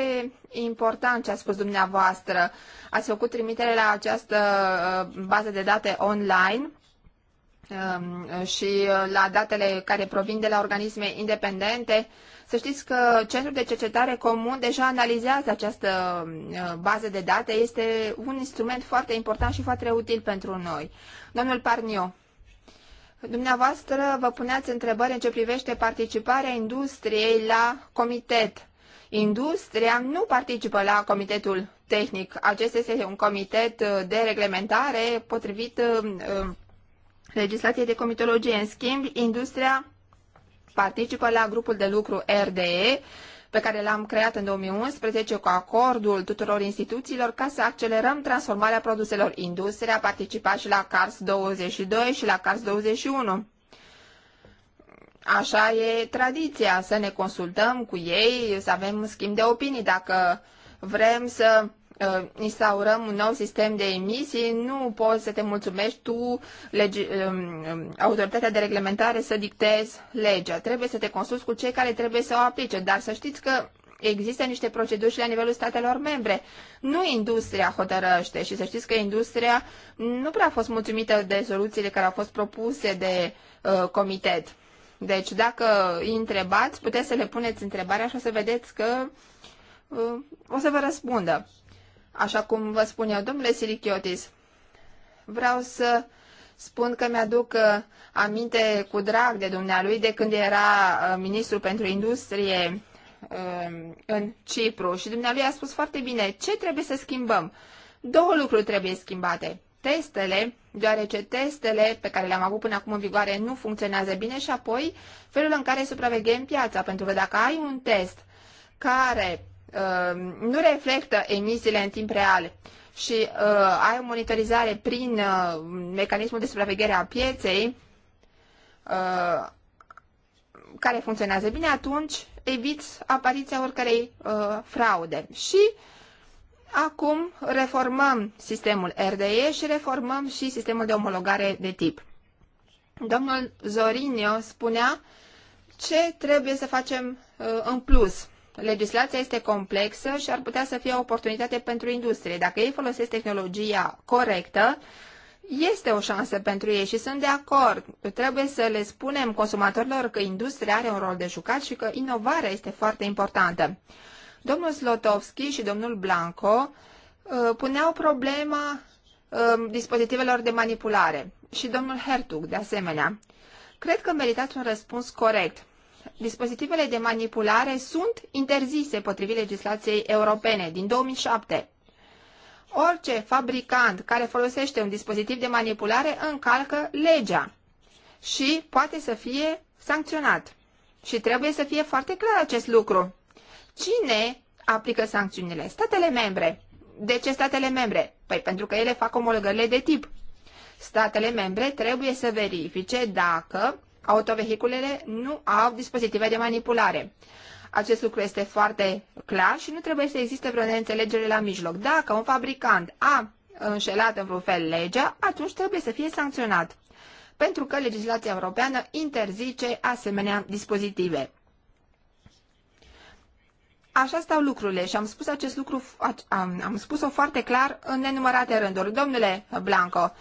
[SPEAKER 1] important ce a spus dumneavoastră. Ați făcut trimitere la această uh, bază de date online um, și la datele care provin de la organisme independente. Să știți că Centrul de Cercetare Comun deja analizează această bază de date. Este un instrument foarte important și foarte util pentru noi. Domnul Parnio, Dumneavoastră vă puneați întrebări în ce privește participarea industriei la comitet. Industria nu participă la comitetul tehnic. Acesta este un comitet uh, de reglementare potrivit uh, uh, legislației de comitologie. În schimb, industria participă la grupul de lucru RDE pe care l-am creat în 2011 cu acordul tuturor instituțiilor ca să accelerăm transformarea produselor. Industria a participat și la CARS 22 și la CARS 21. Așa e tradiția, să ne consultăm cu ei, să avem schimb de opinii dacă vrem să uh, instaurăm un nou sistem de emisii, nu poți să te mulțumești tu, lege, um, um, autoritatea de reglementare, să dictezi legea. Trebuie să te consulți cu cei care trebuie să o aplice, dar să știți că există niște proceduri și la nivelul statelor membre. Nu industria hotărăște și să știți că industria nu prea a fost mulțumită de soluțiile care au fost propuse de uh, comitet. Deci dacă îi întrebați, puteți să le puneți întrebarea și o să vedeți că uh, o să vă răspundă așa cum vă spun eu, domnule Silichiotis, vreau să spun că mi-aduc uh, aminte cu drag de dumnealui de când era uh, ministru pentru industrie um, în Cipru și dumnealui a spus foarte bine ce trebuie să schimbăm. Două lucruri trebuie schimbate. Testele, deoarece testele pe care le-am avut până acum în vigoare nu funcționează bine și apoi felul în care supraveghem piața, pentru că dacă ai un test care Um, nu reflectă emisiile în timp real și uh, ai o monitorizare prin uh, mecanismul de supraveghere a pieței uh, care funcționează bine, atunci eviți apariția oricărei uh, fraude. Și acum reformăm sistemul RDE și reformăm și sistemul de omologare de tip. Domnul Zorinio spunea ce trebuie să facem uh, în plus legislația este complexă și ar putea să fie o oportunitate pentru industrie. Dacă ei folosesc tehnologia corectă, este o șansă pentru ei și sunt de acord. Trebuie să le spunem consumatorilor că industria are un rol de jucat și că inovarea este foarte importantă. Domnul Slotovski și domnul Blanco uh, puneau problema uh, dispozitivelor de manipulare și domnul Hertug, de asemenea. Cred că meritați un răspuns corect dispozitivele de manipulare sunt interzise potrivit legislației europene din 2007. Orice fabricant care folosește un dispozitiv de manipulare încalcă legea și poate să fie sancționat. Și trebuie să fie foarte clar acest lucru. Cine aplică sancțiunile? Statele membre. De ce statele membre? Păi pentru că ele fac omologările de tip. Statele membre trebuie să verifice dacă autovehiculele nu au dispozitive de manipulare. Acest lucru este foarte clar și nu trebuie să existe vreo neînțelegere la mijloc. Dacă un fabricant a înșelat în vreun fel legea, atunci trebuie să fie sancționat, pentru că legislația europeană interzice asemenea dispozitive. Așa stau lucrurile și am spus acest lucru, am, am spus-o foarte clar în nenumărate rânduri. Domnule Blanco,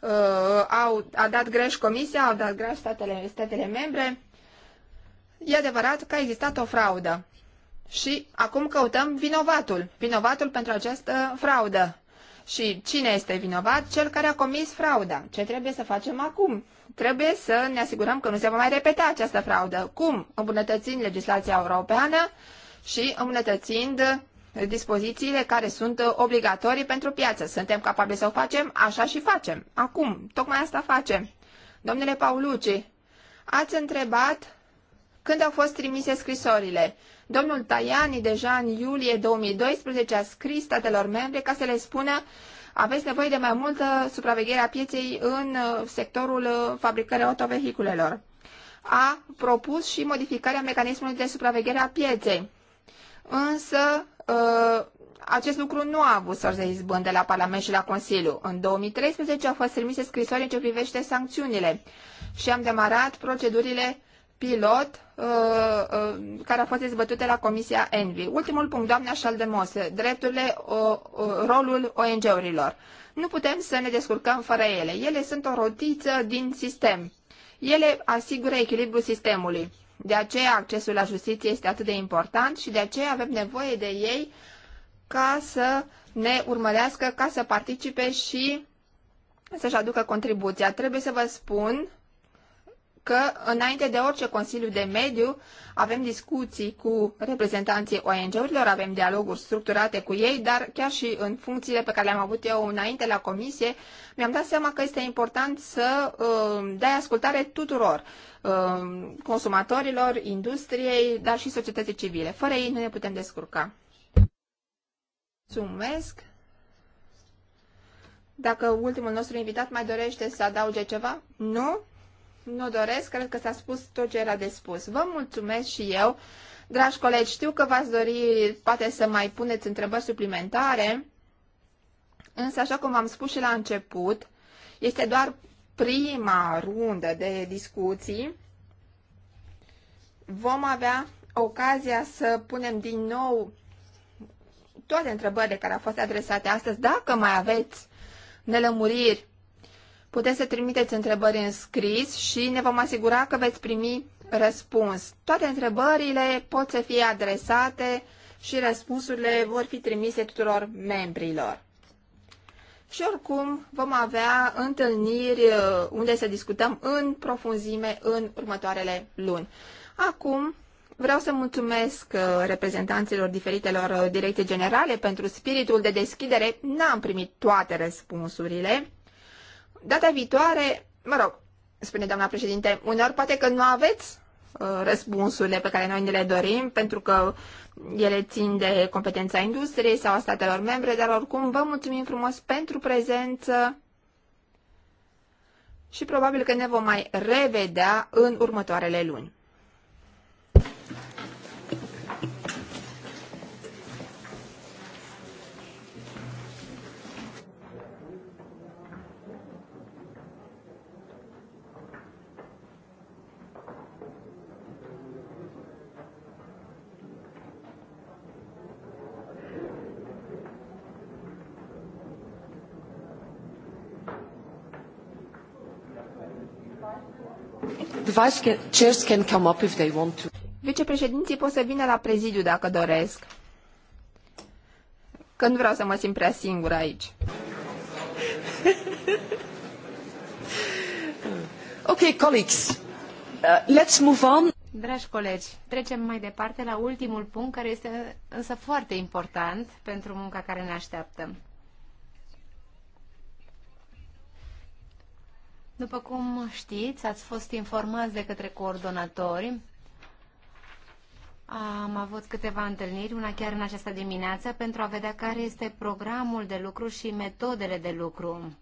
[SPEAKER 1] Uh, au, a dat greș Comisia, au dat greș statele, statele membre. E adevărat că a existat o fraudă. Și acum căutăm vinovatul, vinovatul pentru această fraudă. Și cine este vinovat? Cel care a comis frauda. Ce trebuie să facem acum? Trebuie să ne asigurăm că nu se va mai repeta această fraudă. Cum? Îmbunătățind legislația europeană și îmbunătățind dispozițiile care sunt uh, obligatorii pentru piață. Suntem capabili să o facem? Așa și facem. Acum, tocmai asta facem. Domnule Paulucci, ați întrebat când au fost trimise scrisorile. Domnul Tajani, deja în iulie 2012, a scris statelor membre ca să le spună aveți nevoie de mai multă supraveghere a pieței în uh, sectorul uh, fabricării autovehiculelor. A propus și modificarea mecanismului de supraveghere a pieței. Însă Uh, acest lucru nu a avut sorți de de la Parlament și la Consiliu. În 2013 au fost trimise scrisori în ce privește sancțiunile și am demarat procedurile pilot uh, uh, care a fost dezbătute la Comisia Envi. Ultimul punct, doamna Șaldemose, drepturile, uh, rolul ONG-urilor. Nu putem să ne descurcăm fără ele. Ele sunt o rotiță din sistem. Ele asigură echilibrul sistemului. De aceea accesul la justiție este atât de important și de aceea avem nevoie de ei ca să ne urmărească, ca să participe și să-și aducă contribuția. Trebuie să vă spun că înainte de orice Consiliu de Mediu avem discuții cu reprezentanții ONG-urilor, avem dialoguri structurate cu ei, dar chiar și în funcțiile pe care le-am avut eu înainte la comisie, mi-am dat seama că este important să uh, dai ascultare tuturor Um, consumatorilor, industriei, dar și societății civile. Fără ei nu ne putem descurca. Mulțumesc! Dacă ultimul nostru invitat mai dorește să adauge ceva? Nu? Nu doresc, cred că s-a spus tot ce era de spus. Vă mulțumesc și eu. Dragi colegi, știu că v-ați dori poate să mai puneți întrebări suplimentare, însă așa cum v-am spus și la început, este doar prima rundă de discuții vom avea ocazia să punem din nou toate întrebările care au fost adresate astăzi. Dacă mai aveți nelămuriri, puteți să trimiteți întrebări în scris și ne vom asigura că veți primi răspuns. Toate întrebările pot să fie adresate și răspunsurile vor fi trimise tuturor membrilor și oricum vom avea întâlniri uh, unde să discutăm în profunzime în următoarele luni. Acum vreau să mulțumesc uh, reprezentanților diferitelor uh, direcții generale pentru spiritul de deschidere. N-am primit toate răspunsurile. Data viitoare, mă rog, spune doamna președinte, uneori poate că nu aveți răspunsurile pe care noi ne le dorim, pentru că ele țin de competența industriei sau a statelor membre, dar oricum vă mulțumim frumos pentru prezență și probabil că ne vom mai revedea în următoarele luni. Vicepreședinții pot să vină la prezidiu dacă doresc. Când vreau să mă simt prea singură aici. (laughs) ok, colleagues, uh, let's move
[SPEAKER 2] on. Dragi colegi, trecem mai departe la ultimul punct, care este însă foarte important pentru munca care ne așteaptă. După cum știți, ați fost informați de către coordonatori. Am avut câteva întâlniri, una chiar în această dimineață, pentru a vedea care este programul de lucru și metodele de lucru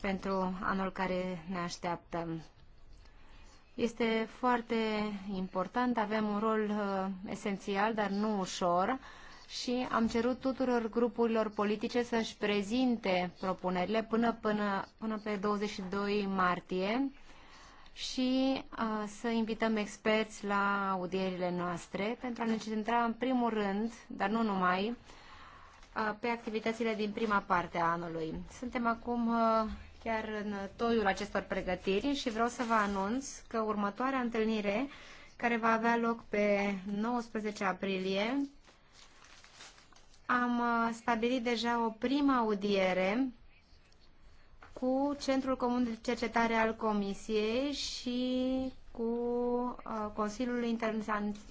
[SPEAKER 2] pentru anul care ne așteaptă. Este foarte important, avem un rol uh, esențial, dar nu ușor. Uh, și am cerut tuturor grupurilor politice să-și prezinte propunerile până, până, până pe 22 martie și uh, să invităm experți la audierile noastre pentru a ne centra în primul rând, dar nu numai, uh, pe activitățile din prima parte a anului. Suntem acum uh, chiar în toiul acestor pregătiri și vreau să vă anunț că următoarea întâlnire care va avea loc pe 19 aprilie am uh, stabilit deja o primă audiere cu Centrul Comun de Cercetare al Comisiei și cu uh, Consiliul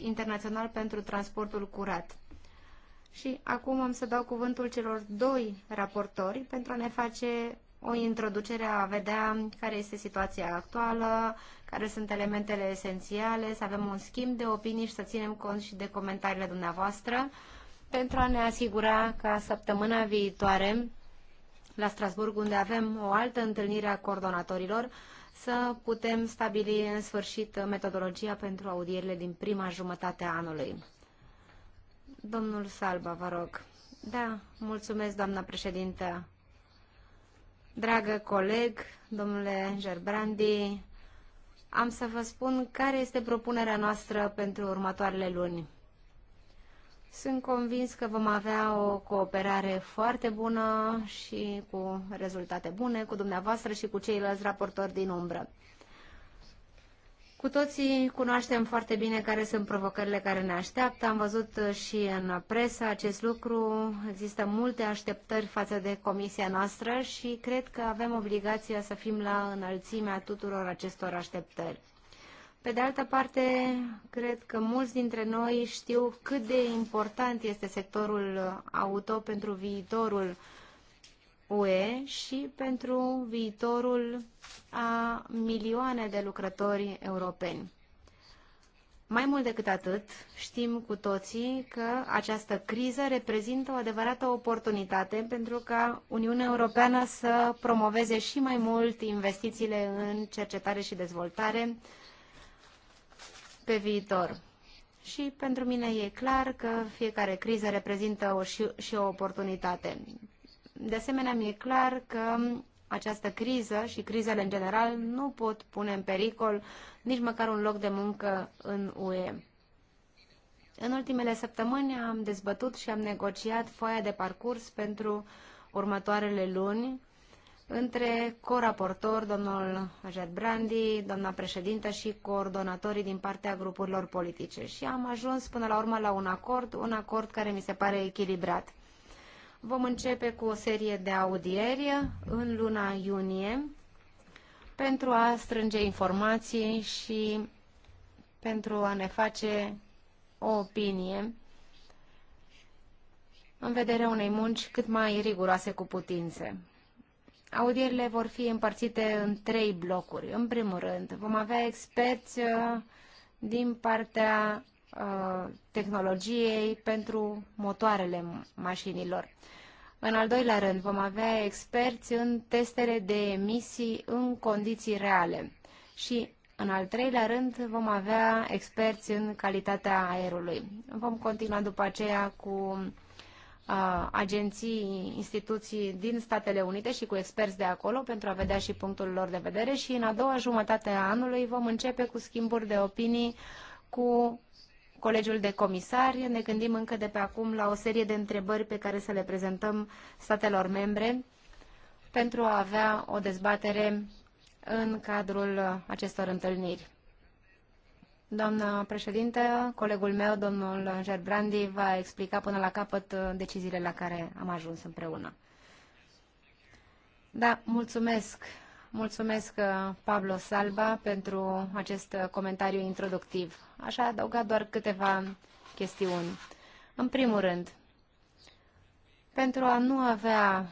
[SPEAKER 2] Internațional pentru Transportul Curat. Și acum am să dau cuvântul celor doi raportori pentru a ne face o introducere a vedea care este situația actuală, care sunt elementele esențiale, să avem un schimb de opinii și să ținem cont și de comentariile dumneavoastră pentru a ne asigura ca săptămâna viitoare la Strasburg, unde avem o altă întâlnire a coordonatorilor, să putem stabili în sfârșit metodologia pentru audierile din prima jumătate a anului. Domnul Salba, vă rog. Da, mulțumesc, doamna președintă. Dragă coleg, domnule Gerbrandi, am să vă spun care este propunerea noastră pentru următoarele luni. Sunt convins că vom avea o cooperare foarte bună și cu rezultate bune cu dumneavoastră și cu ceilalți raportori din umbră. Cu toții cunoaștem foarte bine care sunt provocările care ne așteaptă. Am văzut și în presă acest lucru. Există multe așteptări față de comisia noastră și cred că avem obligația să fim la înălțimea tuturor acestor așteptări. Pe de altă parte, cred că mulți dintre noi știu cât de important este sectorul auto pentru viitorul UE și pentru viitorul a milioane de lucrători europeni. Mai mult decât atât, știm cu toții că această criză reprezintă o adevărată oportunitate pentru ca Uniunea Europeană să promoveze și mai mult investițiile în cercetare și dezvoltare, pe viitor. Și pentru mine e clar că fiecare criză reprezintă o și, și o oportunitate. De asemenea, mi-e clar că această criză și crizele în general nu pot pune în pericol nici măcar un loc de muncă în UE. În ultimele săptămâni am dezbătut și am negociat foaia de parcurs pentru următoarele luni între coraportor, domnul Jet Brandi, doamna președintă și coordonatorii din partea grupurilor politice. Și am ajuns până la urmă la un acord, un acord care mi se pare echilibrat. Vom începe cu o serie de audieri în luna iunie pentru a strânge informații și pentru a ne face o opinie în vederea unei munci cât mai riguroase cu putințe. Audierile vor fi împărțite în trei blocuri. În primul rând, vom avea experți uh, din partea uh, tehnologiei pentru motoarele mașinilor. În al doilea rând, vom avea experți în testele de emisii în condiții reale. Și în al treilea rând, vom avea experți în calitatea aerului. Vom continua după aceea cu agenții, instituții din Statele Unite și cu experți de acolo pentru a vedea și punctul lor de vedere și în a doua jumătate a anului vom începe cu schimburi de opinii cu Colegiul de Comisari. Ne gândim încă de pe acum la o serie de întrebări pe care să le prezentăm statelor membre pentru a avea o dezbatere în cadrul acestor întâlniri. Doamna președinte, colegul meu, domnul Gerbrandi, va explica până la capăt uh, deciziile la care am ajuns împreună. Da, mulțumesc. Mulțumesc, uh, Pablo Salba, pentru acest uh, comentariu introductiv. Aș adăuga doar câteva chestiuni. În primul rând, pentru a nu avea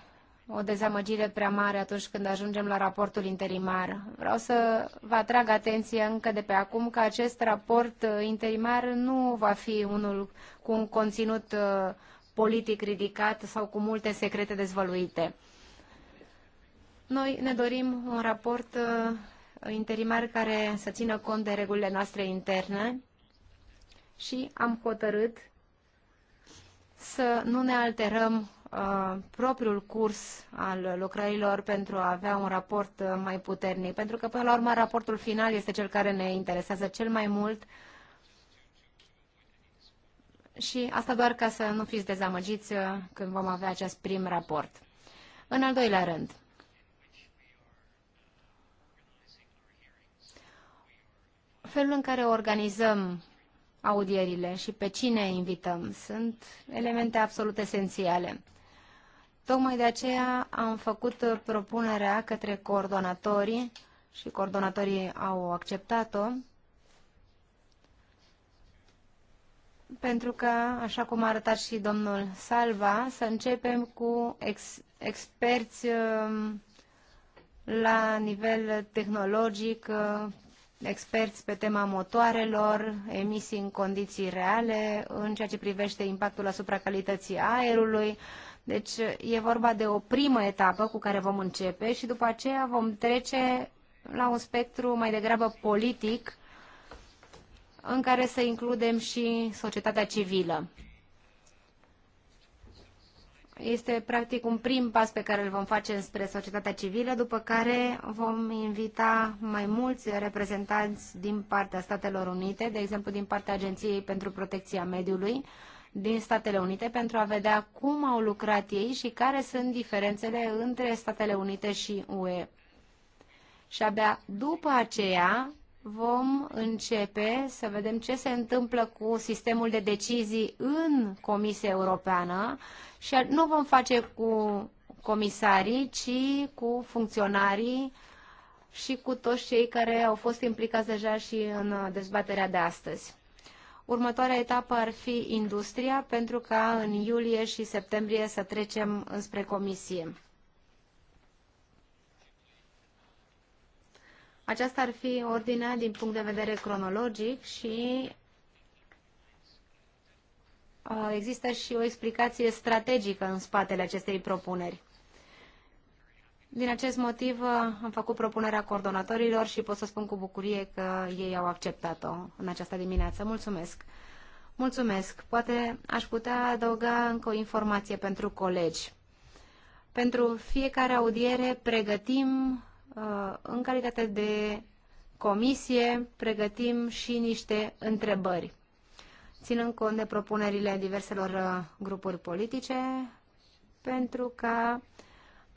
[SPEAKER 2] o dezamăgire prea mare atunci când ajungem la raportul interimar. Vreau să vă atrag atenția încă de pe acum că acest raport uh, interimar nu va fi unul cu un conținut uh, politic ridicat sau cu multe secrete dezvăluite. Noi ne dorim un raport uh, interimar care să țină cont de regulile noastre interne și am hotărât să nu ne alterăm Uh, propriul curs al lucrărilor pentru a avea un raport uh, mai puternic. Pentru că, până la urmă, raportul final este cel care ne interesează cel mai mult și asta doar ca să nu fiți dezamăgiți uh, când vom avea acest prim raport. În al doilea rând, felul în care organizăm audierile și pe cine invităm sunt elemente absolut esențiale. Tocmai de aceea am făcut uh, propunerea către coordonatorii și coordonatorii au acceptat-o, pentru că, așa cum a arătat și domnul Salva, să începem cu ex experți um, la nivel tehnologic, uh, experți pe tema motoarelor, emisii în condiții reale, în ceea ce privește impactul asupra calității aerului, deci e vorba de o primă etapă cu care vom începe și după aceea vom trece la un spectru mai degrabă politic în care să includem și societatea civilă. Este practic un prim pas pe care îl vom face spre societatea civilă, după care vom invita mai mulți reprezentanți din partea Statelor Unite, de exemplu din partea Agenției pentru Protecția Mediului, din Statele Unite pentru a vedea cum au lucrat ei și care sunt diferențele între Statele Unite și UE. Și abia după aceea vom începe să vedem ce se întâmplă cu sistemul de decizii în Comisia Europeană și nu vom face cu comisarii, ci cu funcționarii și cu toți cei care au fost implicați deja și în dezbaterea de astăzi. Următoarea etapă ar fi industria, pentru ca în iulie și septembrie să trecem înspre comisie. Aceasta ar fi ordinea din punct de vedere cronologic și uh, există și o explicație strategică în spatele acestei propuneri. Din acest motiv uh, am făcut propunerea coordonatorilor și pot să spun cu bucurie că ei au acceptat-o în această dimineață. Mulțumesc! Mulțumesc! Poate aș putea adăuga încă o informație pentru colegi. Pentru fiecare audiere pregătim, uh, în calitate de comisie, pregătim și niște întrebări. Ținând cont de propunerile diverselor uh, grupuri politice, pentru ca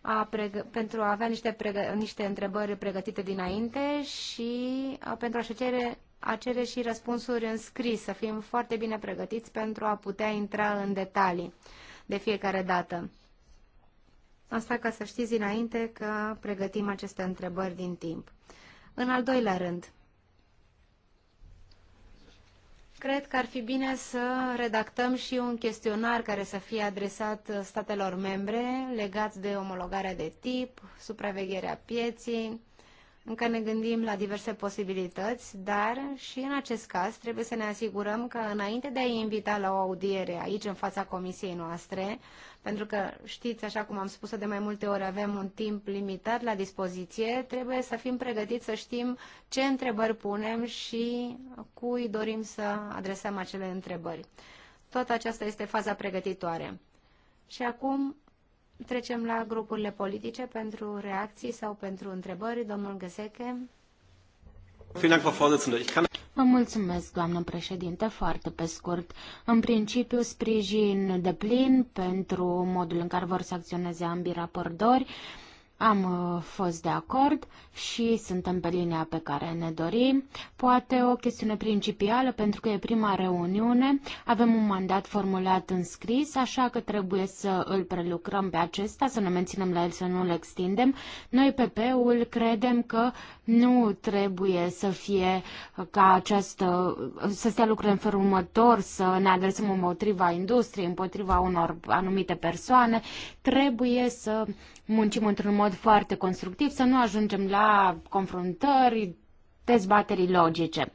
[SPEAKER 2] a pentru a avea niște, niște întrebări pregătite dinainte și a, pentru a-și cere, a cere și răspunsuri în scris, să fim foarte bine pregătiți pentru a putea intra în detalii de fiecare dată. Asta ca să știți dinainte că pregătim aceste întrebări din timp. În al doilea rând, cred că ar fi bine să redactăm și un chestionar care să fie adresat statelor membre legat de omologarea de tip, supravegherea pieții, încă ne gândim la diverse posibilități, dar și în acest caz trebuie să ne asigurăm că înainte de a-i invita la o audiere aici în fața comisiei noastre, pentru că știți, așa cum am spus de mai multe ori, avem un timp limitat la dispoziție, trebuie să fim pregătiți să știm ce întrebări punem și cui dorim să adresăm acele întrebări. Tot aceasta este faza pregătitoare. Și acum Trecem la grupurile politice pentru reacții sau pentru întrebări. Domnul Găseche.
[SPEAKER 3] Vă mulțumesc, doamnă președinte, foarte pe scurt. În principiu, sprijin de plin pentru modul în care vor să acționeze ambii raportori. Am uh, fost de acord și suntem pe linia pe care ne dorim. Poate o chestiune principală, pentru că e prima reuniune, avem un mandat formulat în scris, așa că trebuie să îl prelucrăm pe acesta, să ne menținem la el, să nu îl extindem. Noi, PP-ul, credem că nu trebuie să fie ca această, să stea lucrurile în felul următor, să ne adresăm împotriva industriei, împotriva unor anumite persoane. Trebuie să muncim într-un mod foarte constructiv, să nu ajungem la confruntări, dezbaterii logice.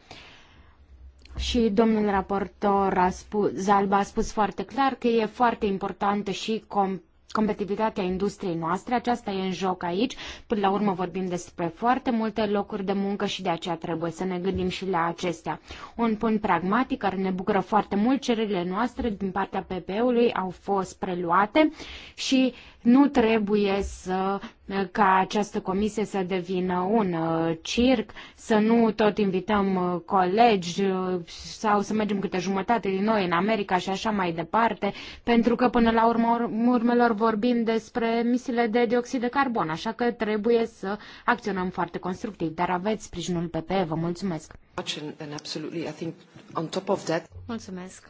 [SPEAKER 3] Și domnul raportor a spus, Zalba a spus foarte clar că e foarte importantă și com- competitivitatea industriei noastre. Aceasta e în joc aici. Până la urmă vorbim despre foarte multe locuri de muncă și de aceea trebuie să ne gândim și la acestea. Un punct pragmatic care ne bucură foarte mult. Cererile noastre din partea PP-ului au fost preluate și nu trebuie să, ca această comisie să devină un uh, circ, să nu tot invităm uh, colegi uh, sau să mergem câte jumătate din noi în America și așa mai departe, pentru că până la urmă urmelor vorbim despre emisiile de dioxid de carbon, așa că trebuie să acționăm foarte constructiv. Dar aveți sprijinul PP, vă mulțumesc!
[SPEAKER 2] Mulțumesc!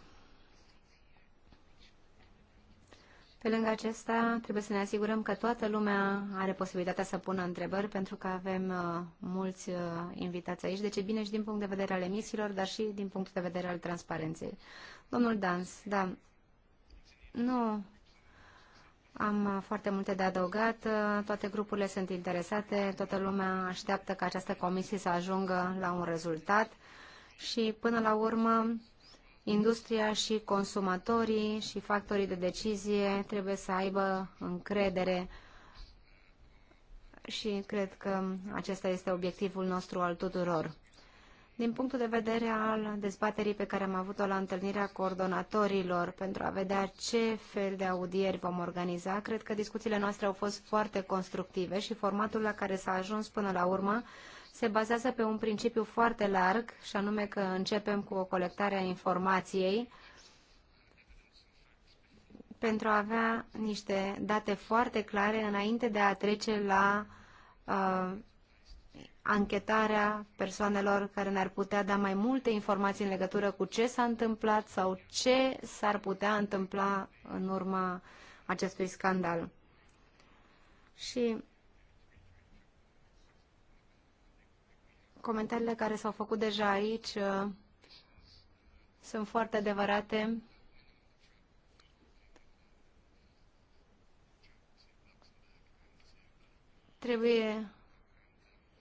[SPEAKER 2] Pe lângă acesta, trebuie să ne asigurăm că toată lumea are posibilitatea să pună întrebări, pentru că avem uh, mulți uh, invitați aici. Deci e bine și din punct de vedere al emisiilor, dar și din punct de vedere al transparenței. Domnul Dans, da. Nu am foarte multe de adăugat, uh, toate grupurile sunt interesate, toată lumea așteaptă ca această comisie să ajungă la un rezultat și până la urmă Industria și consumatorii și factorii de decizie trebuie să aibă încredere și cred că acesta este obiectivul nostru al tuturor. Din punctul de vedere al dezbaterii pe care am avut-o la întâlnirea coordonatorilor pentru a vedea ce fel de audieri vom organiza, cred că discuțiile noastre au fost foarte constructive și formatul la care s-a ajuns până la urmă se bazează pe un principiu foarte larg, și anume că începem cu o colectare a informației pentru a avea niște date foarte clare înainte de a trece la uh, anchetarea persoanelor care ne-ar putea da mai multe informații în legătură cu ce s-a întâmplat sau ce s-ar putea întâmpla în urma acestui scandal. Și comentariile care s-au făcut deja aici uh, sunt foarte adevărate. Trebuie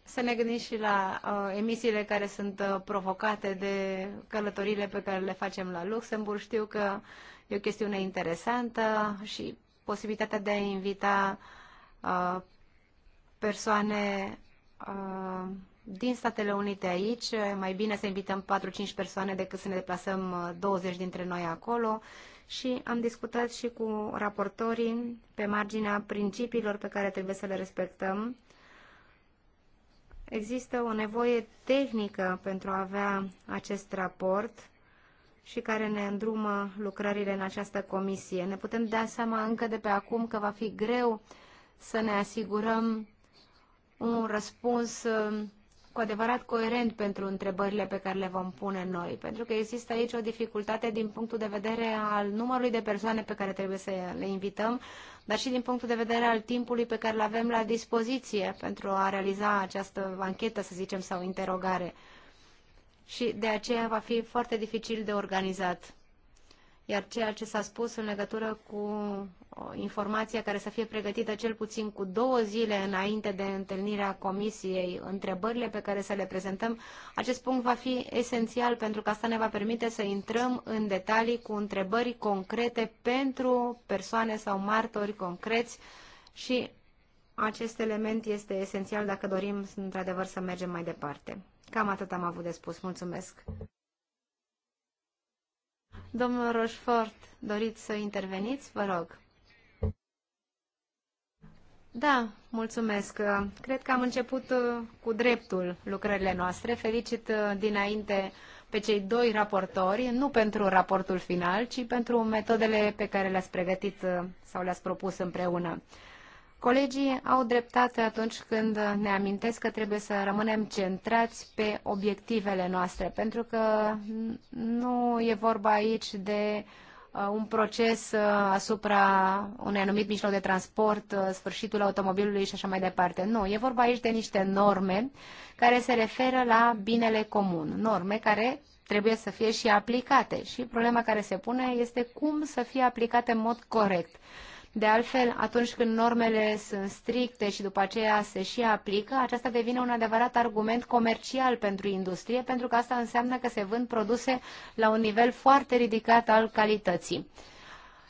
[SPEAKER 2] să ne gândim și la uh, emisiile care sunt uh, provocate de călătorile pe care le facem la Luxemburg. Știu că e o chestiune interesantă și posibilitatea de a invita uh, persoane uh, din Statele Unite aici, mai bine să invităm 4-5 persoane decât să ne deplasăm 20 uh, dintre noi acolo și am discutat și cu raportorii pe marginea principiilor pe care trebuie să le respectăm. Există o nevoie tehnică pentru a avea acest raport și care ne îndrumă lucrările în această comisie. Ne putem da seama încă de pe acum că va fi greu să ne asigurăm un răspuns uh, cu adevărat coerent pentru întrebările pe care le vom pune noi, pentru că există aici o dificultate din punctul de vedere al numărului de persoane pe care trebuie să le invităm, dar și din punctul de vedere al timpului pe care îl avem la dispoziție pentru a realiza această anchetă, să zicem, sau interogare. Și de aceea va fi foarte dificil de organizat. Iar ceea ce s-a spus în legătură cu informația care să fie pregătită cel puțin cu două zile înainte de întâlnirea comisiei, întrebările pe care să le prezentăm, acest punct va fi esențial pentru că asta ne va permite să intrăm în detalii cu întrebări concrete pentru persoane sau martori concreți și acest element este esențial dacă dorim într-adevăr să mergem mai departe. Cam atât am avut de spus. Mulțumesc! Domnul Rochefort, doriți să interveniți? Vă rog. Da, mulțumesc. Cred că am început uh, cu dreptul lucrările noastre. Felicit uh, dinainte pe cei doi raportori, nu pentru raportul final, ci pentru metodele pe care le-ați pregătit uh, sau le-ați propus împreună. Colegii au dreptate atunci când ne amintesc că trebuie să rămânem centrați pe obiectivele noastre, pentru că nu e vorba aici de uh, un proces uh, asupra unui anumit mijloc de transport, uh, sfârșitul automobilului și așa mai departe. Nu, e vorba aici de niște norme care se referă la binele comun, norme care trebuie să fie și aplicate. Și problema care se pune este cum să fie aplicate în mod corect. De altfel, atunci când normele sunt stricte și după aceea se și aplică, aceasta devine un adevărat argument comercial pentru industrie, pentru că asta înseamnă că se vând produse la un nivel foarte ridicat al calității.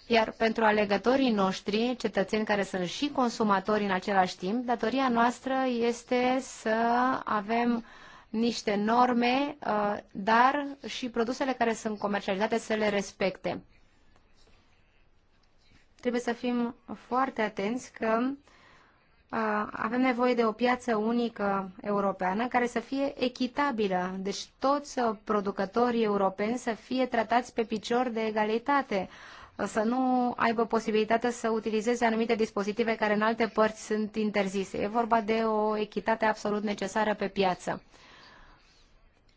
[SPEAKER 2] Iar pentru alegătorii noștri, cetățeni care sunt și consumatori în același timp, datoria noastră este să avem niște norme, uh, dar și produsele care sunt comercializate să le respecte trebuie să fim foarte atenți că avem nevoie de o piață unică europeană care să fie echitabilă, deci toți uh, producătorii europeni să fie tratați pe picior de egalitate, uh, să nu aibă posibilitatea să utilizeze anumite dispozitive care în alte părți sunt interzise. E vorba de o echitate absolut necesară pe piață.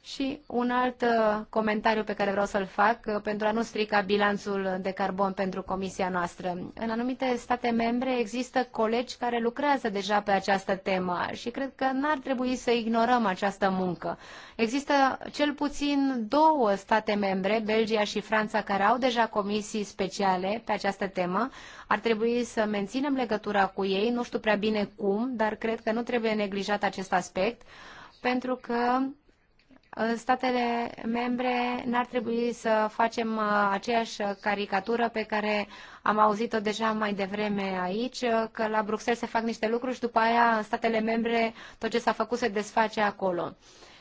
[SPEAKER 2] Și un alt uh, comentariu pe care vreau să-l fac uh, pentru a nu strica bilanțul de carbon pentru comisia noastră. În anumite state membre există colegi care lucrează deja pe această temă și cred că n-ar trebui să ignorăm această muncă. Există cel puțin două state membre, Belgia și Franța, care au deja comisii speciale pe această temă. Ar trebui să menținem legătura cu ei, nu știu prea bine cum, dar cred că nu trebuie neglijat acest aspect pentru că statele membre n-ar trebui să facem uh, aceeași caricatură pe care am auzit-o deja mai devreme aici, uh, că la Bruxelles se fac niște lucruri și după aia în statele membre tot ce s-a făcut se desface acolo.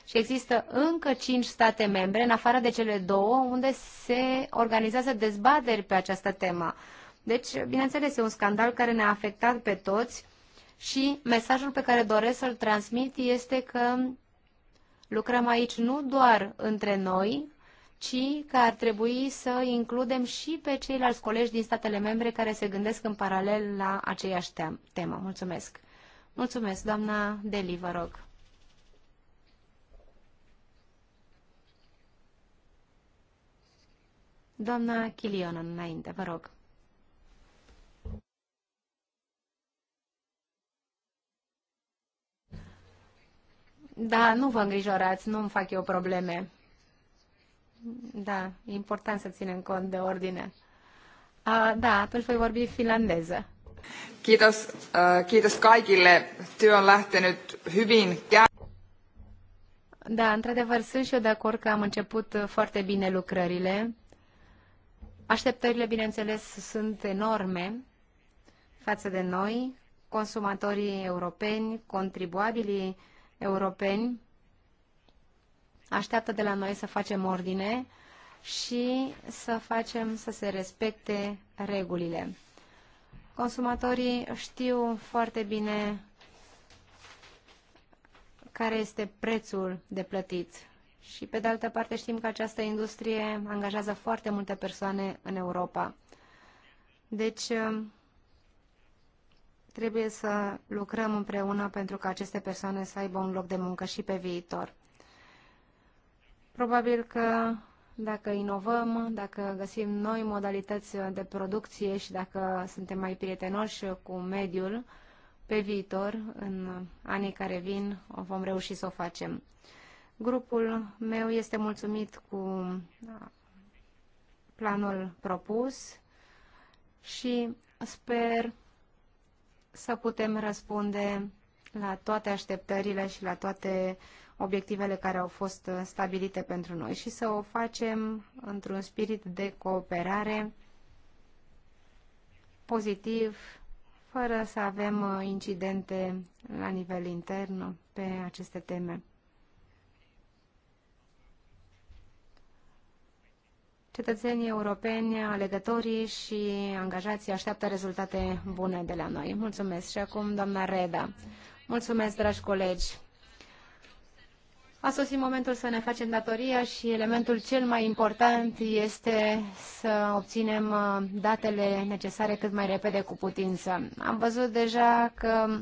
[SPEAKER 2] Și există încă cinci state membre, în afară de cele două, unde se organizează dezbateri pe această temă. Deci, bineînțeles, e un scandal care ne-a afectat pe toți și mesajul pe care doresc să-l transmit este că Lucrăm aici nu doar între noi, ci că ar trebui să includem și pe ceilalți colegi din statele membre care se gândesc în paralel la aceeași temă. Mulțumesc. Mulțumesc, doamna Deli, vă rog. Doamna Chilionă, înainte, vă rog. Da, nu vă îngrijorați, nu-mi fac eu probleme. Da, e important să ținem cont de ordine. A, da, atunci voi vorbi finlandeză.
[SPEAKER 1] Kiitos, uh, kiitos kaikille. Työ on lähtenyt hyvin.
[SPEAKER 2] Da, într-adevăr, sunt și eu de acord că am început foarte bine lucrările. Așteptările, bineînțeles, sunt enorme față de noi, consumatorii europeni, contribuabilii europeni așteaptă de la noi să facem ordine și să facem să se respecte regulile. Consumatorii știu foarte bine care este prețul de plătit. Și pe de altă parte știm că această industrie angajează foarte multe persoane în Europa. Deci trebuie să lucrăm împreună pentru ca aceste persoane să aibă un loc de muncă și pe viitor. Probabil că dacă inovăm, dacă găsim noi modalități de producție și dacă suntem mai prietenoși cu mediul, pe viitor, în anii care vin, o vom reuși să o facem. Grupul meu este mulțumit cu da, planul propus și sper să putem răspunde la toate așteptările și la toate obiectivele care au fost stabilite pentru noi și să o facem într-un spirit de cooperare pozitiv, fără să avem incidente la nivel intern pe aceste teme. Cetățenii europeni, alegătorii și angajații așteaptă rezultate bune de la noi. Mulțumesc. Și acum, doamna Reda. Mulțumesc, dragi colegi. A sosit momentul să ne facem datoria și elementul cel mai important este să obținem uh, datele necesare cât mai repede cu putință. Am văzut deja că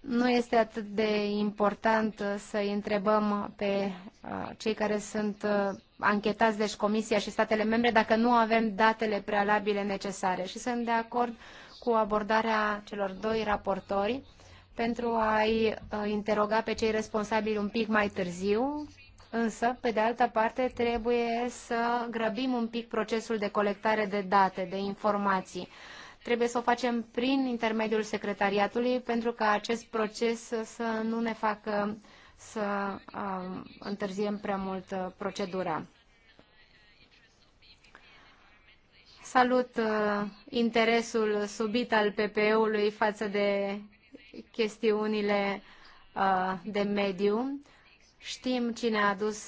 [SPEAKER 2] nu este atât de important să îi întrebăm pe uh, cei care sunt uh, anchetați deci Comisia și statele membre dacă nu avem datele prealabile necesare. Și sunt de acord cu abordarea celor doi raportori pentru a-i uh, interoga pe cei responsabili un pic mai târziu, însă, pe de altă parte, trebuie să grăbim un pic procesul de colectare de date, de informații. Trebuie să o facem prin intermediul secretariatului pentru ca acest proces să nu ne facă uh, să întârziem prea mult uh, procedura. Salut uh, interesul subit al PPE-ului față de chestiunile uh, de mediu. Știm cine a adus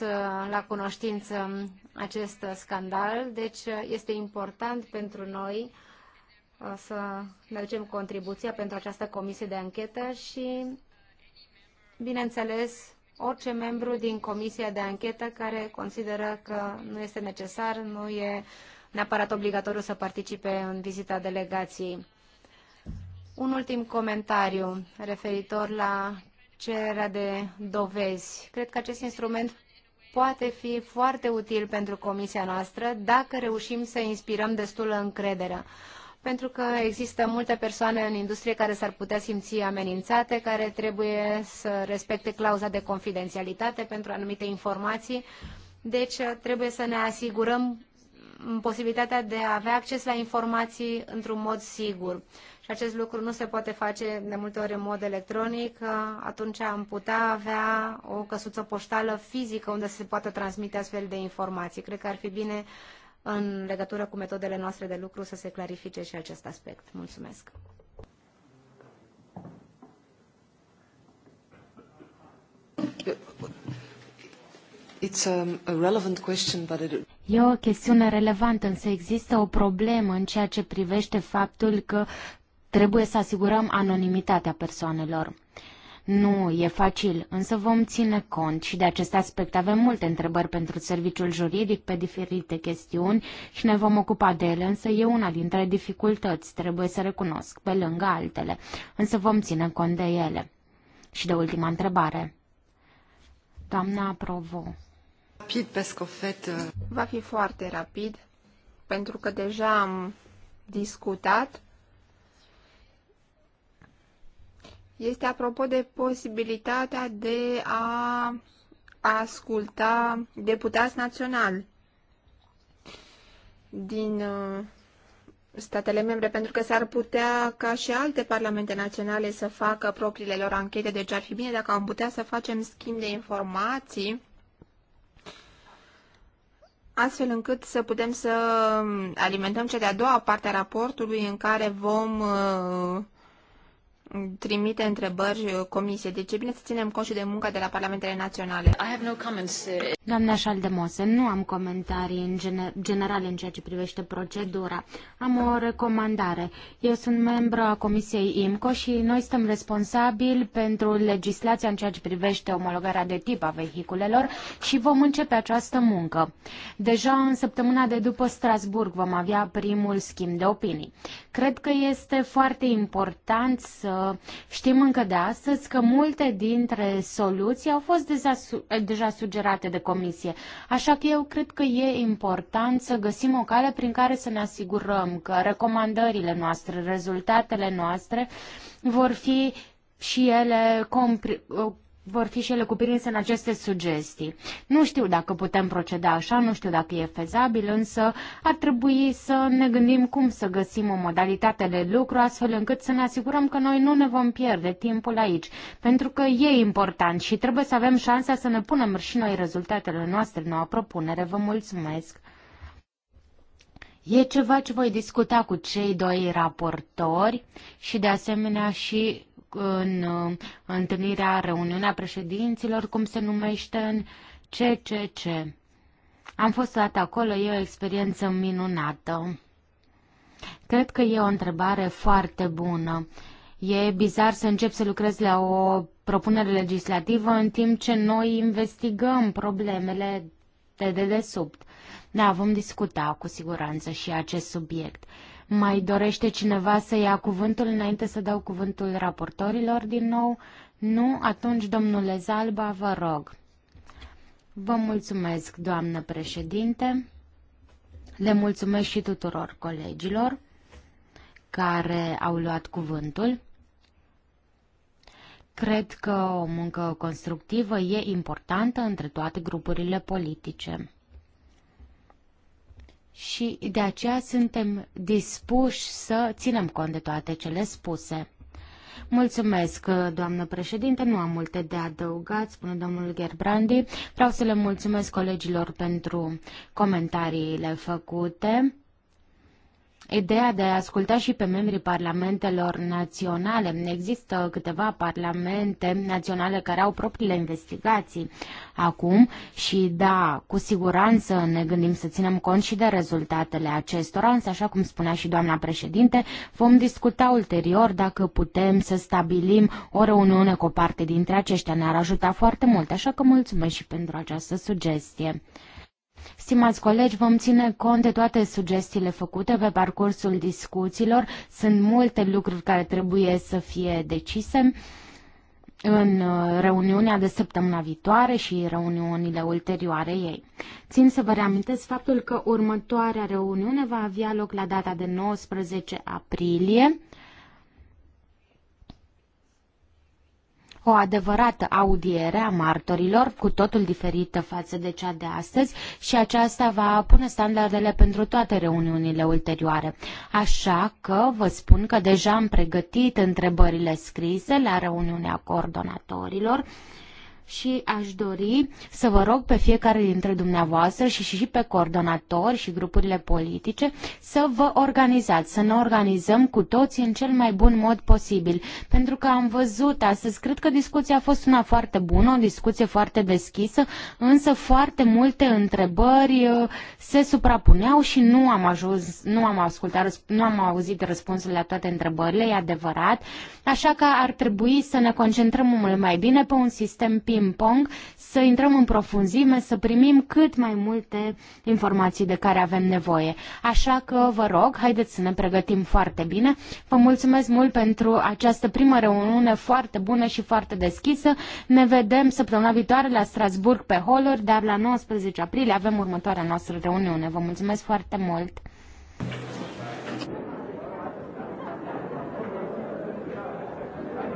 [SPEAKER 2] la cunoștință acest scandal, deci este important pentru noi să ne contribuția pentru această comisie de anchetă și bineînțeles, orice membru din comisia de anchetă care consideră că nu este necesar, nu e neapărat obligatoriu să participe în vizita delegației. Un ultim comentariu referitor la cererea de dovezi. Cred că acest instrument poate fi foarte util pentru comisia noastră dacă reușim să inspirăm destulă încredere pentru că există multe persoane în industrie care s-ar putea simți amenințate, care trebuie să respecte clauza de confidențialitate pentru anumite informații. Deci trebuie să ne asigurăm posibilitatea de a avea acces la informații într-un mod sigur. Și acest lucru nu se poate face de multe ori în mod electronic, atunci am putea avea o căsuță poștală fizică unde se poată transmite astfel de informații. Cred că ar fi bine în legătură cu metodele noastre de lucru să se clarifice și acest aspect. Mulțumesc! It's a, um, a relevant
[SPEAKER 3] question, but it... E o chestiune relevantă, însă există o problemă în ceea ce privește faptul că trebuie să asigurăm anonimitatea persoanelor. Uh, nu e facil, însă vom ține cont și de acest aspect. Avem multe întrebări pentru serviciul juridic pe diferite chestiuni și ne vom ocupa de ele, însă e una dintre dificultăți, trebuie să recunosc, pe lângă altele, însă vom ține cont de ele. Și de ultima întrebare. Doamna Provo.
[SPEAKER 1] Rapid, pentru euh, Va fi foarte rapid, pentru că deja am discutat este apropo de posibilitatea de a asculta deputați naționali din uh, statele membre, pentru că s-ar putea ca și alte parlamente naționale să facă propriile lor anchete, deci ar fi bine dacă am putea să facem schimb de informații, astfel încât să putem să um, alimentăm cea de-a doua parte a raportului în care vom uh, trimite întrebări comisie. De deci, ce bine să ținem cont și de munca de la parlamentele naționale. I have no
[SPEAKER 3] comments. Doamna Șaldemose, nu am comentarii în gener generale în ceea ce privește procedura. Am o recomandare. Eu sunt membru a Comisiei IMCO și noi suntem responsabili pentru legislația în ceea ce privește omologarea de tip a vehiculelor și vom începe această muncă. Deja în săptămâna de după Strasburg vom avea primul schimb de opinii. Cred că este foarte important să știm încă de astăzi că multe dintre soluții au fost deja, sugerate de comisie. Așa că eu cred că e important să găsim o cale prin care să ne asigurăm că recomandările noastre, rezultatele noastre vor fi și ele vor fi și ele cuprinse în aceste sugestii. Nu știu dacă putem proceda așa, nu știu dacă e fezabil, însă ar trebui să ne gândim cum să găsim o modalitate de lucru astfel încât să ne asigurăm că noi nu ne vom pierde timpul aici, pentru că e important și trebuie să avem șansa să ne punem și noi rezultatele noastre noua propunere. Vă mulțumesc! E ceva ce voi discuta cu cei doi raportori și de asemenea și în uh, întâlnirea, reuniunea președinților, cum se numește, în CCC. Am fost dată acolo, e o experiență minunată. Cred că e o întrebare foarte bună. E bizar să încep să lucrez la o propunere legislativă în timp ce noi investigăm problemele de dedesubt. Da, vom discuta cu siguranță și acest subiect. Mai dorește cineva să ia cuvântul înainte să dau cuvântul raportorilor din nou? Nu? Atunci, domnule Zalba, vă rog. Vă mulțumesc, doamnă președinte. Le mulțumesc și tuturor colegilor care au luat cuvântul. Cred că o muncă constructivă e importantă între toate grupurile politice și de aceea suntem dispuși să ținem cont de toate cele spuse. Mulțumesc, doamnă președinte, nu am multe de adăugat, spune domnul Gerbrandi. Vreau să le mulțumesc colegilor pentru comentariile făcute. Ideea de a asculta și pe membrii parlamentelor naționale. Există câteva parlamente naționale care au propriile investigații acum și da, cu siguranță ne gândim să ținem cont și de rezultatele acestora, însă așa cum spunea și doamna președinte, vom discuta ulterior dacă putem să stabilim o reuniune cu o parte dintre aceștia. Ne-ar ajuta foarte mult, așa că mulțumesc și pentru această sugestie. Stimați colegi, vom ține cont de toate sugestiile făcute pe parcursul discuțiilor. Sunt multe lucruri care trebuie să fie decise în uh, reuniunea de săptămâna viitoare și reuniunile ulterioare ei. Țin să vă reamintesc faptul că următoarea reuniune va avea loc la data de 19 aprilie o adevărată audiere a martorilor, cu totul diferită față de cea de astăzi și aceasta va pune standardele pentru toate reuniunile ulterioare. Așa că vă spun că deja am pregătit întrebările scrise la reuniunea coordonatorilor și aș dori să vă rog pe fiecare dintre dumneavoastră și și pe coordonatori și grupurile politice să vă organizați, să ne organizăm cu toții în cel mai bun mod posibil. Pentru că am văzut astăzi, cred că discuția a fost una foarte bună, o discuție foarte deschisă, însă foarte multe întrebări uh, se suprapuneau și nu am ajuns, nu am ascultat, nu am auzit răspunsul la toate întrebările, e adevărat, așa că ar trebui să ne concentrăm mult mai bine pe un sistem ping-pong, să intrăm în profunzime, să primim cât mai multe informații de care avem nevoie. Așa că vă rog, haideți să ne pregătim foarte bine. Vă mulțumesc mult pentru această primă reuniune foarte bună și foarte deschisă. Ne vedem săptămâna viitoare la Strasburg pe Holler, dar la 19 aprilie avem următoarea noastră reuniune. Vă mulțumesc foarte mult!